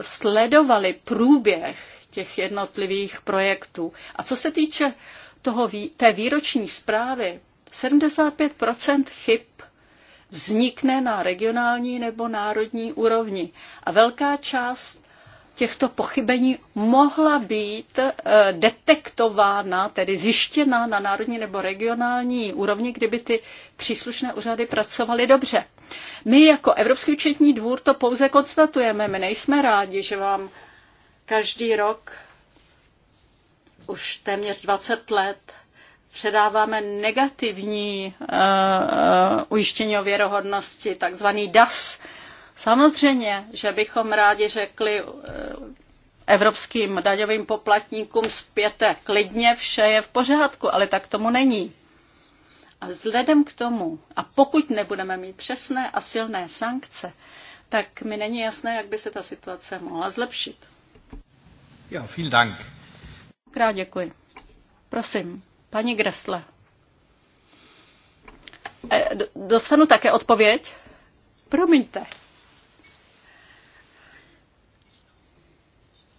sledovali průběh těch jednotlivých projektů. A co se týče toho, té výroční zprávy, 75 chyb vznikne na regionální nebo národní úrovni. A velká část těchto pochybení mohla být eh, detektována, tedy zjištěna na národní nebo regionální úrovni, kdyby ty příslušné úřady pracovaly dobře. My jako Evropský účetní dvůr to pouze konstatujeme. My nejsme rádi, že vám každý rok už téměř 20 let předáváme negativní uh, uh, ujištění o věrohodnosti, takzvaný DAS. Samozřejmě, že bychom rádi řekli uh, evropským daňovým poplatníkům zpěte klidně, vše je v pořádku, ale tak tomu není vzhledem k tomu, a pokud nebudeme mít přesné a silné sankce, tak mi není jasné, jak by se ta situace mohla zlepšit. Jo, vielen Dank. Krát děkuji. Prosím, paní Gressle. E, dostanu také odpověď? Promiňte.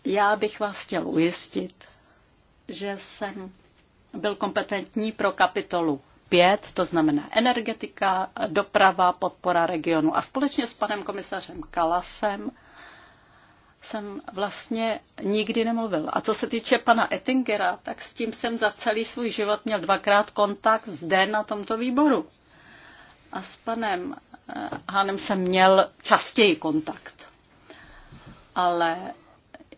Já bych vás chtěl ujistit, že jsem byl kompetentní pro kapitolu 5, to znamená energetika, doprava, podpora regionu. A společně s panem komisařem Kalasem jsem vlastně nikdy nemluvil. A co se týče pana Ettingera, tak s tím jsem za celý svůj život měl dvakrát kontakt zde na tomto výboru. A s panem Hanem eh, jsem měl častěji kontakt. Ale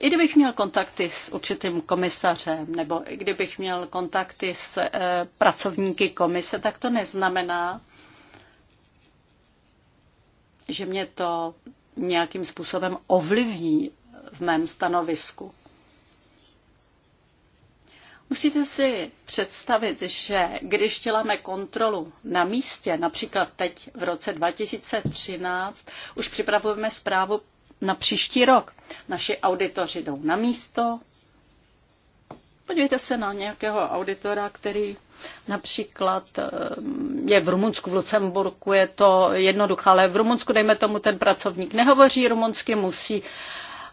i kdybych měl kontakty s určitým komisařem nebo i kdybych měl kontakty s e, pracovníky komise, tak to neznamená, že mě to nějakým způsobem ovlivní v mém stanovisku. Musíte si představit, že když děláme kontrolu na místě, například teď v roce 2013, už připravujeme zprávu na příští rok. Naši auditoři jdou na místo. Podívejte se na nějakého auditora, který například eh, je v Rumunsku, v Lucemburku, je to jednoduché, ale v Rumunsku, dejme tomu, ten pracovník nehovoří rumunsky, musí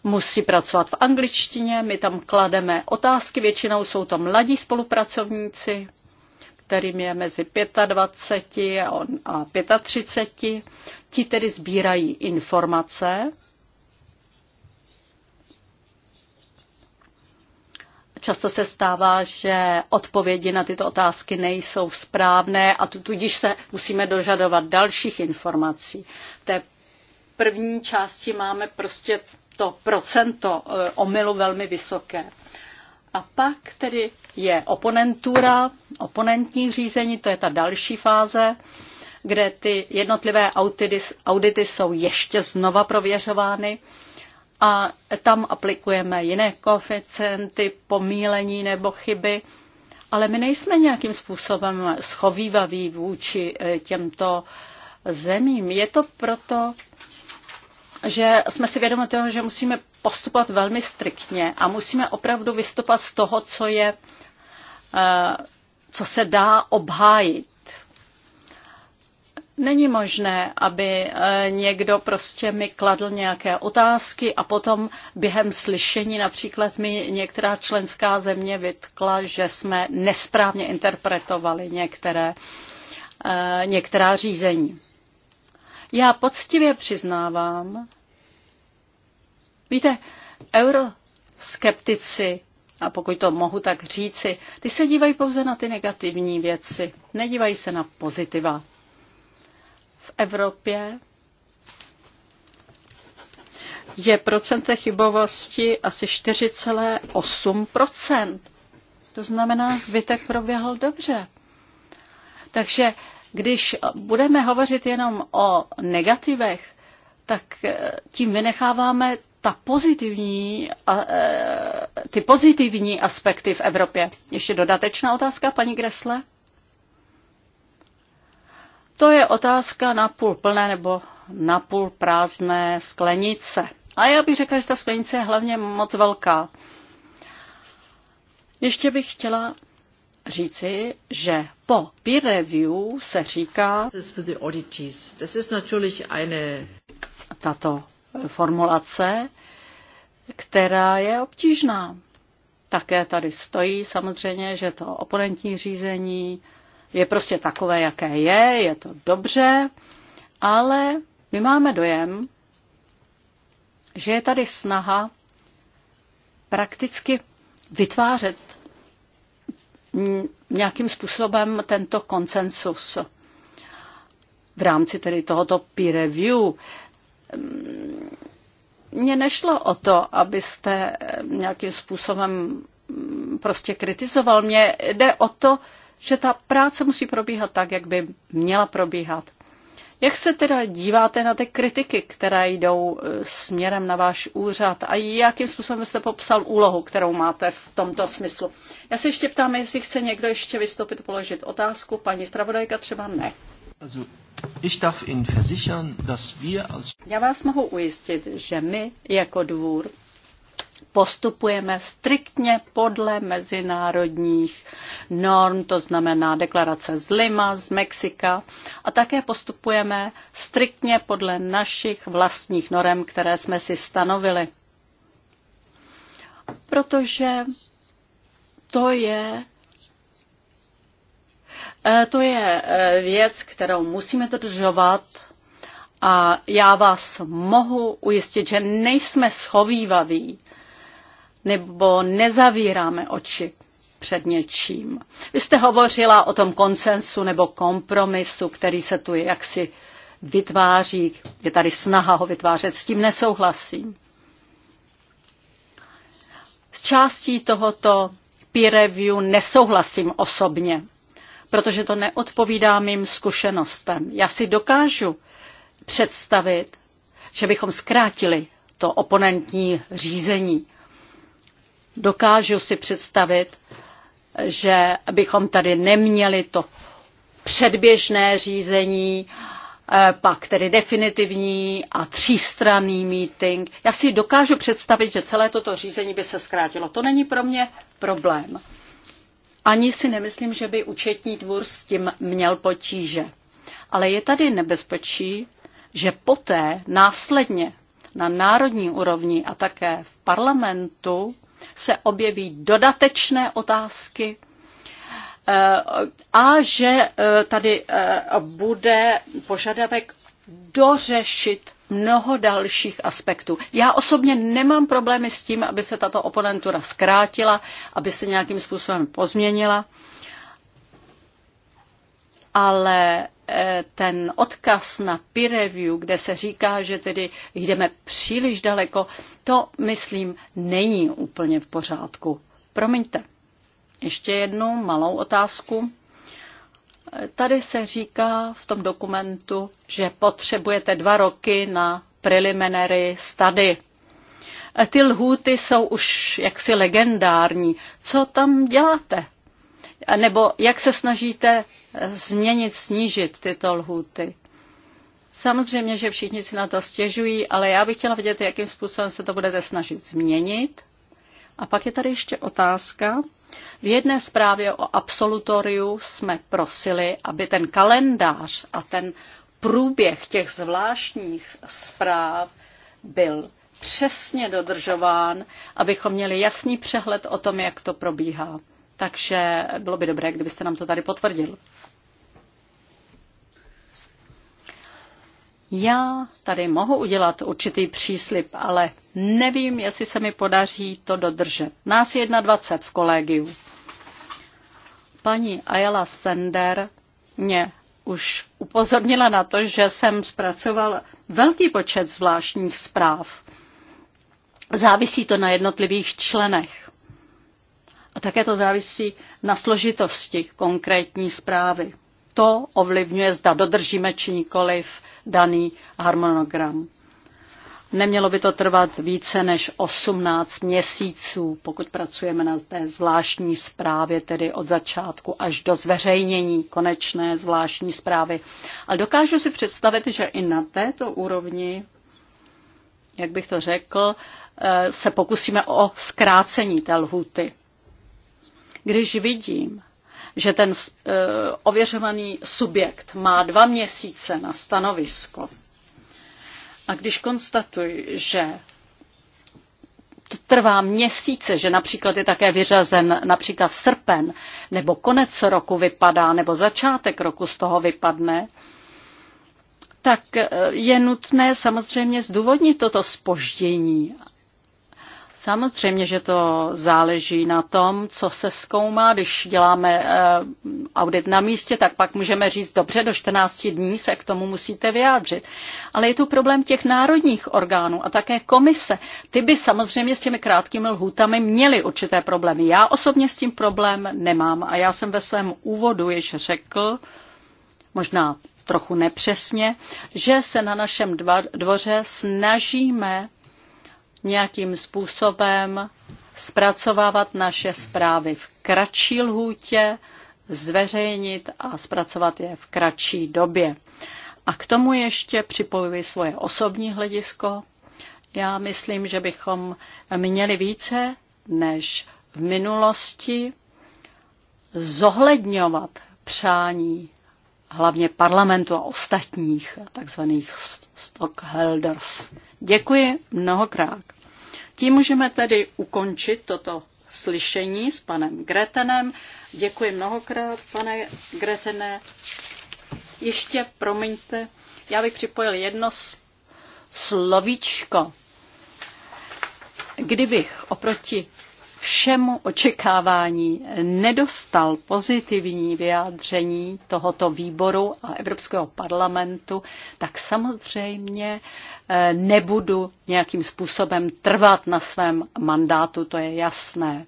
musí pracovat v angličtině, my tam klademe otázky, většinou jsou to mladí spolupracovníci, kterým je mezi 25 a 35. Ti tedy sbírají informace Často se stává, že odpovědi na tyto otázky nejsou správné a tudíž se musíme dožadovat dalších informací. V té první části máme prostě to procento e, omylu velmi vysoké. A pak tedy je oponentura, oponentní řízení, to je ta další fáze, kde ty jednotlivé audity, audity jsou ještě znova prověřovány a tam aplikujeme jiné koeficienty, pomílení nebo chyby, ale my nejsme nějakým způsobem schovývaví vůči e, těmto zemím. Je to proto, že jsme si vědomi toho, že musíme postupovat velmi striktně a musíme opravdu vystupovat z toho, co je, e, co se dá obhájit. Není možné, aby eh, někdo prostě mi kladl nějaké otázky a potom během slyšení například mi některá členská země vytkla, že jsme nesprávně interpretovali některé, eh, některá řízení. Já poctivě přiznávám, víte, euroskeptici a pokud to mohu tak říci, ty se dívají pouze na ty negativní věci, nedívají se na pozitiva v Evropě je procente chybovosti asi 4,8%. To znamená, zbytek proběhl dobře. Takže když budeme hovořit jenom o negativech, tak eh, tím vynecháváme ta pozitivní, eh, ty pozitivní aspekty v Evropě. Ještě dodatečná otázka, paní Gresle? To je otázka na půl plné nebo na půl prázdné sklenice. A já bych řekla, že ta sklenice je hlavně moc velká. Ještě bych chtěla říci, že po peer review se říká, tato formulace, která je obtížná. Také tady stojí samozřejmě, že to oponentní řízení je prostě takové, jaké je, je to dobře, ale my máme dojem, že je tady snaha prakticky vytvářet nějakým způsobem tento konsensus. V rámci tedy tohoto peer review mně nešlo o to, abyste nějakým způsobem prostě kritizoval. Mně jde o to, že ta práce musí probíhat tak, jak by měla probíhat. Jak se teda díváte na ty kritiky, které jdou e, směrem na váš úřad a jakým způsobem jste popsal úlohu, kterou máte v tomto smyslu? Já se ještě ptám, jestli chce někdo ještě vystoupit, položit otázku. Paní zpravodajka třeba ne. Já vás mohu ujistit, že my jako dvůr postupujeme striktně podle mezinárodních norm, to znamená deklarace z Lima, z Mexika a také postupujeme striktně podle našich vlastních norm, které jsme si stanovili. Protože to je eh, to je eh, věc, kterou musíme dodržovat a já vás mohu ujistit, že nejsme schovývaví nebo nezavíráme oči před něčím. Vy jste hovořila o tom konsensu nebo kompromisu, který se tu jaksi vytváří, je tady snaha ho vytvářet, s tím nesouhlasím. S částí tohoto peer review nesouhlasím osobně, protože to neodpovídá mým zkušenostem. Já si dokážu představit, že bychom zkrátili to oponentní řízení. Dokážu si představit, že bychom tady neměli to předběžné řízení, eh, pak tedy definitivní a třístranný meeting. Já si dokážu představit, že celé toto řízení by se zkrátilo. To není pro mě problém. Ani si nemyslím, že by účetní dvůr s tím měl potíže. Ale je tady nebezpečí, že poté následně na národní úrovni a také v parlamentu se objeví dodatečné otázky eh, a že eh, tady eh, bude požadavek dořešit mnoho dalších aspektů. Já osobně nemám problémy s tím, aby se tato oponentura zkrátila, aby se nějakým způsobem pozměnila, ale Eh, ten odkaz na peer review, kde se říká, že tedy jdeme příliš daleko, to, myslím, není úplně v pořádku. Promiňte. Ještě jednu malou otázku. Eh, tady se říká v tom dokumentu, že potřebujete dva roky na preliminary study. Eh, ty lhůty jsou už jaksi legendární. Co tam děláte? Nebo jak se snažíte změnit, snížit tyto lhůty. Samozřejmě, že všichni si na to stěžují, ale já bych chtěla vidět, jakým způsobem se to budete snažit změnit. A pak je tady ještě otázka. V jedné zprávě o absolutoriu jsme prosili, aby ten kalendář a ten průběh těch zvláštních zpráv byl přesně dodržován, abychom měli jasný přehled o tom, jak to probíhá takže bylo by dobré, kdybyste nám to tady potvrdil. Já tady mohu udělat určitý příslip, ale nevím, jestli se mi podaří to dodržet. Nás je 21 v kolegiu. Paní Ayala Sender mě už upozornila na to, že jsem zpracoval velký počet zvláštních zpráv. Závisí to na jednotlivých členech také to závisí na složitosti konkrétní zprávy. To ovlivňuje, zda dodržíme či nikoliv daný harmonogram. Nemělo by to trvat více než 18 měsíců, pokud pracujeme na té zvláštní zprávě, tedy od začátku až do zveřejnění konečné zvláštní zprávy. Ale dokážu si představit, že i na této úrovni, jak bych to řekl, eh, se pokusíme o zkrácení té lhuty. Když vidím, že ten eh, ověřovaný subjekt má dva měsíce na stanovisko a když konstatuji, že trvá měsíce, že například je také vyřazen například srpen, nebo konec roku vypadá, nebo začátek roku z toho vypadne, tak eh, je nutné samozřejmě zdůvodnit toto spoždění Samozřejmě, že to záleží na tom, co se zkoumá. Když děláme eh, audit na místě, tak pak můžeme říct, dobře, do 14 dní se k tomu musíte vyjádřit. Ale je tu problém těch národních orgánů a také komise. Ty by samozřejmě s těmi krátkými lhůtami měly určité problémy. Já osobně s tím problém nemám a já jsem ve svém úvodu již řekl, možná trochu nepřesně, že se na našem dvoře snažíme nějakým způsobem zpracovávat naše zprávy v kratší lhůtě, zveřejnit a zpracovat je v kratší době. A k tomu ještě připojuji svoje osobní hledisko. Já myslím, že bychom měli více než v minulosti zohledňovat přání hlavně parlamentu a ostatních takzvaných stockholders. Děkuji mnohokrát. Tím můžeme tedy ukončit toto slyšení s panem Gretenem. Děkuji mnohokrát, pane Gretene. Ještě, promiňte, já bych připojil jedno slovíčko. Kdybych oproti všemu očekávání nedostal pozitivní vyjádření tohoto výboru a Evropského parlamentu, tak samozřejmě eh, nebudu nějakým způsobem trvat na svém mandátu, to je jasné.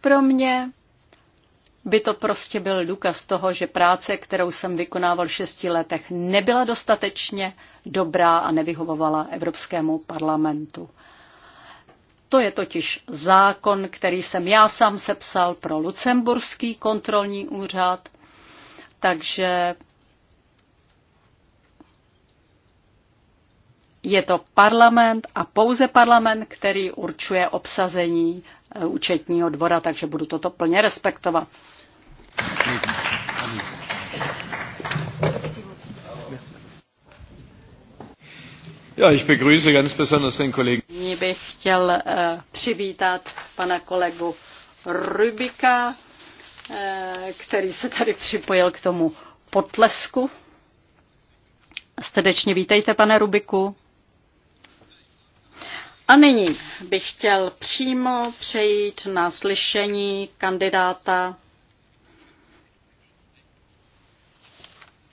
Pro mě by to prostě byl důkaz toho, že práce, kterou jsem vykonával v šesti letech, nebyla dostatečně dobrá a nevyhovovala Evropskému parlamentu. To je totiž zákon, který jsem já sám sepsal pro Lucemburský kontrolní úřad, takže je to parlament a pouze parlament, který určuje obsazení eh, účetního dvora, takže budu toto plně respektovat. Ja, ich begrüße ganz besonders den Kollegen chtěl eh, přivítat pana kolegu Rubika, eh, který se tady připojil k tomu potlesku. Srdečně vítejte, pane Rubiku. A nyní bych chtěl přímo přejít na slyšení kandidáta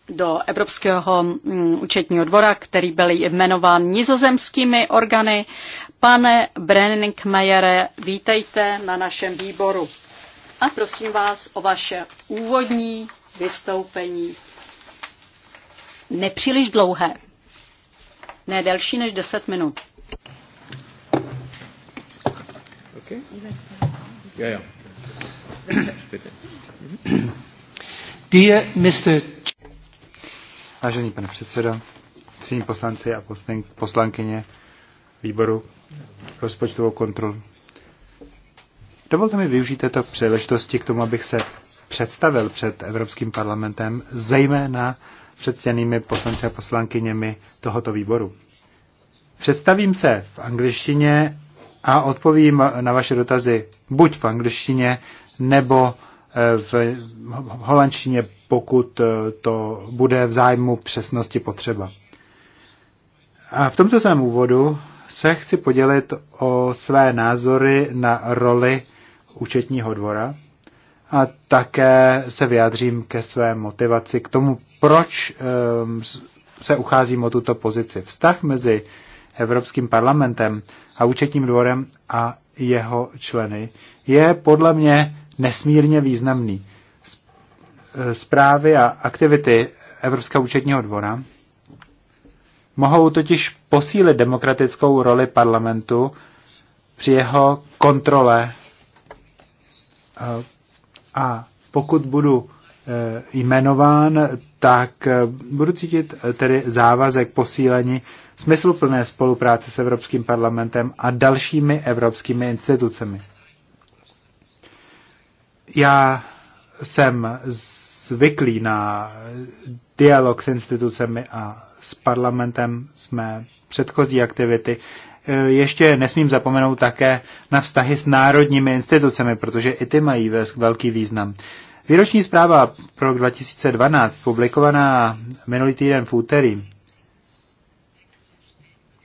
do Evropského mm, účetního dvora, který byl jmenován nizozemskými orgány. Pane Brenningmajere, vítejte na našem výboru a prosím vás o vaše úvodní vystoupení. Nepříliš dlouhé, ne delší než 10 minut. Okay. Ja, ja. [clears throat] Dear Mr. Vážený pane předsedo, cíní poslanci a poslankyně, výboru rozpočtovou kontrolu. Dovolte mi využít této příležitosti k tomu, abych se představil před Evropským parlamentem, zejména před stěnými poslanci a poslankyněmi tohoto výboru. Představím se v angličtině a odpovím na vaše dotazy buď v angličtině nebo eh, v holandštině, pokud eh, to bude v zájmu přesnosti potřeba. A v tomto samém úvodu se chci podělit o své názory na roli účetního dvora a také se vyjádřím ke své motivaci, k tomu, proč ehm, se ucházím o tuto pozici. Vztah mezi Evropským parlamentem a účetním dvorem a jeho členy je podle mě nesmírně významný. E, zprávy a aktivity Evropského účetního dvora mohou totiž posílit demokratickou roli parlamentu při jeho kontrole. Eh, a pokud budu eh, jmenován, tak eh, budu cítit tedy závazek posílení smysluplné spolupráce s Evropským parlamentem a dalšími evropskými institucemi. Já jsem zvyklý na dialog s institucemi a s parlamentem, jsme předchozí aktivity. E, ještě nesmím zapomenout také na vztahy s národními institucemi, protože i ty mají velký význam. Výroční zpráva pro rok 2012, publikovaná minulý týden v úterý,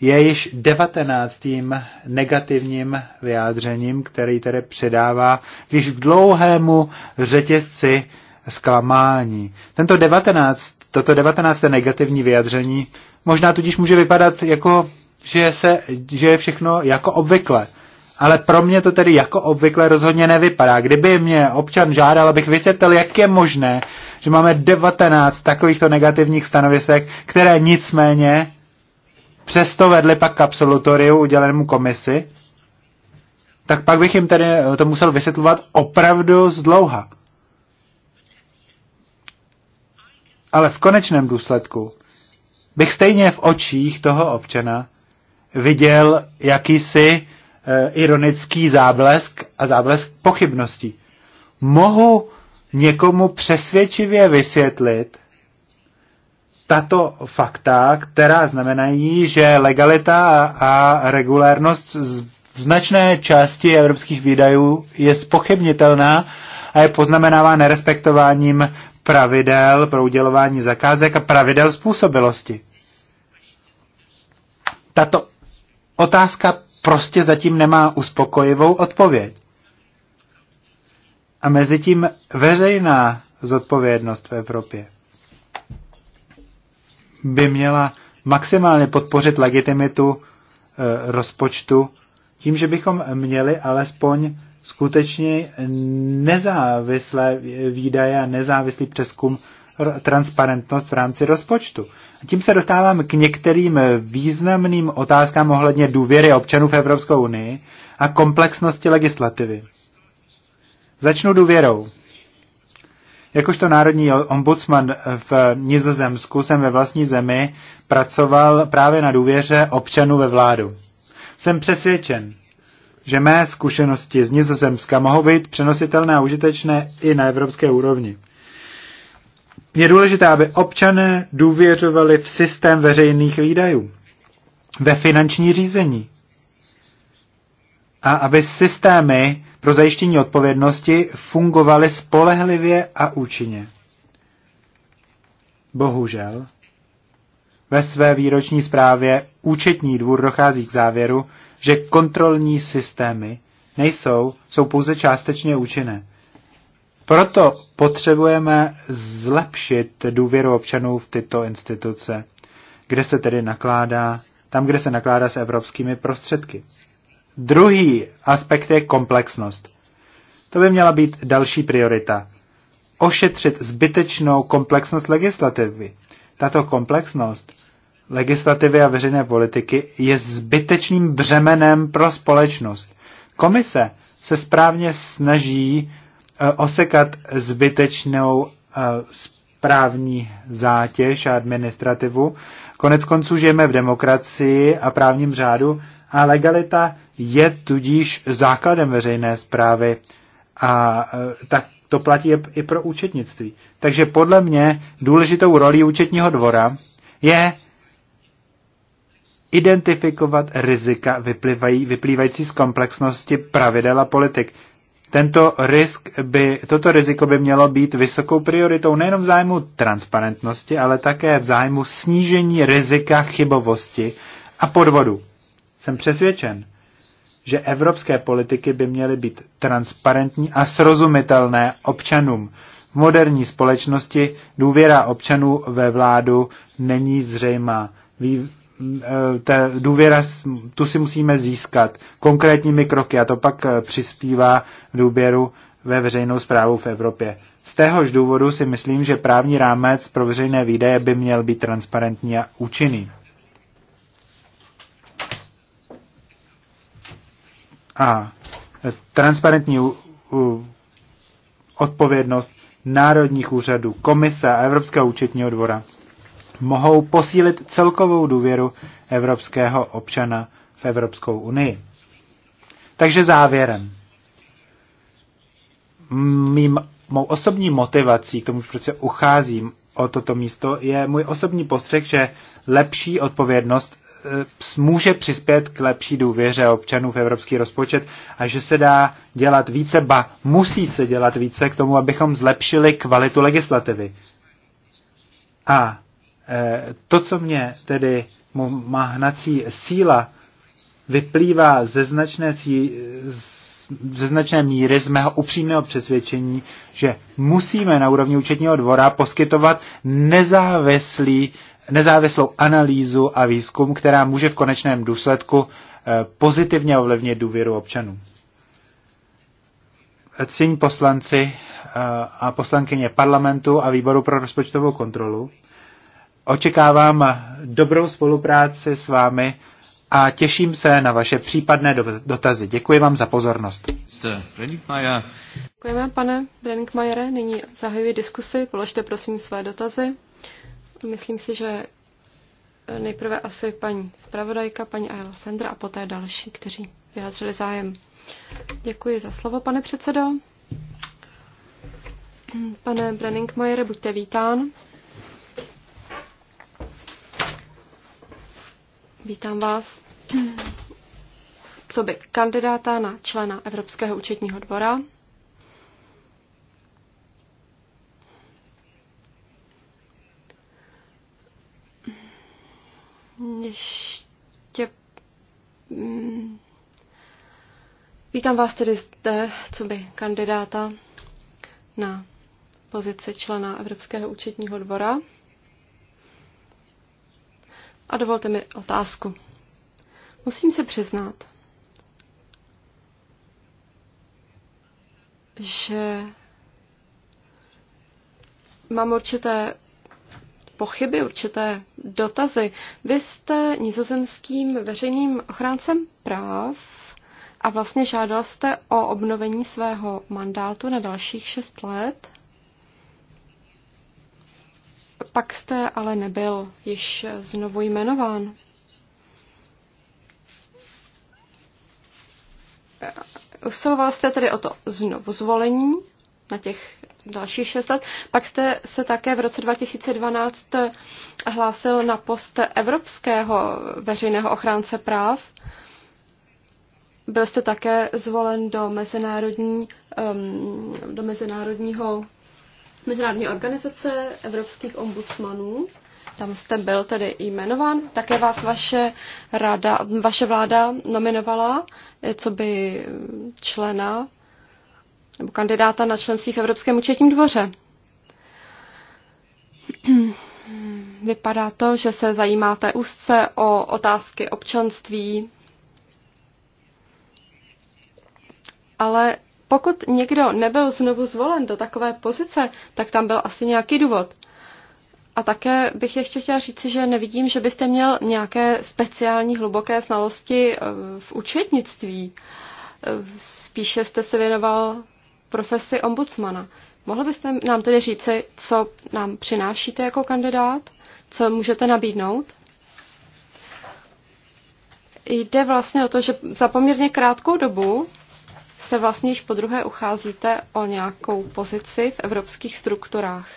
je již devatenáctým negativním vyjádřením, který tedy předává když k dlouhému řetězci zklamání. Tento 19. Toto 19. negativní vyjadření možná tudíž může vypadat jako, že, se, že je všechno jako obvykle. Ale pro mě to tedy jako obvykle rozhodně nevypadá. Kdyby mě občan žádal, abych vysvětlil, jak je možné, že máme 19 takovýchto negativních stanovisek, které nicméně přesto vedly pak k absolutoriu udělenému komisi, tak pak bych jim tedy to musel vysvětlovat opravdu zdlouha. Ale v konečném důsledku bych stejně v očích toho občana viděl jakýsi eh, ironický záblesk a záblesk pochybností. Mohu někomu přesvědčivě vysvětlit tato fakta, která znamenají, že legalita a regulérnost v značné části evropských výdajů je spochybnitelná a je poznamenává nerespektováním pravidel pro udělování zakázek a pravidel způsobilosti. Tato otázka prostě zatím nemá uspokojivou odpověď. A mezi tím veřejná zodpovědnost v Evropě by měla maximálně podpořit legitimitu e, rozpočtu tím, že bychom měli alespoň skutečně nezávislé výdaje a nezávislý přeskum transparentnost v rámci rozpočtu. A tím se dostávám k některým významným otázkám ohledně důvěry občanů v Evropskou unii a komplexnosti legislativy. Začnu důvěrou. Jakožto národní ombudsman v Nizozemsku jsem ve vlastní zemi pracoval právě na důvěře občanů ve vládu. Jsem přesvědčen, že mé zkušenosti z Nizozemska mohou být přenositelné a užitečné i na evropské úrovni. Je důležité, aby občané důvěřovali v systém veřejných výdajů, ve finanční řízení a aby systémy pro zajištění odpovědnosti fungovaly spolehlivě a účinně. Bohužel, ve své výroční zprávě účetní dvůr dochází k závěru, že kontrolní systémy nejsou, jsou pouze částečně účinné. Proto potřebujeme zlepšit důvěru občanů v tyto instituce, kde se tedy nakládá, tam, kde se nakládá s evropskými prostředky. Druhý aspekt je komplexnost. To by měla být další priorita. Ošetřit zbytečnou komplexnost legislativy. Tato komplexnost legislativy a veřejné politiky je zbytečným břemenem pro společnost. Komise se správně snaží eh, osekat zbytečnou eh, právní zátěž a administrativu. Konec konců žijeme v demokracii a právním řádu a legalita je tudíž základem veřejné zprávy a eh, tak to platí i pro účetnictví. Takže podle mě důležitou rolí účetního dvora je identifikovat rizika vyplývají, vyplývající z komplexnosti pravidel a politik. Tento risk by, toto riziko by mělo být vysokou prioritou nejenom v zájmu transparentnosti, ale také v zájmu snížení rizika chybovosti a podvodu. Jsem přesvědčen, že evropské politiky by měly být transparentní a srozumitelné občanům. V moderní společnosti důvěra občanů ve vládu není zřejmá. Eh, ta důvěra, tu si musíme získat konkrétními kroky a to pak eh, přispívá důvěru ve veřejnou zprávu v Evropě. Z téhož důvodu si myslím, že právní rámec pro veřejné výdaje by měl být transparentní a účinný. A eh, transparentní odpovědnost národních úřadů, komise a Evropského účetního dvora mohou posílit celkovou důvěru evropského občana v Evropskou unii. Takže závěrem. Mým, mou osobní motivací k tomu, proč prostě se ucházím o toto místo, je můj osobní postřeh, že lepší odpovědnost eh, může přispět k lepší důvěře občanů v evropský rozpočet a že se dá dělat více, ba musí se dělat více k tomu, abychom zlepšili kvalitu legislativy. A to, co mě tedy má hnací síla, vyplývá ze značné, ze značné míry z mého upřímného přesvědčení, že musíme na úrovni účetního dvora poskytovat nezávislý, nezávislou analýzu a výzkum, která může v konečném důsledku eh, pozitivně ovlivnit důvěru občanů. Cíň poslanci eh, a poslankyně parlamentu a výboru pro rozpočtovou kontrolu Očekávám dobrou spolupráci s vámi a těším se na vaše případné dotazy. Děkuji vám za pozornost. Děkujeme, pane Brenikmajere. Nyní zahajuji diskusi. Položte prosím své dotazy. Myslím si, že nejprve asi paní zpravodajka, paní Ayla Sandra a poté další, kteří vyjádřili zájem. Děkuji za slovo, pane předsedo. Pane Brenningmajere, buďte vítán. Vítám vás co by kandidáta na člena Evropského účetního dvora. Ještě... Hmm. Vítám vás tedy zde, co by kandidáta na pozici člena Evropského účetního dvora. A dovolte mi otázku. Musím se přiznat, že mám určité pochyby, určité dotazy. Vy jste nizozemským veřejným ochráncem práv a vlastně žádal jste o obnovení svého mandátu na dalších šest let. Pak jste ale nebyl již znovu jmenován. Usiloval jste tedy o to znovu zvolení na těch dalších šest let. Pak jste se také v roce 2012 hlásil na post Evropského veřejného ochránce práv. Byl jste také zvolen do, mezinárodní, um, do mezinárodního Mezinárodní organizace evropských ombudsmanů. Tam jste byl tedy jmenován. Také vás vaše, rada, vaše vláda nominovala, eh, co by eh, člena nebo kandidáta na členství v Evropském účetním dvoře. [clears throat] Vypadá to, že se zajímáte úzce o otázky občanství, ale pokud někdo nebyl znovu zvolen do takové pozice, tak tam byl asi nějaký důvod. A také bych ještě chtěla říci, že nevidím, že byste měl nějaké speciální hluboké znalosti eh, v účetnictví. Eh, spíše jste se věnoval profesi ombudsmana. Mohl byste nám tedy říci, co nám přinášíte jako kandidát? Co můžete nabídnout? Jde vlastně o to, že za poměrně krátkou dobu se vlastně již po druhé ucházíte o nějakou pozici v evropských strukturách.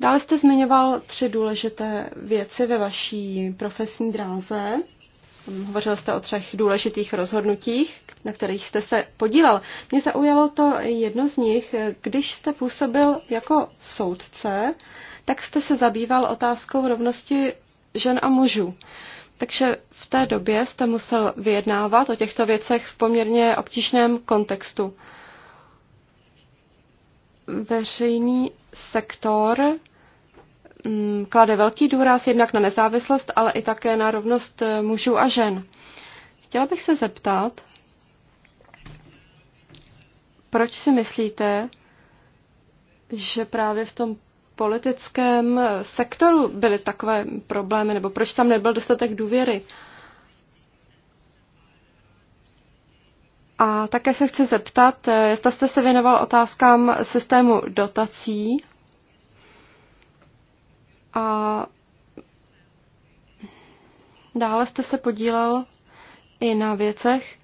Dále jste zmiňoval tři důležité věci ve vaší profesní dráze. Hovořil jste o třech důležitých rozhodnutích, na kterých jste se podílel. Mě zaujalo to jedno z nich. Když jste působil jako soudce, tak jste se zabýval otázkou rovnosti žen a mužů. Takže v té době jste musel vyjednávat o těchto věcech v poměrně obtížném kontextu. Veřejný sektor mm, klade velký důraz jednak na nezávislost, ale i také na rovnost eh, mužů a žen. Chtěla bych se zeptat, proč si myslíte, že právě v tom politickém sektoru byly takové problémy, nebo proč tam nebyl dostatek důvěry. A také se chci zeptat, jestli jste se věnoval otázkám systému dotací a dále jste se podílel i na věcech,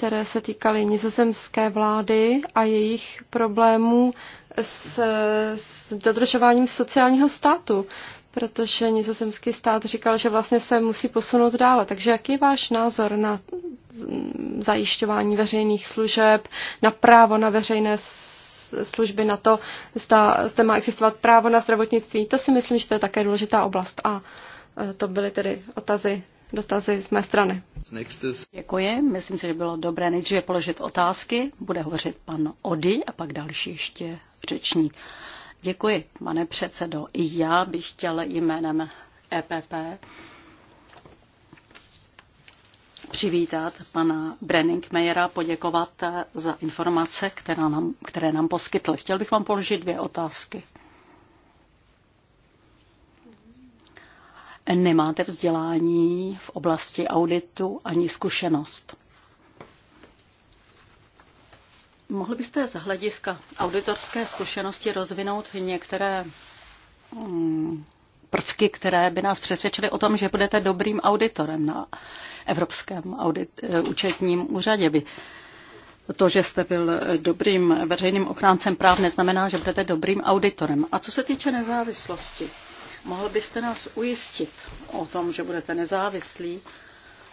které se týkaly nizozemské vlády a jejich problémů s, s dodržováním sociálního státu, protože nizozemský stát říkal, že vlastně se musí posunout dále. Takže jaký je váš názor na zajišťování veřejných služeb, na právo na veřejné služby, na to, zda zda má existovat právo na zdravotnictví? To si myslím, že to je také důležitá oblast. A e, to byly tedy otazy dotazy z mé strany. Děkuji. Myslím si, že bylo dobré nejdříve položit otázky. Bude hovořit pan Ody a pak další ještě řečník. Děkuji, pane předsedo. I já bych chtěl jménem EPP přivítat pana Brenningmejera, poděkovat za informace, která nám, které nám poskytl. Chtěl bych vám položit dvě otázky. nemáte vzdělání v oblasti auditu ani zkušenost. Mohli byste z hlediska auditorské zkušenosti rozvinout některé mm, prvky, které by nás přesvědčily o tom, že budete dobrým auditorem na Evropském audit, eh, účetním úřadě. By to, že jste byl dobrým veřejným ochráncem práv, neznamená, že budete dobrým auditorem. A co se týče nezávislosti, Mohl byste nás ujistit o tom, že budete nezávislí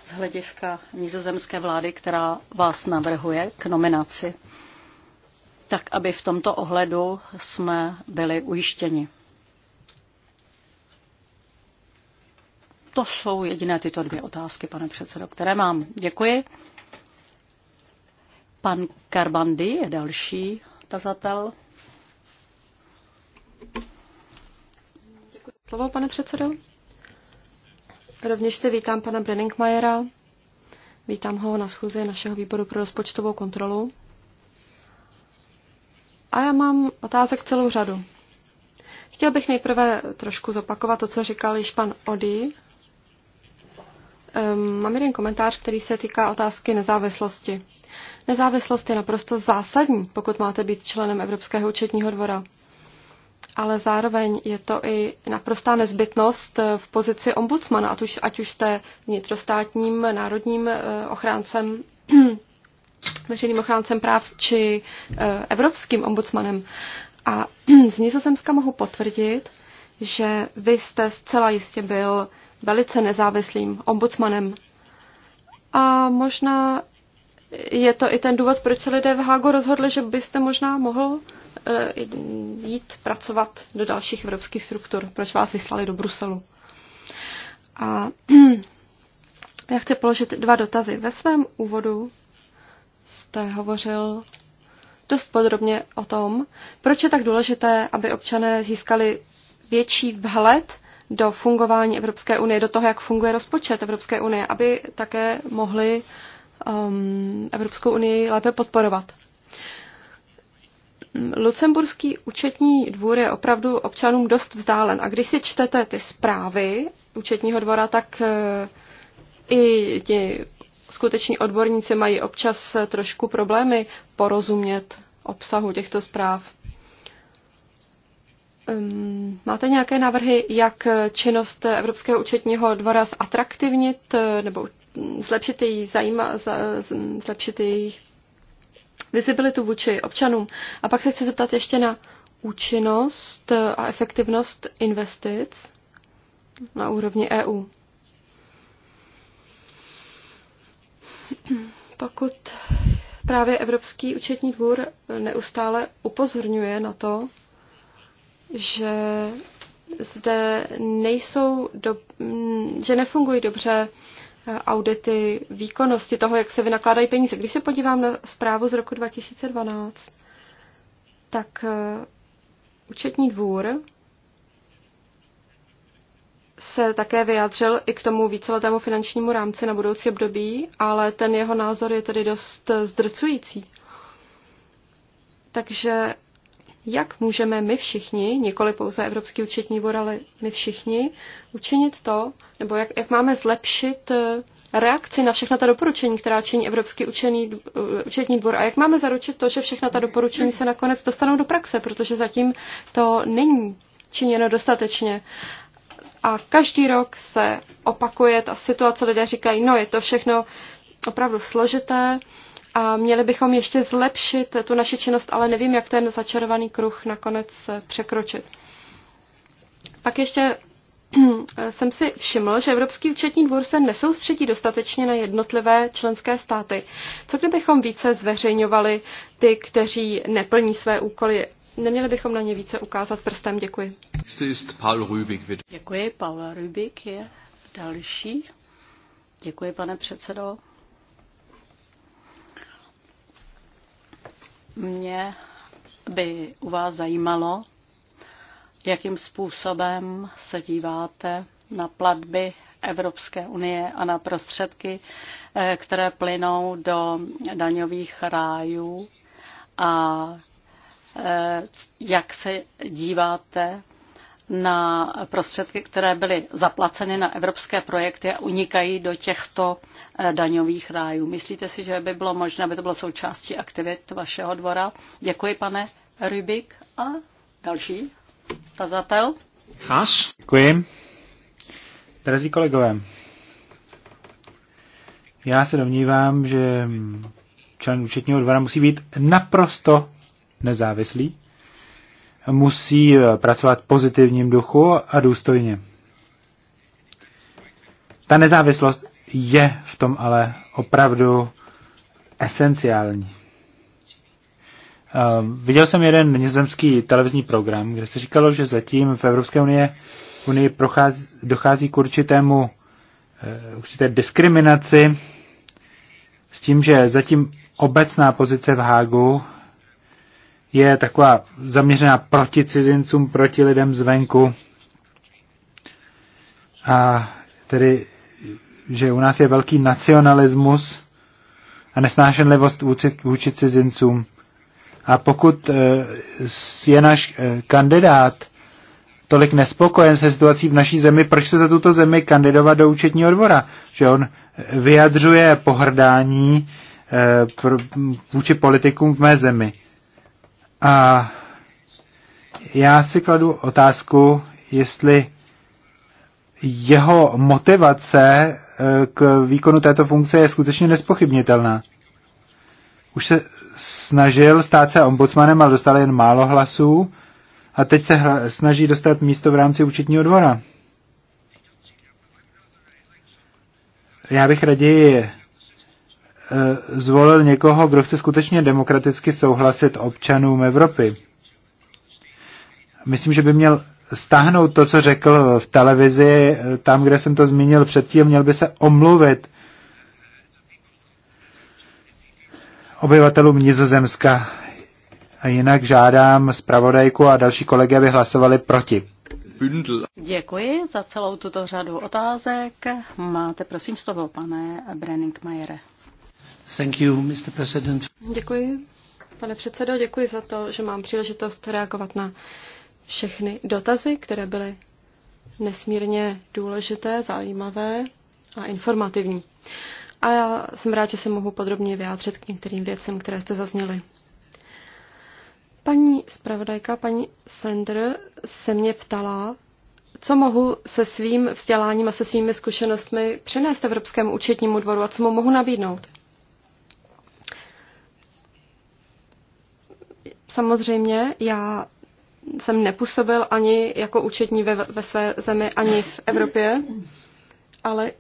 z hlediska nizozemské vlády, která vás navrhuje k nominaci, tak aby v tomto ohledu jsme byli ujištěni. To jsou jediné tyto dvě otázky, pane předsedo, které mám. Děkuji. Pan Karbandy je další tazatel. slovo, pane předsedo. Rovněž se vítám pana Brenningmajera. Vítám ho na schůzi našeho výboru pro rozpočtovou kontrolu. A já mám otázek celou řadu. Chtěl bych nejprve trošku zopakovat to, co říkal již pan Ody. Um, mám jeden komentář, který se týká otázky nezávislosti. Nezávislost je naprosto zásadní, pokud máte být členem Evropského účetního dvora ale zároveň je to i naprostá nezbytnost eh, v pozici ombudsmana, ať už, ať už jste vnitrostátním národním eh, ochráncem [clears throat] veřejným ochráncem práv či eh, evropským ombudsmanem. A [clears throat] z Nizozemska mohu potvrdit, že vy jste zcela jistě byl velice nezávislým ombudsmanem. A možná je to i ten důvod, proč se lidé v Hágu rozhodli, že byste možná mohl Eh, jít pracovat do dalších evropských struktur, proč vás vyslali do Bruselu. A [clears throat] já chci položit dva dotazy. Ve svém úvodu jste hovořil dost podrobně o tom, proč je tak důležité, aby občané získali větší vhled do fungování Evropské unie, do toho, jak funguje rozpočet Evropské unie, aby také mohli um, Evropskou unii lépe podporovat. Lucemburský účetní dvůr je opravdu občanům dost vzdálen. A když si čtete ty zprávy účetního dvora, tak eh, i ti skuteční odborníci mají občas eh, trošku problémy porozumět obsahu těchto zpráv. Ehm, máte nějaké návrhy, jak eh, činnost Evropského účetního dvora zatraktivnit nebo zlepšit její, zajíma, zlepšit její vizibilitu vůči občanům. A pak se chci zeptat ještě na účinnost a efektivnost investic na úrovni EU. Pokud právě Evropský účetní dvůr neustále upozorňuje na to, že zde nejsou, do, že nefungují dobře audity výkonnosti toho, jak se vynakládají peníze. Když se podívám na zprávu z roku 2012, tak eh, účetní dvůr se také vyjádřil i k tomu víceletému finančnímu rámci na budoucí období, ale ten jeho názor je tedy dost zdrcující. Takže jak můžeme my všichni, nikoli pouze Evropský účetní dvor, ale my všichni, učinit to, nebo jak, jak máme zlepšit eh, reakci na všechna ta doporučení, která činí Evropský učení, eh, účetní dvor a jak máme zaručit to, že všechna ta doporučení se nakonec dostanou do praxe, protože zatím to není činěno dostatečně. A každý rok se opakuje ta situace, lidé říkají, no je to všechno opravdu složité, a měli bychom ještě zlepšit tu naši činnost, ale nevím, jak ten začarovaný kruh nakonec eh, překročit. Pak ještě eh, jsem si všiml, že Evropský účetní dvůr se nesoustředí dostatečně na jednotlivé členské státy. Co kdybychom více zveřejňovali ty, kteří neplní své úkoly? Neměli bychom na ně více ukázat prstem? Děkuji. Děkuji, Paula Rubik je další. Děkuji, pane předsedo. Mě by u vás zajímalo, jakým způsobem se díváte na platby Evropské unie a na prostředky, eh, které plynou do daňových rájů a eh, jak se díváte na prostředky, které byly zaplaceny na evropské projekty a unikají do těchto eh, daňových rájů. Myslíte si, že by bylo možné, aby to bylo součástí aktivit vašeho dvora? Děkuji, pane Rybik. A další tazatel. Chas. Děkuji. Drazí kolegové, já se domnívám, že člen účetního dvora musí být naprosto nezávislý musí eh, pracovat v pozitivním duchu a důstojně. Ta nezávislost je v tom ale opravdu esenciální. Eh, viděl jsem jeden nizozemský televizní program, kde se říkalo, že zatím v Evropské unii, unii prochází, dochází k určitému eh, určité diskriminaci s tím, že zatím obecná pozice v Hágu je taková zaměřená proti cizincům, proti lidem zvenku. A tedy, že u nás je velký nacionalismus a nesnášenlivost vůči, vůči cizincům. A pokud eh, je náš eh, kandidát tolik nespokojen se situací v naší zemi, proč se za tuto zemi kandidovat do účetního dvora? Že on vyjadřuje pohrdání eh, vůči politikům v mé zemi. A já si kladu otázku, jestli jeho motivace eh, k výkonu této funkce je skutečně nespochybnitelná. Už se snažil stát se ombudsmanem, ale dostal jen málo hlasů a teď se snaží dostat místo v rámci účetního dvora. Já bych raději Eh, zvolil někoho, kdo chce skutečně demokraticky souhlasit občanům Evropy. Myslím, že by měl stáhnout to, co řekl v televizi, eh, tam, kde jsem to zmínil předtím, měl by se omluvit obyvatelům Nizozemska. A jinak žádám zpravodajku a další kolegy, aby hlasovali proti. Děkuji za celou tuto řadu otázek. Máte prosím slovo, pane Brenningmajere. Thank you, Mr. President. Děkuji, pane předsedo, děkuji za to, že mám příležitost reagovat na všechny dotazy, které byly nesmírně důležité, zajímavé a informativní. A já jsem rád, že se mohu podrobně vyjádřit k některým věcem, které jste zazněli. Paní zpravodajka, paní Sender, se mě ptala, co mohu se svým vzděláním a se svými zkušenostmi přinést Evropskému účetnímu dvoru a co mu mohu nabídnout. Samozřejmě já jsem nepůsobil ani jako účetní ve, ve své zemi, ani v Evropě, ale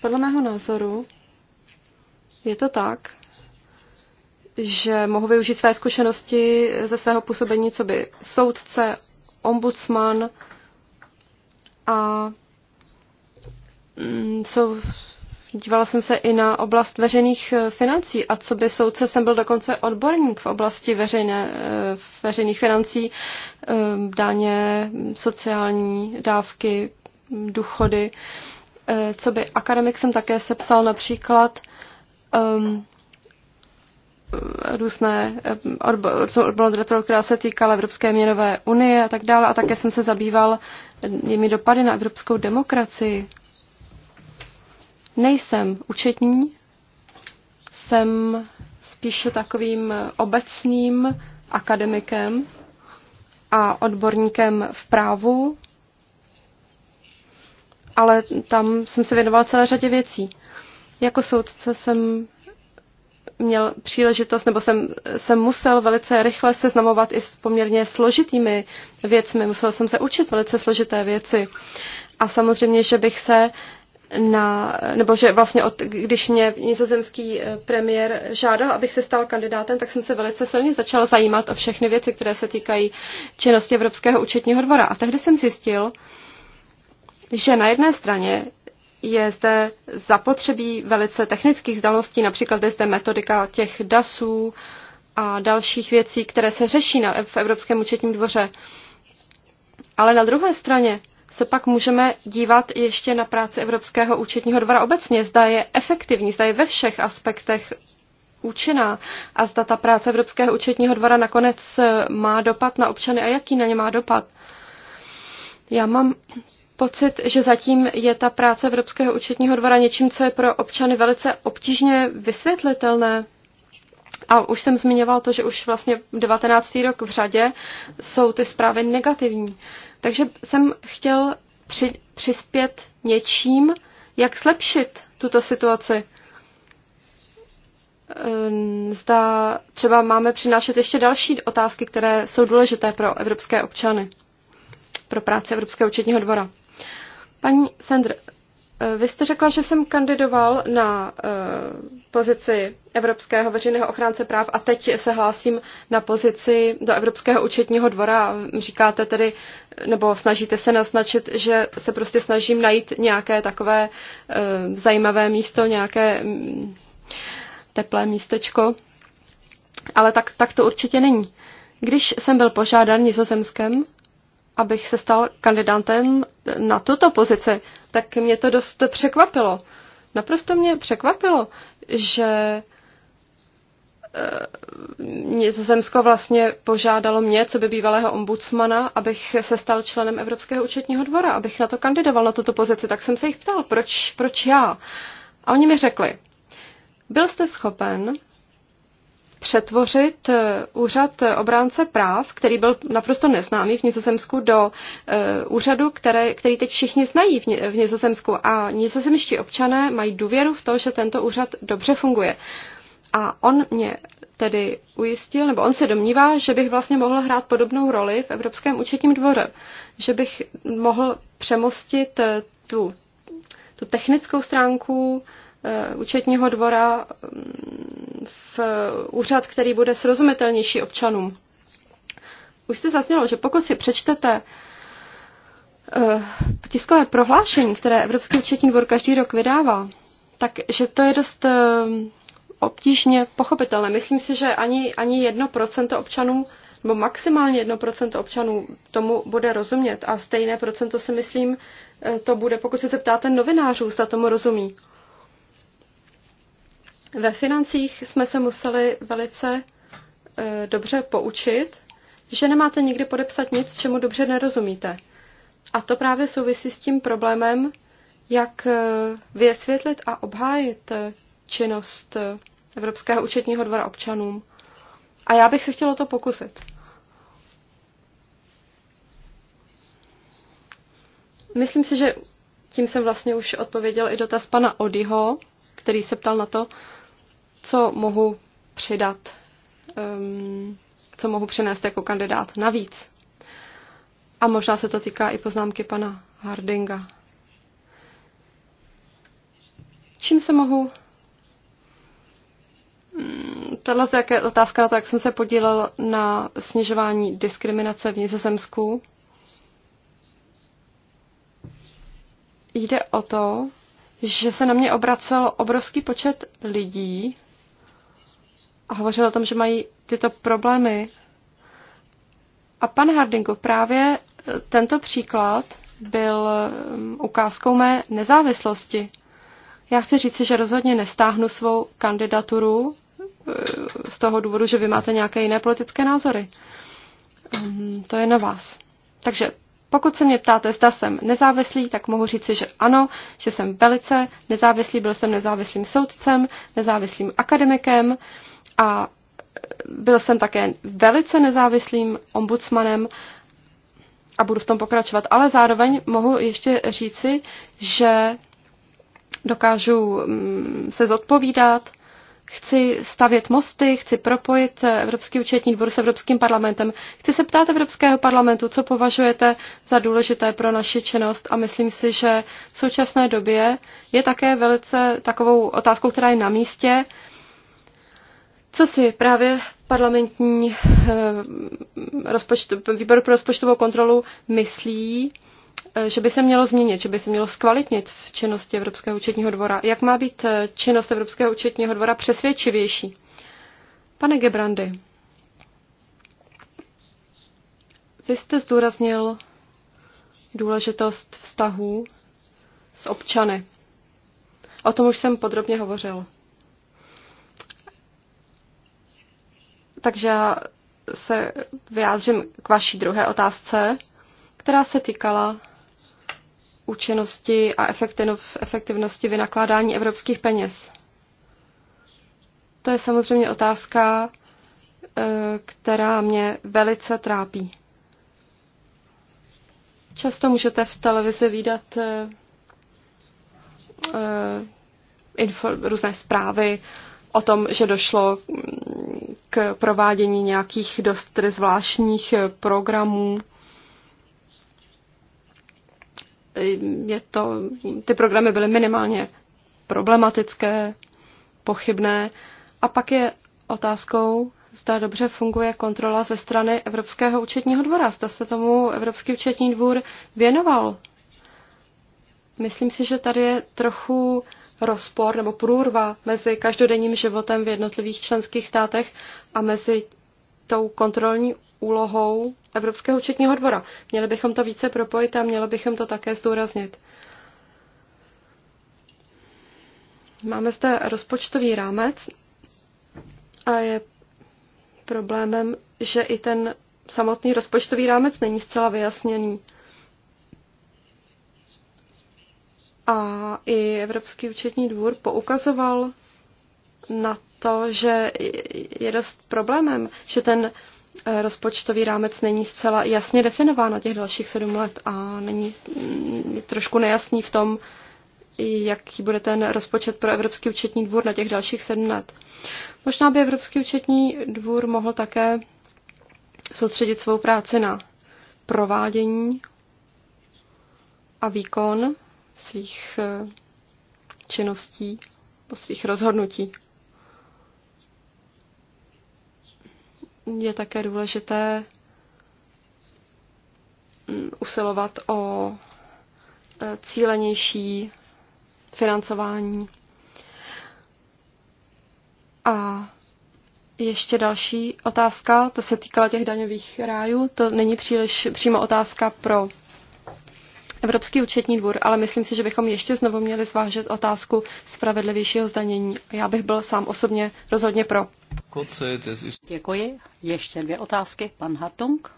podle mého názoru je to tak, že mohu využít své zkušenosti ze svého působení co by soudce, ombudsman a mm, jsou Dívala jsem se i na oblast veřejných eh, financí a co by soudce jsem byl dokonce odborník v oblasti veřejné, eh, veřejných financí, eh, daně, sociální dávky, důchody. Co by akademik jsem také sepsal například um, různé odborodatoru, která se týkala Evropské měnové unie a tak dále. A také jsem se zabýval jimi dopady na evropskou demokracii. Nejsem učetní, jsem spíše takovým obecným akademikem a odborníkem v právu, ale tam jsem se věnoval celé řadě věcí. Jako soudce jsem měl příležitost, nebo jsem, jsem musel velice rychle seznamovat i s poměrně složitými věcmi. Musel jsem se učit velice složité věci. A samozřejmě, že bych se na, nebo že vlastně od, když mě nizozemský eh, premiér žádal, abych se stal kandidátem, tak jsem se velice silně začal zajímat o všechny věci, které se týkají činnosti Evropského účetního dvora. A tehdy jsem zjistil, že na jedné straně je zde zapotřebí velice technických znalostí, například je zde metodika těch DASů a dalších věcí, které se řeší na, v Evropském účetním dvoře. Ale na druhé straně se pak můžeme dívat ještě na práci Evropského účetního dvora obecně. Zda je efektivní, zda je ve všech aspektech účinná a zda ta práce Evropského účetního dvora nakonec eh, má dopad na občany a jaký na ně má dopad. Já mám pocit, že zatím je ta práce Evropského účetního dvora něčím, co je pro občany velice obtížně vysvětlitelné. A už jsem zmiňoval to, že už vlastně 19. rok v řadě jsou ty zprávy negativní. Takže jsem chtěl při, přispět něčím, jak zlepšit tuto situaci. Ehm, zda třeba máme přinášet ještě další otázky, které jsou důležité pro evropské občany, pro práci Evropského účetního dvora. Paní Sandr, Eh, vy jste řekla, že jsem kandidoval na eh, pozici Evropského veřejného ochránce práv a teď se hlásím na pozici do Evropského účetního dvora. Říkáte tedy, nebo snažíte se naznačit, že se prostě snažím najít nějaké takové eh, zajímavé místo, nějaké mm, teplé místečko. Ale tak, tak to určitě není. Když jsem byl požádán nizozemskem, abych se stal kandidátem na tuto pozici, tak mě to dost překvapilo. Naprosto mě překvapilo, že Nizozemsko eh, vlastně požádalo mě, co by bývalého ombudsmana, abych se stal členem Evropského účetního dvora, abych na to kandidoval na tuto pozici. Tak jsem se jich ptal, proč, proč já? A oni mi řekli, byl jste schopen přetvořit eh, úřad eh, obránce práv, který byl naprosto neznámý v Nizozemsku, do eh, úřadu, které, který teď všichni znají v Nizozemsku. A nizozemští občané mají důvěru v to, že tento úřad dobře funguje. A on mě tedy ujistil, nebo on se domnívá, že bych vlastně mohl hrát podobnou roli v Evropském účetním dvoře, že bych mohl přemostit tu, tu technickou stránku Eh, účetního dvora mm, v eh, úřad, který bude srozumitelnější občanům. Už jste zaznělo, že pokud si přečtete eh, tiskové prohlášení, které Evropský účetní dvor každý rok vydává, takže to je dost obtížně pochopitelné. Myslím si, že ani, ani 1% občanů, nebo maximálně 1% občanů tomu bude rozumět. A stejné procento si myslím, to bude, pokud se zeptáte novinářů, zda tomu rozumí. Ve financích jsme se museli velice e, dobře poučit, že nemáte nikdy podepsat nic, čemu dobře nerozumíte. A to právě souvisí s tím problémem, jak e, vysvětlit a obhájit e, činnost Evropského účetního dvora občanům. A já bych se chtěla to pokusit. Myslím si, že tím jsem vlastně už odpověděl i dotaz pana Odyho, který se ptal na to, co mohu přidat, ehm, co mohu přinést jako kandidát navíc. A možná se to týká i poznámky pana Hardinga. Čím se mohu mm, Tato je otázka na to, jak jsem se podílel na snižování diskriminace v Nizozemsku. Jde o to, že se na mě obracel obrovský počet lidí, a hovořil o tom, že mají tyto problémy. A pan Hardingu, právě eh, tento příklad byl eh, ukázkou mé nezávislosti. Já chci říci, že rozhodně nestáhnu svou kandidaturu eh, z toho důvodu, že vy máte nějaké jiné politické názory. Ehm, to je na vás. Takže pokud se mě ptáte, zda jsem nezávislý, tak mohu říci, že ano, že jsem velice nezávislý, byl jsem nezávislým soudcem, nezávislým akademikem. Um, a byl jsem také velice nezávislým ombudsmanem a budu v tom pokračovat, ale zároveň mohu ještě říci, že dokážu mm, se zodpovídat, chci stavět mosty, chci propojit Evropský účetní dvor s Evropským parlamentem. Chci se ptát Evropského parlamentu, co považujete za důležité pro naši činnost a myslím si, že v současné době je také velice takovou otázkou, která je na místě, co si právě parlamentní eh, rozpočt, výbor pro rozpočtovou kontrolu myslí, eh, že by se mělo změnit, že by se mělo zkvalitnit v činnosti Evropského účetního dvora. Jak má být eh, činnost Evropského účetního dvora přesvědčivější? Pane Gebrandy, vy jste zdůraznil důležitost vztahů s občany. O tom už jsem podrobně hovořil. takže já se vyjádřím k vaší druhé otázce, která se týkala účinnosti a efektivnosti vynakládání evropských peněz. To je samozřejmě otázka, eh, která mě velice trápí. Často můžete v televizi výdat eh, eh, info, různé zprávy o tom, že došlo mm, k provádění nějakých dost zvláštních eh, programů. Eh, je to, ty programy byly minimálně problematické, pochybné. A pak je otázkou, zda dobře funguje kontrola ze strany Evropského účetního dvora. Zda se tomu Evropský účetní dvůr věnoval. Myslím si, že tady je trochu rozpor nebo průrva mezi každodenním životem v jednotlivých členských státech a mezi tou kontrolní úlohou Evropského účetního dvora. Měli bychom to více propojit a měli bychom to také zdůraznit. Máme zde rozpočtový rámec a je problémem, že i ten samotný rozpočtový rámec není zcela vyjasněný. A i Evropský účetní dvůr poukazoval na to, že je dost problémem, že ten eh, rozpočtový rámec není zcela jasně definován na těch dalších sedm let a není mm, trošku nejasný v tom, jaký bude ten rozpočet pro Evropský účetní dvůr na těch dalších sedm let. Možná by Evropský účetní dvůr mohl také soustředit svou práci na provádění a výkon svých eh, činností, po svých rozhodnutí. Je také důležité mm, usilovat o eh, cílenější financování. A ještě další otázka, to se týkala těch daňových rájů, to není příliš přímo otázka pro Evropský účetní dvůr, ale myslím si, že bychom ještě znovu měli zvážit otázku spravedlivějšího zdanění. Já bych byl sám osobně rozhodně pro. Děkuji. Ještě dvě otázky. Pan Hartung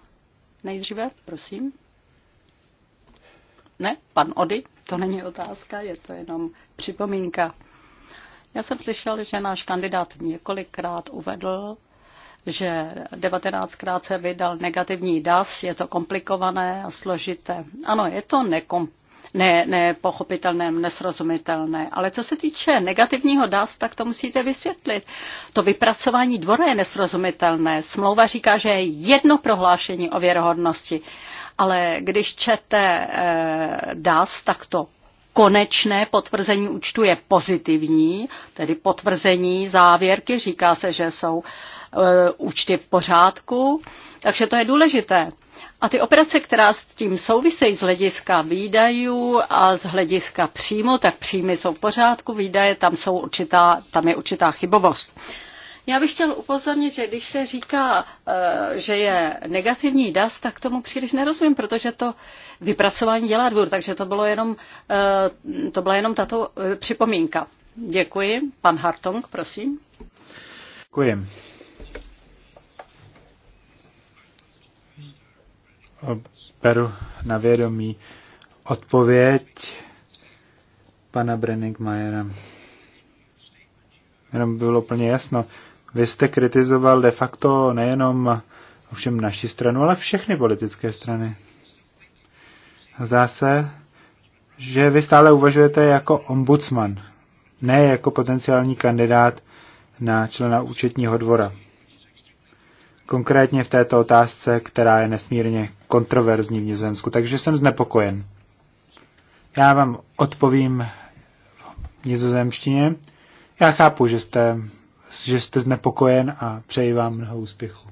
nejdříve, prosím. Ne, pan Ody, to není otázka, je to jenom připomínka. Já jsem slyšel, že náš kandidát několikrát uvedl, že 19krát se vydal negativní DAS, je to komplikované a složité. Ano, je to nekom, ne, nepochopitelné, nesrozumitelné. Ale co se týče negativního DAS, tak to musíte vysvětlit. To vypracování dvora je nesrozumitelné. Smlouva říká, že je jedno prohlášení o věrohodnosti. Ale když čete e, DAS, tak to konečné potvrzení účtu je pozitivní, tedy potvrzení závěrky, říká se, že jsou Eh, účty v pořádku, takže to je důležité. A ty operace, která s tím souvisejí z hlediska výdajů a z hlediska příjmu, tak příjmy jsou v pořádku, výdaje, tam, jsou určitá, tam je určitá chybovost. Já bych chtěl upozornit, že když se říká, eh, že je negativní DAS, tak tomu příliš nerozumím, protože to vypracování dělá dvůr, takže to, bylo jenom, eh, to byla jenom tato připomínka. Děkuji. Pan Hartong, prosím. Děkuji. beru na vědomí odpověď pana Brenningmajera. Jenom bylo plně jasno. Vy jste kritizoval de facto nejenom ovšem naši stranu, ale všechny politické strany. Zdá se, že vy stále uvažujete jako ombudsman, ne jako potenciální kandidát na člena účetního dvora konkrétně v této otázce, která je nesmírně kontroverzní v Nizozemsku, takže jsem znepokojen. Já vám odpovím v nizozemštině. Já chápu, že jste, že jste znepokojen a přeji vám mnoho úspěchu.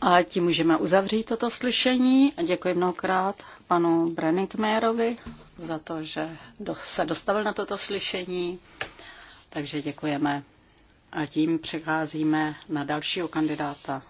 A tím můžeme uzavřít toto slyšení. Děkuji mnohokrát panu Brenningmérovi za to, že se dostavil na toto slyšení. Takže děkujeme a tím přecházíme na dalšího kandidáta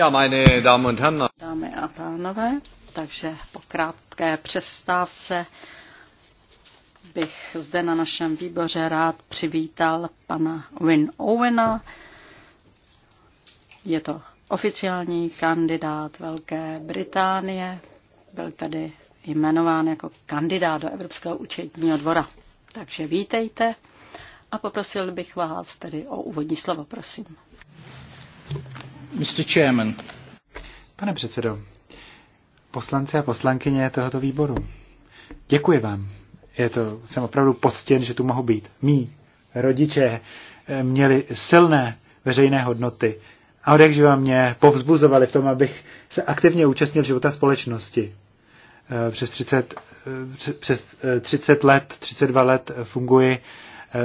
Ja, meine Damen und Herren. Dámy a pánové, takže po krátké přestávce bych zde na našem výboře rád přivítal pana Win Owena. Je to oficiální kandidát Velké Británie. Byl tady jmenován jako kandidát do Evropského účetního dvora. Takže vítejte a poprosil bych vás tedy o úvodní slovo, prosím. Mr. Chairman. Pane předsedo, poslanci a poslankyně tohoto výboru, děkuji vám. Je to, jsem opravdu poctěn, že tu mohu být. Mí rodiče eh, měli silné veřejné hodnoty a odjakživa mě povzbuzovali v tom, abych se aktivně účastnil života společnosti. Eh, přes 30, eh, přes 30 let, 32 let funguji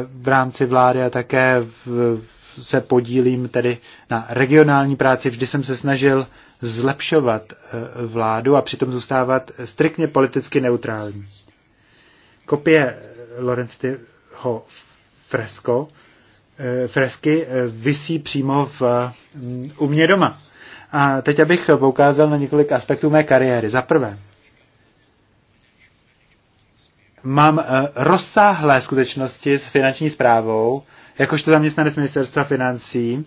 v rámci vlády a také v, se podílím tedy na regionální práci. Vždy jsem se snažil zlepšovat eh, vládu a přitom zůstávat striktně politicky neutrální. Kopie eh, Lorenztyho fresko, eh, fresky visí přímo v, mm, u mě doma. A teď abych poukázal na několik aspektů mé kariéry. Za prvé, mám rozsáhlé skutečnosti s finanční zprávou jakožto zaměstnanec ministerstva financí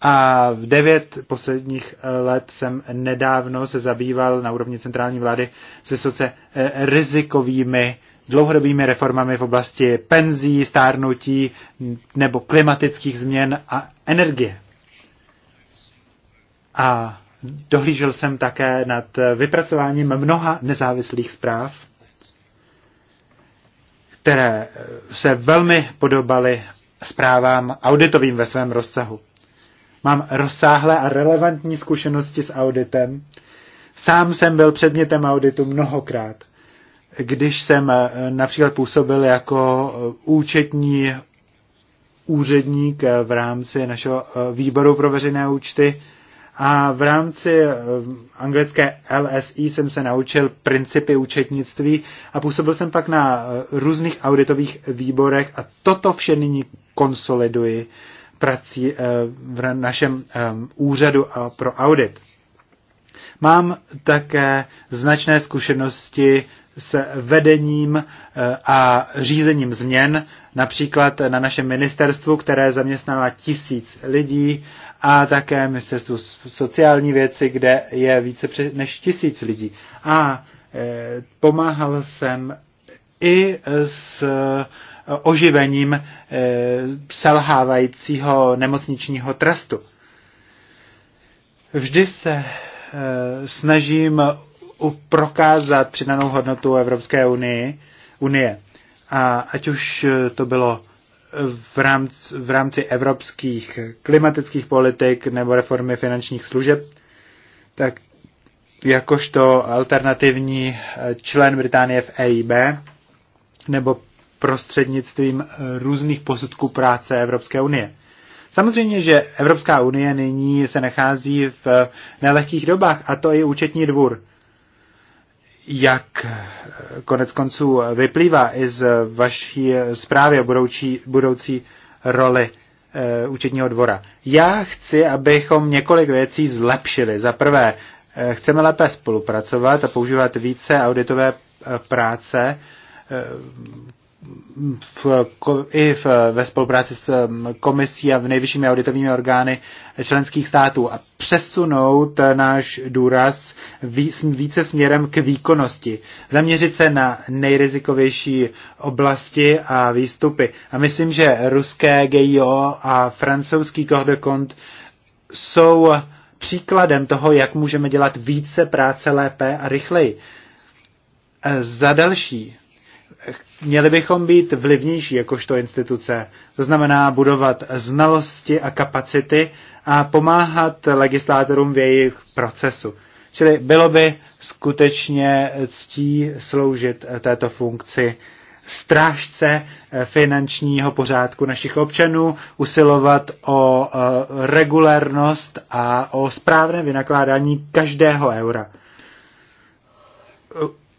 a v devět posledních eh, let jsem nedávno se zabýval na úrovni centrální vlády s vysoce eh, rizikovými dlouhodobými reformami v oblasti penzí, stárnutí nebo klimatických změn a energie. A dohlížel jsem také nad eh, vypracováním mnoha nezávislých zpráv, které se velmi podobaly zprávám auditovým ve svém rozsahu. Mám rozsáhlé a relevantní zkušenosti s auditem. Sám jsem byl předmětem auditu mnohokrát. Když jsem eh, například působil jako eh, účetní úředník eh, v rámci našeho výboru pro veřejné účty, a v rámci eh, anglické LSI jsem se naučil principy účetnictví a působil jsem pak na eh, různých auditových výborech a toto vše nyní konsoliduji prací eh, v našem úřadu pro audit. Mám také značné zkušenosti s vedením eh, a řízením změn, například na našem ministerstvu, které zaměstnává tisíc lidí a také ministerstvu sociální věci, kde je více než tisíc lidí. A eh, pomáhal jsem i s eh, oživením selhávajícího nemocničního trastu. Vždy se Eh, snažím prokázat přidanou hodnotu Evropské unii, unie. A ať už eh, to bylo v rámci, v rámci evropských klimatických politik nebo reformy finančních služeb, tak jakožto alternativní eh, člen Británie v EIB nebo prostřednictvím různých posudků práce Evropské unie. Samozřejmě, že Evropská unie nyní se nachází v eh, nelehkých dobách a to i účetní dvůr. Jak eh, konec konců vyplývá i z vaší eh, zprávy o budoucí, budoucí roli e, účetního dvora. Já chci, abychom několik věcí zlepšili. Za prvé, e, chceme lépe spolupracovat a používat více auditové práce, v, i v, ve spolupráci s um, komisí a v nejvyššími auditovními orgány členských států a přesunout náš důraz více směrem k výkonnosti. Zaměřit se na nejrizikovější oblasti a výstupy. A myslím, že ruské GIO a francouzský Corps jsou příkladem toho, jak můžeme dělat více práce lépe a rychleji. E, za další, měli bychom být vlivnější jakožto instituce. To znamená budovat znalosti a kapacity a pomáhat legislátorům v jejich procesu. Čili bylo by skutečně ctí sloužit této funkci strážce finančního pořádku našich občanů, usilovat o e, regulérnost a o správné vynakládání každého eura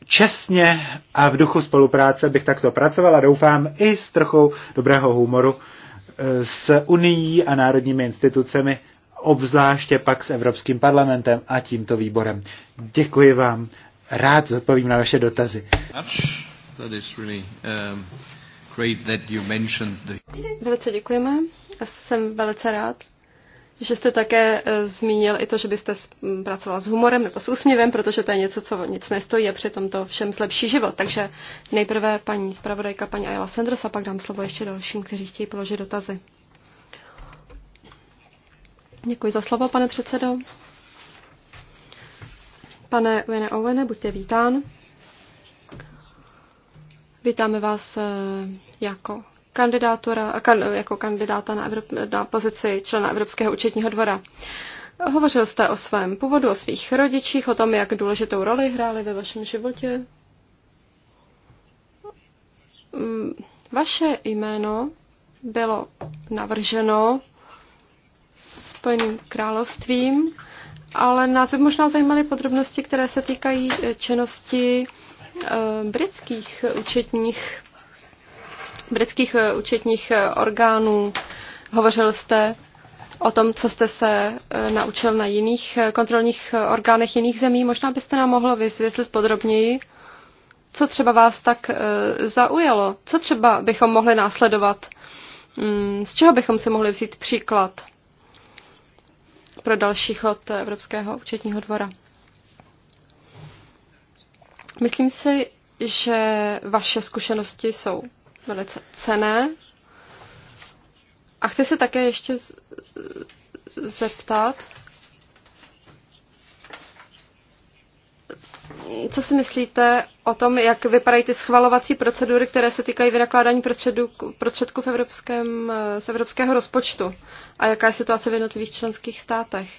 čestně a v duchu spolupráce bych takto pracovala, doufám, i s trochou dobrého humoru eh, s Unií a národními institucemi, obzvláště pak s Evropským parlamentem a tímto výborem. Děkuji vám. Rád zodpovím na vaše dotazy. Um, velice děkujeme. Já jsem velice rád, že jste také eh, zmínil i to, že byste pracovala s humorem nebo s úsměvem, protože to je něco, co nic nestojí a přitom to všem zlepší život. Takže nejprve paní zpravodajka, paní Ayla Sanders a pak dám slovo ještě dalším, kteří chtějí položit dotazy. Děkuji za slovo, pane předsedo. Pane Ujene Owene, buďte vítán. Vítáme vás eh, jako kandidátora, kan, jako kandidáta na, Evrop, na pozici člena Evropského účetního dvora. Hovořil jste o svém původu, o svých rodičích, o tom, jak důležitou roli hráli ve vašem životě. Mm, vaše jméno bylo navrženo Spojeným královstvím, ale nás by možná zajímaly podrobnosti, které se týkají činnosti eh, britských účetních britských eh, účetních eh, orgánů. Hovořil jste o tom, co jste se eh, naučil na jiných kontrolních orgánech jiných zemí. Možná byste nám mohlo vysvětlit podrobněji, co třeba vás tak zaujalo, co třeba bychom mohli následovat, mm, z čeho bychom si mohli vzít příklad pro další chod Evropského účetního dvora. Myslím si, že vaše zkušenosti jsou velice cené. A chci se také ještě zeptat, co si myslíte o tom, jak vypadají ty schvalovací procedury, které se týkají vynakládání prostředků v evropském, z evropského rozpočtu a jaká je situace v jednotlivých členských státech?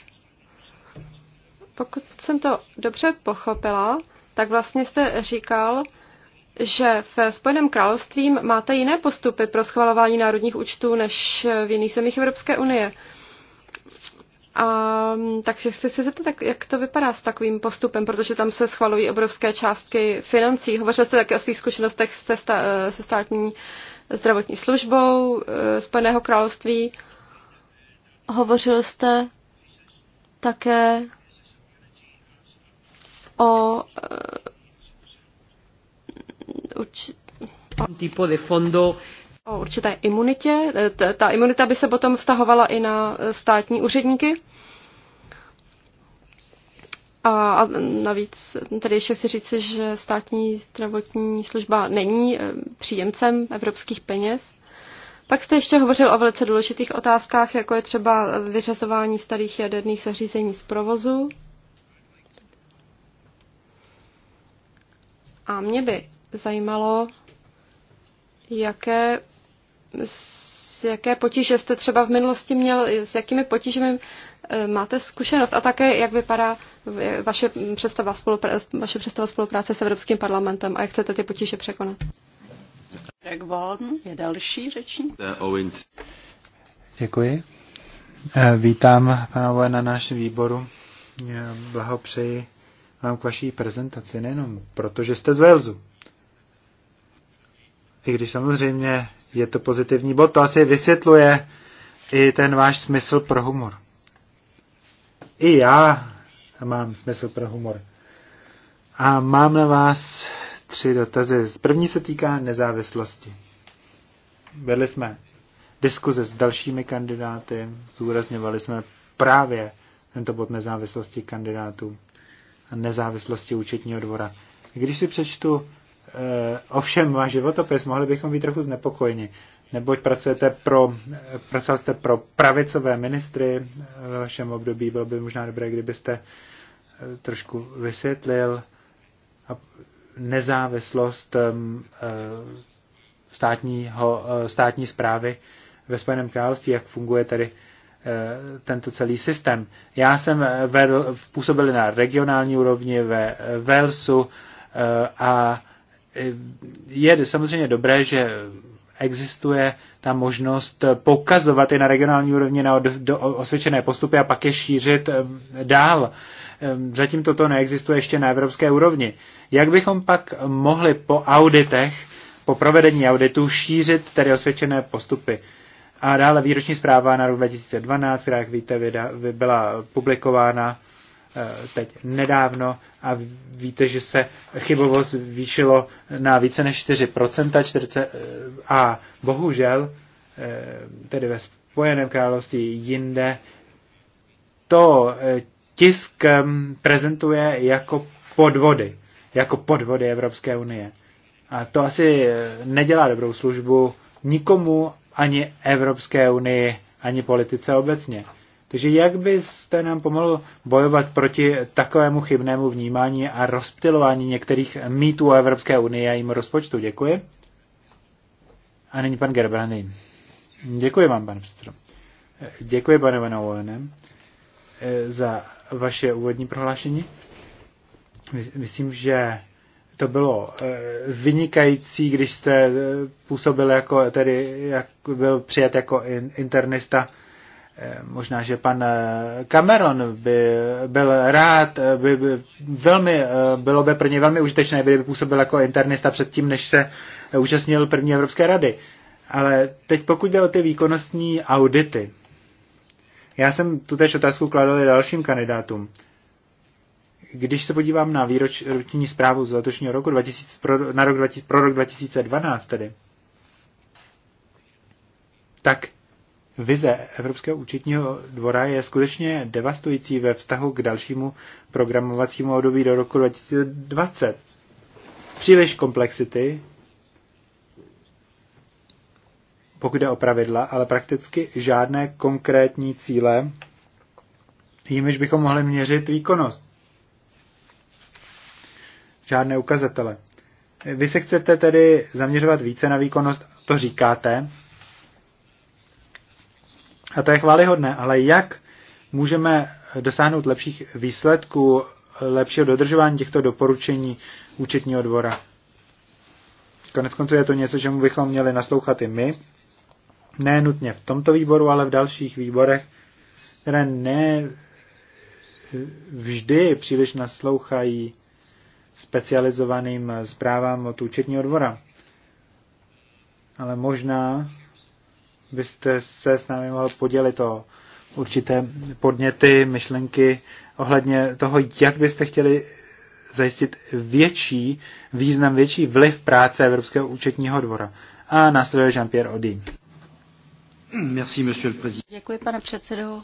Pokud jsem to dobře pochopila, tak vlastně jste říkal, že v Spojeném království máte jiné postupy pro schvalování národních účtů než v jiných zemích Evropské unie. A, mm, takže chci se zeptat, jak, to vypadá s takovým postupem, protože tam se schvalují obrovské částky financí. Hovořil jste také o svých zkušenostech se, sta, eh, se státní zdravotní službou eh, Spojeného království. Hovořil jste také o eh, urč... tipo de fondo o určité imunitě. Ta imunita by se potom vztahovala i na státní úředníky. A navíc tady ještě chci říct, že státní zdravotní služba není eh, příjemcem evropských peněz. Pak jste ještě hovořil o velice důležitých otázkách, jako je třeba vyřazování starých jaderných zařízení z provozu. A mě by zajímalo, jaké, jaké potíže jste třeba v minulosti měl, s jakými potížemi eh, máte zkušenost a také, jak vypadá vaše představa, spolupra- vaše představa spolupráce s Evropským parlamentem a jak chcete ty potíže překonat. Greg Walden je další řečník. Děkuji. Eh, vítám panové na náš výboru. Blahopřeji vám k vaší prezentaci, nejenom protože jste z Walesu, i když samozřejmě je to pozitivní bod, to asi vysvětluje i ten váš smysl pro humor. I já mám smysl pro humor. A mám na vás tři dotazy. První se týká nezávislosti. Vedli jsme diskuze s dalšími kandidáty, zúrazňovali jsme právě tento bod nezávislosti kandidátů a nezávislosti účetního dvora. Když si přečtu Eh, ovšem má životopis, mohli bychom být trochu znepokojeni, neboť pracujete pro, pracoval jste pro pravicové ministry eh, v vašem období, bylo by možná dobré, kdybyste eh, trošku vysvětlil nezávislost ehm, státního, státní zprávy ve Spojeném království, jak funguje tady tento celý systém. Já jsem vedl, působil na regionální úrovni ve Walesu a je samozřejmě dobré, že existuje ta možnost poukazovat i na regionální úrovni na osvědčené postupy a pak je šířit eh, dál. Ehm, zatím toto neexistuje ještě na evropské úrovni. Jak bychom pak mohli po auditech, po provedení auditu šířit tedy osvědčené postupy? A dále výroční zpráva na rok 2012, která, jak víte, byla publikována Eh, teď nedávno a víte, že se chybovost zvýšilo na více než 4%, eh, a bohužel eh, tedy ve Spojeném království jinde to tisk prezentuje jako podvody, jako podvody Evropské unie. A to asi nedělá dobrou službu nikomu, ani Evropské unii, ani politice obecně. Takže jak byste nám pomohl bojovat proti takovému chybnému vnímání a rozptilování některých mýtů o Evropské unii a jim rozpočtu? Děkuji. A nyní pan Gerbrandy. Děkuji vám, pane předsedo. Děkuji, pane Vanovojene, za vaše úvodní prohlášení. Myslím, že to bylo eh, vynikající, když jste eh, působil jako, tedy jak byl přijat jako internista Eh, možná, že pan eh, Cameron by byl rád, eh, by, by velmi, bylo by pro ně velmi užitečné, kdyby působil jako internista předtím, než se účastnil první Evropské rady. Ale teď pokud jde o ty výkonnostní audity, já jsem tu též otázku kladl i dalším kandidátům. Když se podívám na výroční zprávu z letošního roku, 2000, pro, na rok 2000, pro rok 2012 tedy, tak vize Evropského účetního dvora je skutečně devastující ve vztahu k dalšímu programovacímu období do roku 2020. Příliš komplexity, pokud jde o pravidla, ale prakticky žádné konkrétní cíle, jimiž bychom mohli měřit výkonnost. Žádné ukazatele. Vy se chcete tedy zaměřovat více na výkonnost, to říkáte, a to je chválihodné, ale jak můžeme dosáhnout lepších výsledků, lepšího dodržování těchto doporučení účetního dvora? Konec konců je to něco, čemu bychom měli naslouchat i my, ne nutně v tomto výboru, ale v dalších výborech, které ne vždy příliš naslouchají specializovaným zprávám od účetního dvora. Ale možná byste se s námi mohl podělit o určité podněty, myšlenky ohledně toho, jak byste chtěli zajistit větší význam, větší vliv práce Evropského účetního dvora. A následuje Jean-Pierre Odin. Merci, monsieur le président. Děkuji, pane předsedo.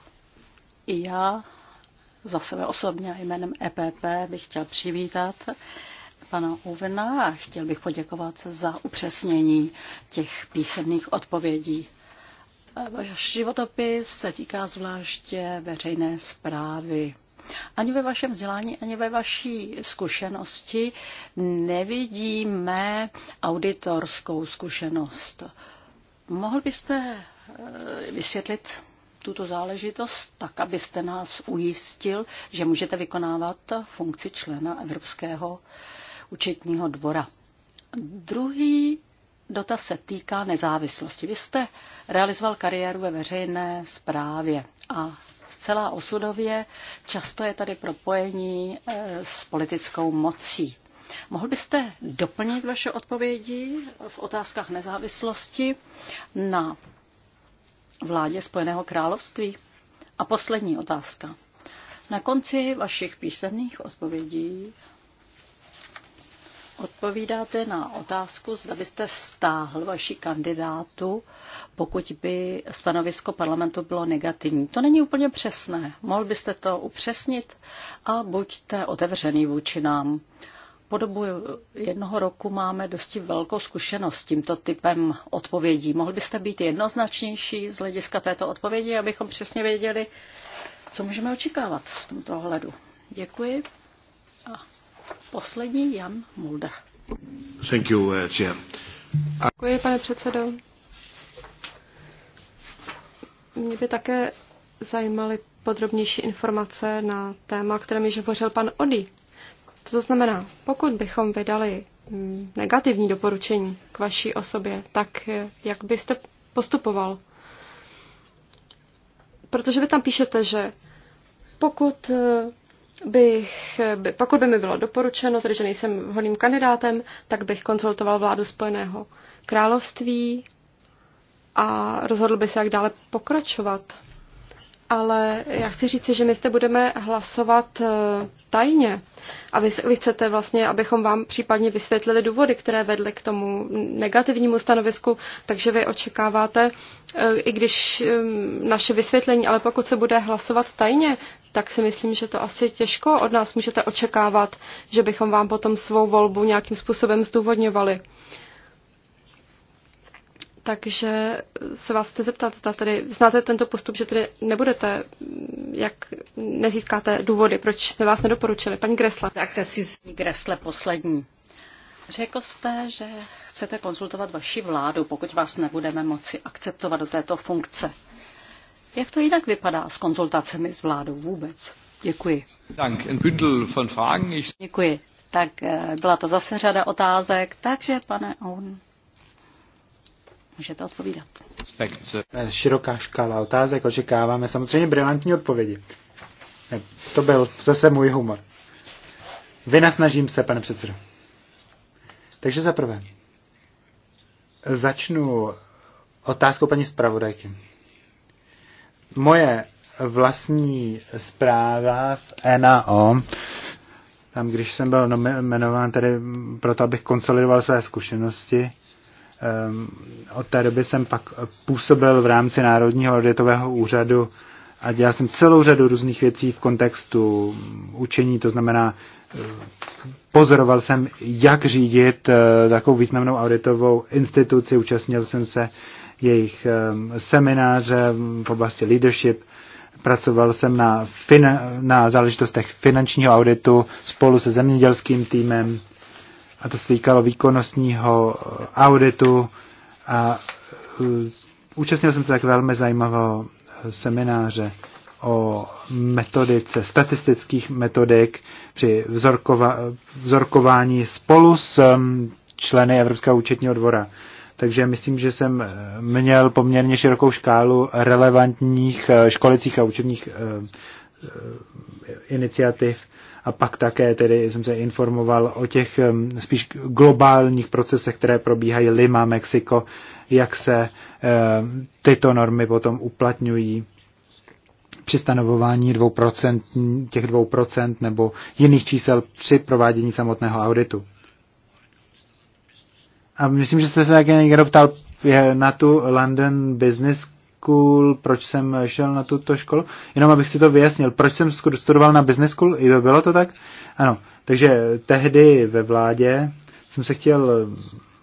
I já za sebe osobně jménem EPP bych chtěl přivítat pana Uvena a chtěl bych poděkovat za upřesnění těch písemných odpovědí. Váš životopis se týká zvláště veřejné zprávy. Ani ve vašem vzdělání, ani ve vaší zkušenosti nevidíme auditorskou zkušenost. Mohl byste eh, vysvětlit tuto záležitost tak, abyste nás ujistil, že můžete vykonávat funkci člena Evropského účetního dvora. Druhý dotaz se týká nezávislosti. Vy jste realizoval kariéru ve veřejné správě a zcela osudově často je tady propojení eh, s politickou mocí. Mohl byste doplnit vaše odpovědi v otázkách nezávislosti na vládě Spojeného království? A poslední otázka. Na konci vašich písemných odpovědí Odpovídáte na otázku, zda byste stáhl vaši kandidátu, pokud by stanovisko parlamentu bylo negativní. To není úplně přesné. Mohl byste to upřesnit a buďte otevřený vůči nám. Po dobu jednoho roku máme dosti velkou zkušenost s tímto typem odpovědí. Mohl byste být jednoznačnější z hlediska této odpovědi, abychom přesně věděli, co můžeme očekávat v tomto ohledu. Děkuji. A poslední Jan Mulda. Thank you, uh, chair. A... Děkuji, pane předsedo. Mě by také zajímaly podrobnější informace na téma, které mi hovořil pan Odi. Co To znamená, pokud bychom vydali mm, negativní doporučení k vaší osobě, tak eh, jak byste postupoval? Protože vy tam píšete, že pokud eh, bych, pokud by mi bylo doporučeno, tedy že nejsem vhodným kandidátem, tak bych konzultoval vládu Spojeného království a rozhodl by se, jak dále pokračovat. Ale já chci říct, že my zde budeme hlasovat eh, tajně. A vy, vy chcete vlastně, abychom vám případně vysvětlili důvody, které vedly k tomu negativnímu stanovisku, takže vy očekáváte, eh, i když ehm, naše vysvětlení, ale pokud se bude hlasovat tajně, tak si myslím, že to asi těžko od nás můžete očekávat, že bychom vám potom svou volbu nějakým způsobem zdůvodňovali. Takže se vás chci zeptat, zda tedy znáte tento postup, že tedy nebudete, jak nezískáte důvody, proč jsme vás nedoporučili. Paní Gresle. Řekte si Gresle poslední. Řekl jste, že chcete konzultovat vaši vládu, pokud vás nebudeme moci akceptovat do této funkce. Jak to jinak vypadá s konzultacemi s vládou vůbec? Děkuji. Děkuji. Tak eh, byla to zase řada otázek, takže pane Oun, můžete odpovídat. Široká škála otázek, očekáváme samozřejmě brilantní odpovědi. To byl zase můj humor. Vynasnažím se, pane předsedo. Takže za prvé, začnu otázkou paní zpravodajky moje vlastní zpráva v NAO, tam když jsem byl jmenován tedy proto, abych konsolidoval své zkušenosti, ehm, od té doby jsem pak působil v rámci Národního auditového úřadu a dělal jsem celou řadu různých věcí v kontextu učení, to znamená, eh, pozoroval jsem, jak řídit eh, takovou významnou auditovou instituci, účastnil jsem se jejich ehm, semináře v oblasti leadership. Pracoval jsem na, fin- na záležitostech finančního auditu spolu se zemědělským týmem a to se týkalo výkonnostního eh, auditu a eh, účastnil jsem se tak velmi zajímavého eh, semináře o metodice, statistických metodik při vzorkova- vzorkování spolu s ehm, členy Evropského účetního dvora takže myslím, že jsem eh, měl poměrně širokou škálu relevantních eh, školicích a učebních eh, iniciativ a pak také tedy jsem se informoval o těch spíš globálních procesech, které probíhají Lima, Mexiko, jak se tyto normy potom uplatňují při stanovování 2%, těch 2% nebo jiných čísel při provádění samotného auditu. A myslím, že jste se také někdo ptal na tu London Business School, proč jsem šel na tuto školu. Jenom abych si to vyjasnil, proč jsem studoval na Business School, bylo to tak? Ano, takže tehdy ve vládě jsem se chtěl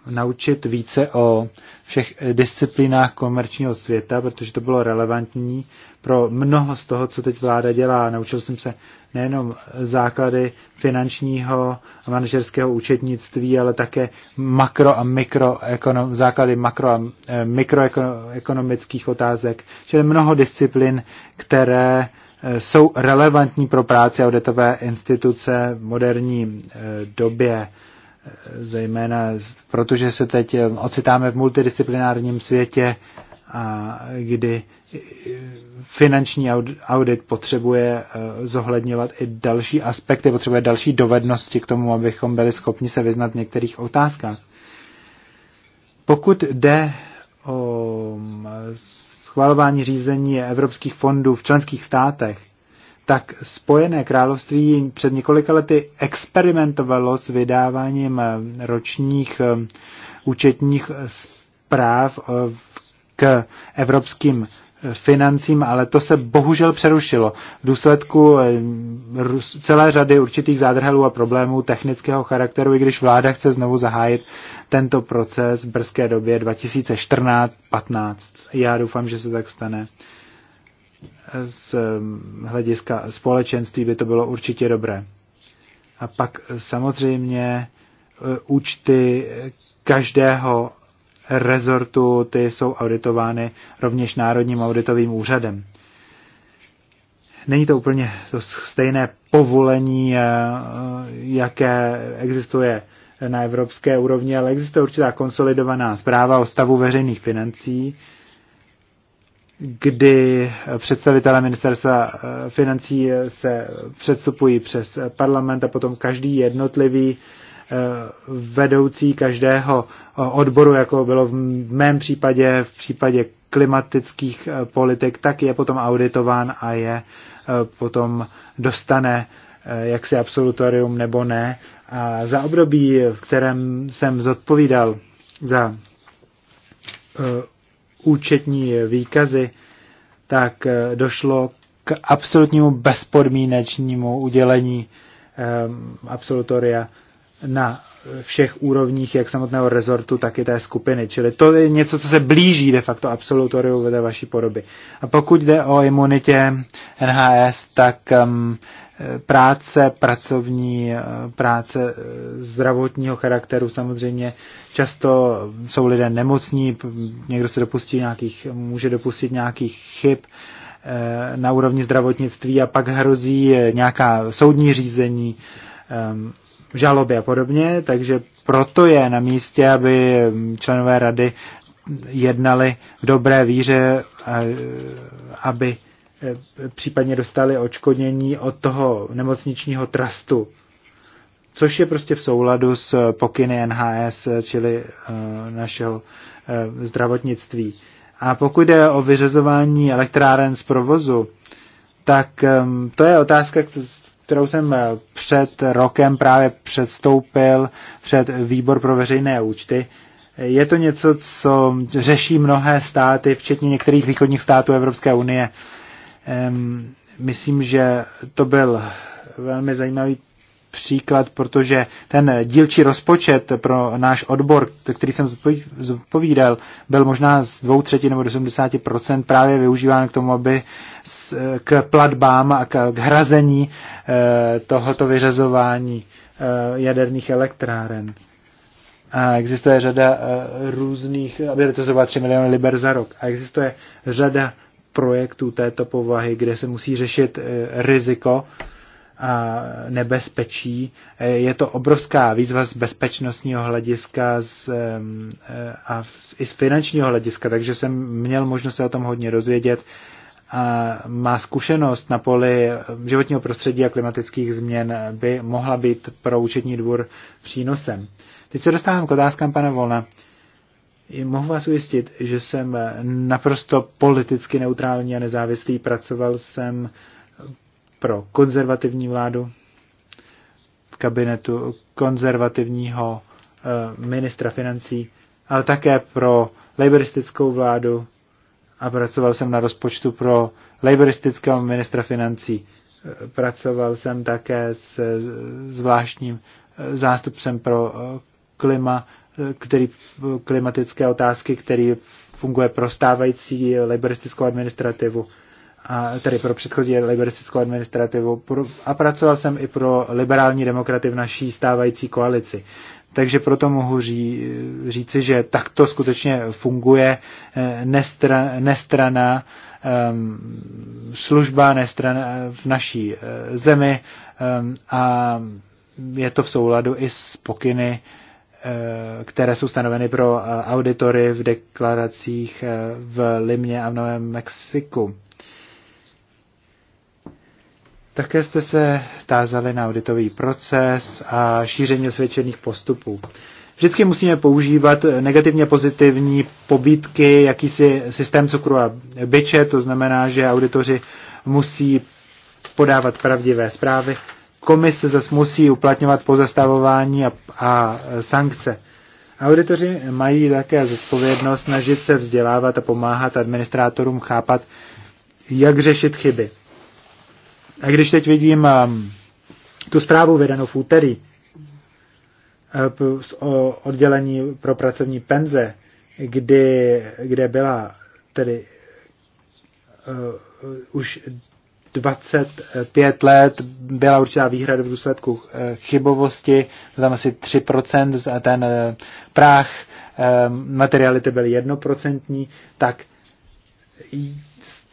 naučit více o všech disciplínách komerčního světa, protože to bylo relevantní pro mnoho z toho, co teď vláda dělá. Naučil jsem se nejenom základy finančního a manažerského účetnictví, ale také makro a mikroekonom, základy makro a eh, mikroekonomických otázek, čili mnoho disciplín, které eh, jsou relevantní pro práci auditové instituce v moderní eh, době zejména protože se teď eh, ocitáme v multidisciplinárním světě, a kdy finanční audit potřebuje eh, zohledňovat i další aspekty, potřebuje další dovednosti k tomu, abychom byli schopni se vyznat v některých otázkách. Pokud jde o mm, schvalování řízení evropských fondů v členských státech, tak Spojené království před několika lety experimentovalo s vydáváním eh, ročních eh, účetních eh, zpráv k evropským financím, ale to se bohužel přerušilo v důsledku celé řady určitých zádrhelů a problémů technického charakteru, i když vláda chce znovu zahájit tento proces v brzké době 2014-15. Já doufám, že se tak stane z hlediska společenství by to bylo určitě dobré. A pak samozřejmě e, účty každého rezortu, ty jsou auditovány rovněž Národním auditovým úřadem. Není to úplně to stejné povolení, e, jaké existuje na evropské úrovni, ale existuje určitá konsolidovaná zpráva o stavu veřejných financí, kdy představitelé ministerstva eh, financí eh, se předstupují přes parlament a potom každý jednotlivý eh, vedoucí každého odboru, jako bylo v mém případě, v případě klimatických politik, tak je potom auditován a je potom dostane jaksi absolutorium nebo ne. A za období, v kterém jsem zodpovídal za účetní výkazy, tak eh, došlo k absolutnímu bezpodmínečnímu udělení ehm, absolutoria na všech úrovních, jak samotného rezortu, tak i té skupiny. Čili to je něco, co se blíží de facto absolutoriu ve vaší podoby. A pokud jde o imunitě NHS, tak um, práce, pracovní eh, práce eh, zdravotního charakteru samozřejmě. Často jsou lidé nemocní, někdo se dopustí nějakých, může dopustit nějakých chyb eh, na úrovni zdravotnictví a pak hrozí nějaká soudní řízení, ehm, žaloby a podobně, takže proto je na místě, aby ehm, členové rady jednali v dobré víře, aby Eh, případně dostali očkodnění od toho nemocničního trustu, což je prostě v souladu s pokyny NHS, čili eh, našeho eh, zdravotnictví. A pokud jde o vyřazování elektráren z provozu, tak to je otázka, kterou jsem před rokem právě předstoupil před výbor pro veřejné účty. Je to něco, co řeší mnohé státy, včetně některých východních států Evropské unie. Myslím, že to byl velmi zajímavý příklad, protože ten dílčí rozpočet pro náš odbor, který jsem zodpovídal, byl možná z dvou třetin nebo do 80% právě využíván k tomu, aby k platbám a k hrazení eh, tohoto vyřazování eh, jaderných elektráren. A existuje řada eh, různých, aby to zhruba 3 miliony liber za rok, a existuje řada projektů této povahy, kde se musí řešit eh, riziko a nebezpečí. Eh, je to obrovská výzva z bezpečnostního hlediska z, eh, a i z finančního hlediska, takže jsem měl možnost se o tom hodně rozvědět. A má zkušenost na poli životního prostředí a klimatických změn by mohla být pro účetní dvůr přínosem. Teď se dostávám k otázkám pana Volna. Mohu vás ujistit, že jsem naprosto politicky neutrální a nezávislý. Pracoval jsem pro konzervativní vládu v kabinetu konzervativního eh, ministra financí, ale také pro laboristickou vládu a pracoval jsem na rozpočtu pro laboristického ministra financí. Eh, pracoval jsem také s eh, zvláštním zástupcem pro klima který klimatické otázky, který funguje pro stávající liberistickou administrativu, a, tedy pro předchozí liberistickou administrativu. a pracoval jsem i pro liberální demokraty v naší stávající koalici. Takže proto mohu ří, říci, že takto skutečně funguje eh, nestra, nestrana um, služba nestrana v naší eh, zemi um, a je to v souladu i s pokyny uh, Eh, které jsou stanoveny pro eh, auditory v deklaracích eh, v Limě a v Novém Mexiku. Také jste se tázali na auditový proces a šíření osvědčených postupů. Vždycky musíme používat negativně pozitivní pobídky, jakýsi systém cukru a byče, to znamená, že auditoři musí podávat pravdivé zprávy komise zase musí uplatňovat pozastavování a, a sankce. Auditoři mají také zodpovědnost snažit se vzdělávat a pomáhat administrátorům chápat, jak řešit chyby. A když teď vidím um, tu zprávu vydanou v úterý eh, z o oddělení pro pracovní penze, kdy, kde byla tedy uh, už 25 let byla určitá výhrada v důsledku eh, chybovosti, tam asi 3% a ten eh, práh eh, materiality byl jednoprocentní, tak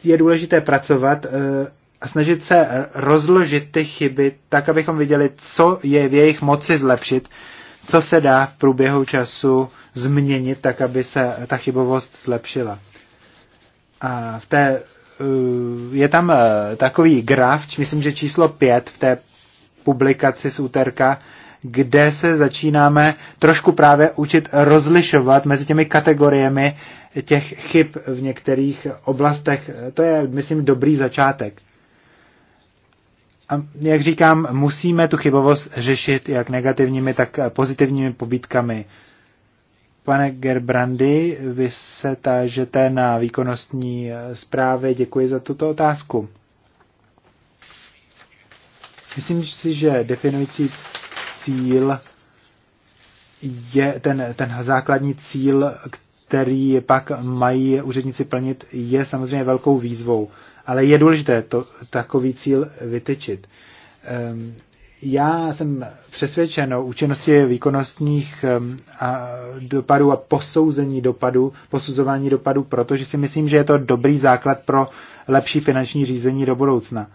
je důležité pracovat a snažit se rozložit ty chyby tak, abychom viděli, co je v jejich moci zlepšit, co se dá v průběhu času změnit tak, aby se ta chybovost zlepšila. A v té Eh, je tam eh, takový graf, myslím, že číslo 5 v té publikaci z úterka, kde se začínáme trošku právě učit rozlišovat mezi těmi kategoriemi těch chyb v některých oblastech. To je, myslím, dobrý začátek. A jak říkám, musíme tu chybovost řešit jak negativními, tak pozitivními pobítkami. Pane Gerbrandy, vy se tážete na výkonnostní eh, zprávy. Děkuji za tuto otázku. Myslím si, že definující cíl je ten, ten základní cíl, který pak mají úředníci plnit, je samozřejmě velkou výzvou. Ale je důležité to, takový cíl vytyčit. Um, já jsem přesvědčen o účinnosti výkonnostních dopadů a posouzení dopadů, posuzování dopadů, protože si myslím, že je to dobrý základ pro lepší finanční řízení do budoucna.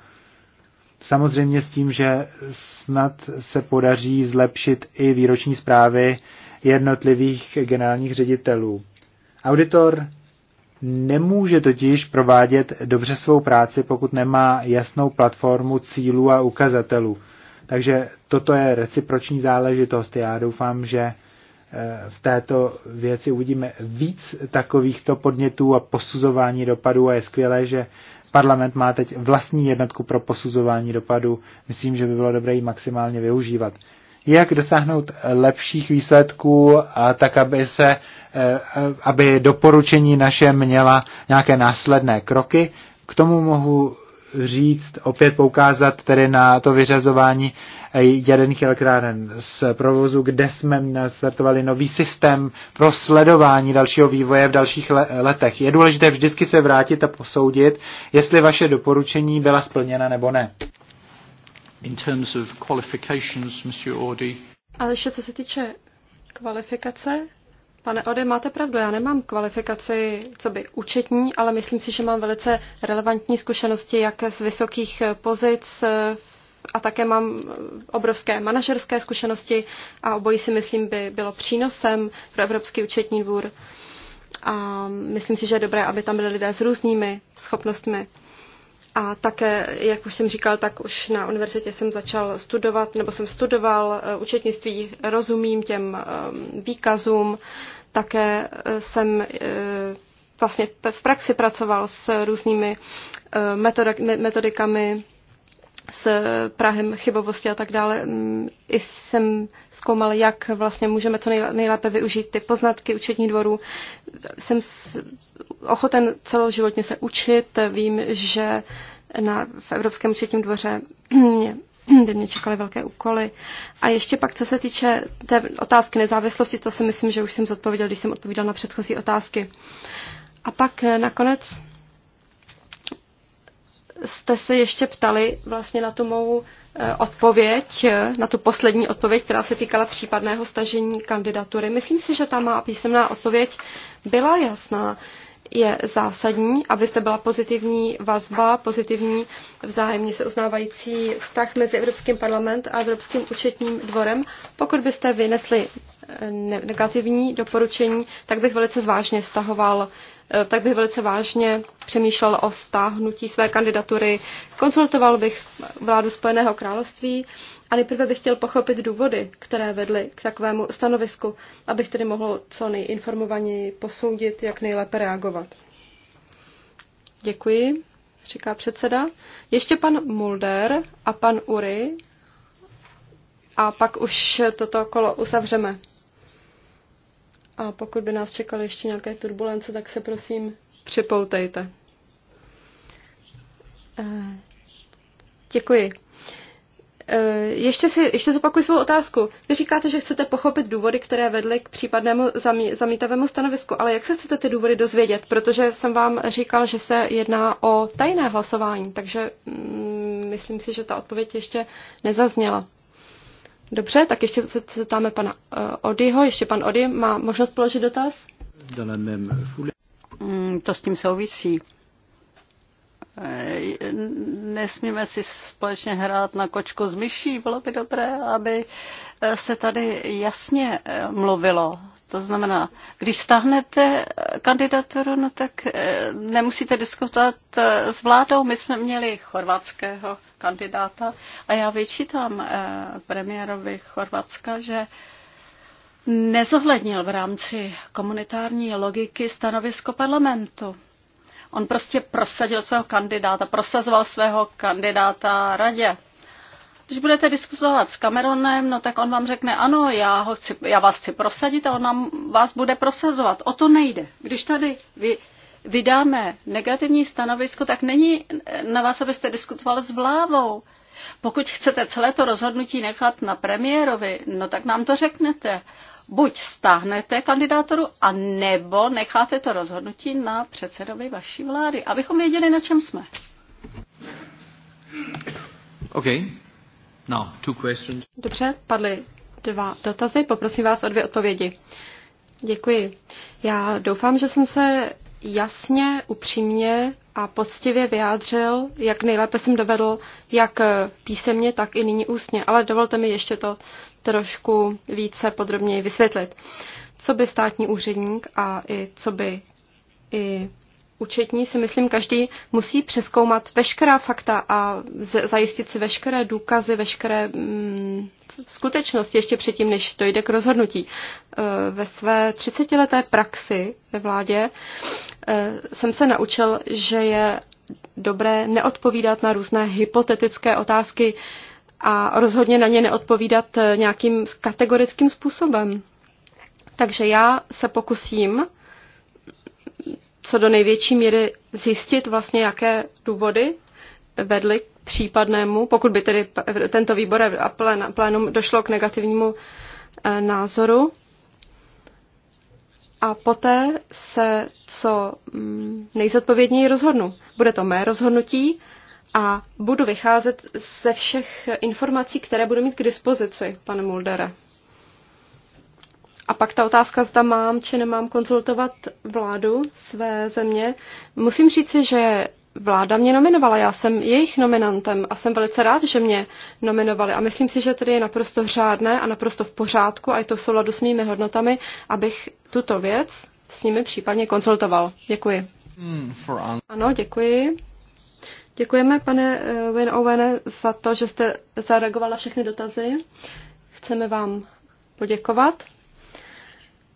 Samozřejmě s tím, že snad se podaří zlepšit i výroční zprávy jednotlivých generálních ředitelů. Auditor nemůže totiž provádět dobře svou práci, pokud nemá jasnou platformu cílů a ukazatelů. Takže toto je reciproční záležitost. Já doufám, že eh, v této věci uvidíme víc takovýchto podnětů a posuzování dopadů a je skvělé, že parlament má teď vlastní jednotku pro posuzování dopadů. Myslím, že by bylo dobré ji maximálně využívat. Jak dosáhnout lepších výsledků, a tak aby, se, eh, aby doporučení naše měla nějaké následné kroky. K tomu mohu říct, opět poukázat tedy na to vyřazování eh, jaderných elektráren z provozu, kde jsme startovali nový systém pro sledování dalšího vývoje v dalších letech. Je důležité vždycky se vrátit a posoudit, jestli vaše doporučení byla splněna nebo ne. In terms of qualifications, Monsieur Audi. Ale ještě co se týče kvalifikace, Pane Ode, máte pravdu, já nemám kvalifikaci co by účetní, ale myslím si, že mám velice relevantní zkušenosti jak z vysokých pozic a také mám obrovské manažerské zkušenosti a obojí si myslím by bylo přínosem pro Evropský účetní dvůr. A myslím si, že je dobré, aby tam byly lidé s různými schopnostmi. A také, jak už jsem říkal, tak už na univerzitě jsem začal studovat, nebo jsem studoval eh, účetnictví, rozumím těm ehm, výkazům, také eh, jsem eh, vlastně v praxi pracoval s různými metodikami s Prahem chybovosti a tak dále. Mm, I jsem zkoumal, jak vlastně můžeme co nejlépe využít ty poznatky účetní dvorů. Jsem ochoten celoživotně se učit. Vím, že na, v Evropském účetním dvoře mě, by mě čekaly velké úkoly. A ještě pak, co se týče té otázky nezávislosti, to si myslím, že už jsem zodpověděl, když jsem odpovídal na předchozí otázky. A pak eh, nakonec jste se ještě ptali vlastně na tu mou eh, odpověď, eh, na tu poslední odpověď, která se týkala případného stažení kandidatury. Myslím si, že ta má písemná odpověď byla jasná. Je zásadní, aby zde byla pozitivní vazba, pozitivní vzájemně se uznávající vztah mezi Evropským parlament a Evropským účetním dvorem. Pokud byste vynesli eh, negativní doporučení, tak bych velice zvážně stahoval Eh, tak bych velice vážně přemýšlel o stáhnutí své kandidatury. Konzultoval bych vládu Spojeného království a nejprve bych chtěl pochopit důvody, které vedly k takovému stanovisku, abych tedy mohl co nejinformovaněji posoudit, jak nejlépe reagovat. Děkuji, říká předseda. Ještě pan Mulder a pan Uri a pak už toto kolo uzavřeme. A pokud by nás čekaly ještě nějaké turbulence, tak se prosím připoutejte. Eh, děkuji. Eh, ještě, si, ještě zopakuji svou otázku. Vy říkáte, že chcete pochopit důvody, které vedly k případnému zamí, zamítavému stanovisku, ale jak se chcete ty důvody dozvědět? Protože jsem vám říkal, že se jedná o tajné hlasování, takže mm, myslím si, že ta odpověď ještě nezazněla. Dobře, tak ještě se zeptáme pana uh, Odyho. Ještě pan Ody má možnost položit dotaz? Mm, to s tím souvisí. Eh, nesmíme si společně hrát na kočku s myší. Bylo by dobré, aby eh, se tady jasně mluvilo to znamená, když stáhnete kandidaturu, no tak eh, nemusíte diskutovat eh, s vládou. My jsme měli chorvatského kandidáta a já vyčítám eh, premiérovi Chorvatska, že nezohlednil v rámci komunitární logiky stanovisko parlamentu. On prostě prosadil svého kandidáta, prosazoval svého kandidáta radě. Když budete diskutovat s Cameronem, no tak on vám řekne, ano, já, ho chci, já vás chci prosadit a on nám, vás bude prosazovat. O to nejde. Když tady vy vydáme negativní stanovisko, tak není na vás, abyste diskutovali s vlávou. Pokud chcete celé to rozhodnutí nechat na premiérovi, no tak nám to řeknete. Buď stáhnete kandidátoru, a nebo necháte to rozhodnutí na předsedovi vaší vlády, abychom věděli, na čem jsme. Okay two questions. Dobře, padly dva dotazy. Poprosím vás o dvě odpovědi. Děkuji. Já doufám, že jsem se jasně, upřímně a poctivě vyjádřil, jak nejlépe jsem dovedl, jak písemně, tak i nyní ústně. Ale dovolte mi ještě to trošku více podrobněji vysvětlit. Co by státní úředník a i co by i účetní si myslím každý musí přeskoumat veškerá fakta a zajistit si veškeré důkazy, veškeré mm, skutečnosti ještě předtím, než dojde k rozhodnutí. E, ve své 30-leté praxi ve vládě e, jsem se naučil, že je dobré neodpovídat na různé hypotetické otázky a rozhodně na ně neodpovídat e, nějakým kategorickým způsobem. Takže já se pokusím co do největší míry zjistit vlastně, jaké důvody vedly k případnému, pokud by tedy tento výbor a plénum došlo k negativnímu eh, názoru. A poté se co mm, nejzodpovědněji rozhodnu. Bude to mé rozhodnutí a budu vycházet ze všech informací, které budu mít k dispozici, pane Muldere. A pak ta otázka, zda mám či nemám konzultovat vládu své země. Musím říci, že vláda mě nominovala, já jsem jejich nominantem a jsem velice rád, že mě nominovali. A myslím si, že tedy je naprosto řádné a naprosto v pořádku a je to v souladu s mými hodnotami, abych tuto věc s nimi případně konzultoval. Děkuji. Hmm, ano, děkuji. Děkujeme, pane eh, Win Owene, za to, že jste zareagovala všechny dotazy. Chceme vám poděkovat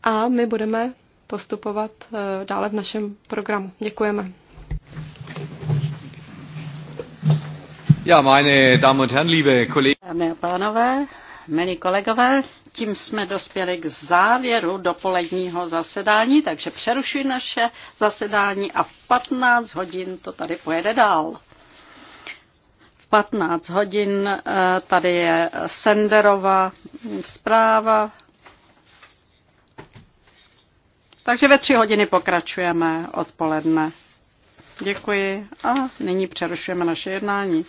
a my budeme postupovat eh, dále v našem programu. Děkujeme. Ja, meine Damen und Herren, liebe Kollegen. Dámy pánové, milí kolegové, tím jsme dospěli k závěru dopoledního zasedání, takže přerušuji naše zasedání a v 15 hodin to tady pojede dál. V 15 hodin eh, tady je Senderova zpráva takže ve tři hodiny pokračujeme odpoledne. Děkuji a nyní přerušujeme naše jednání.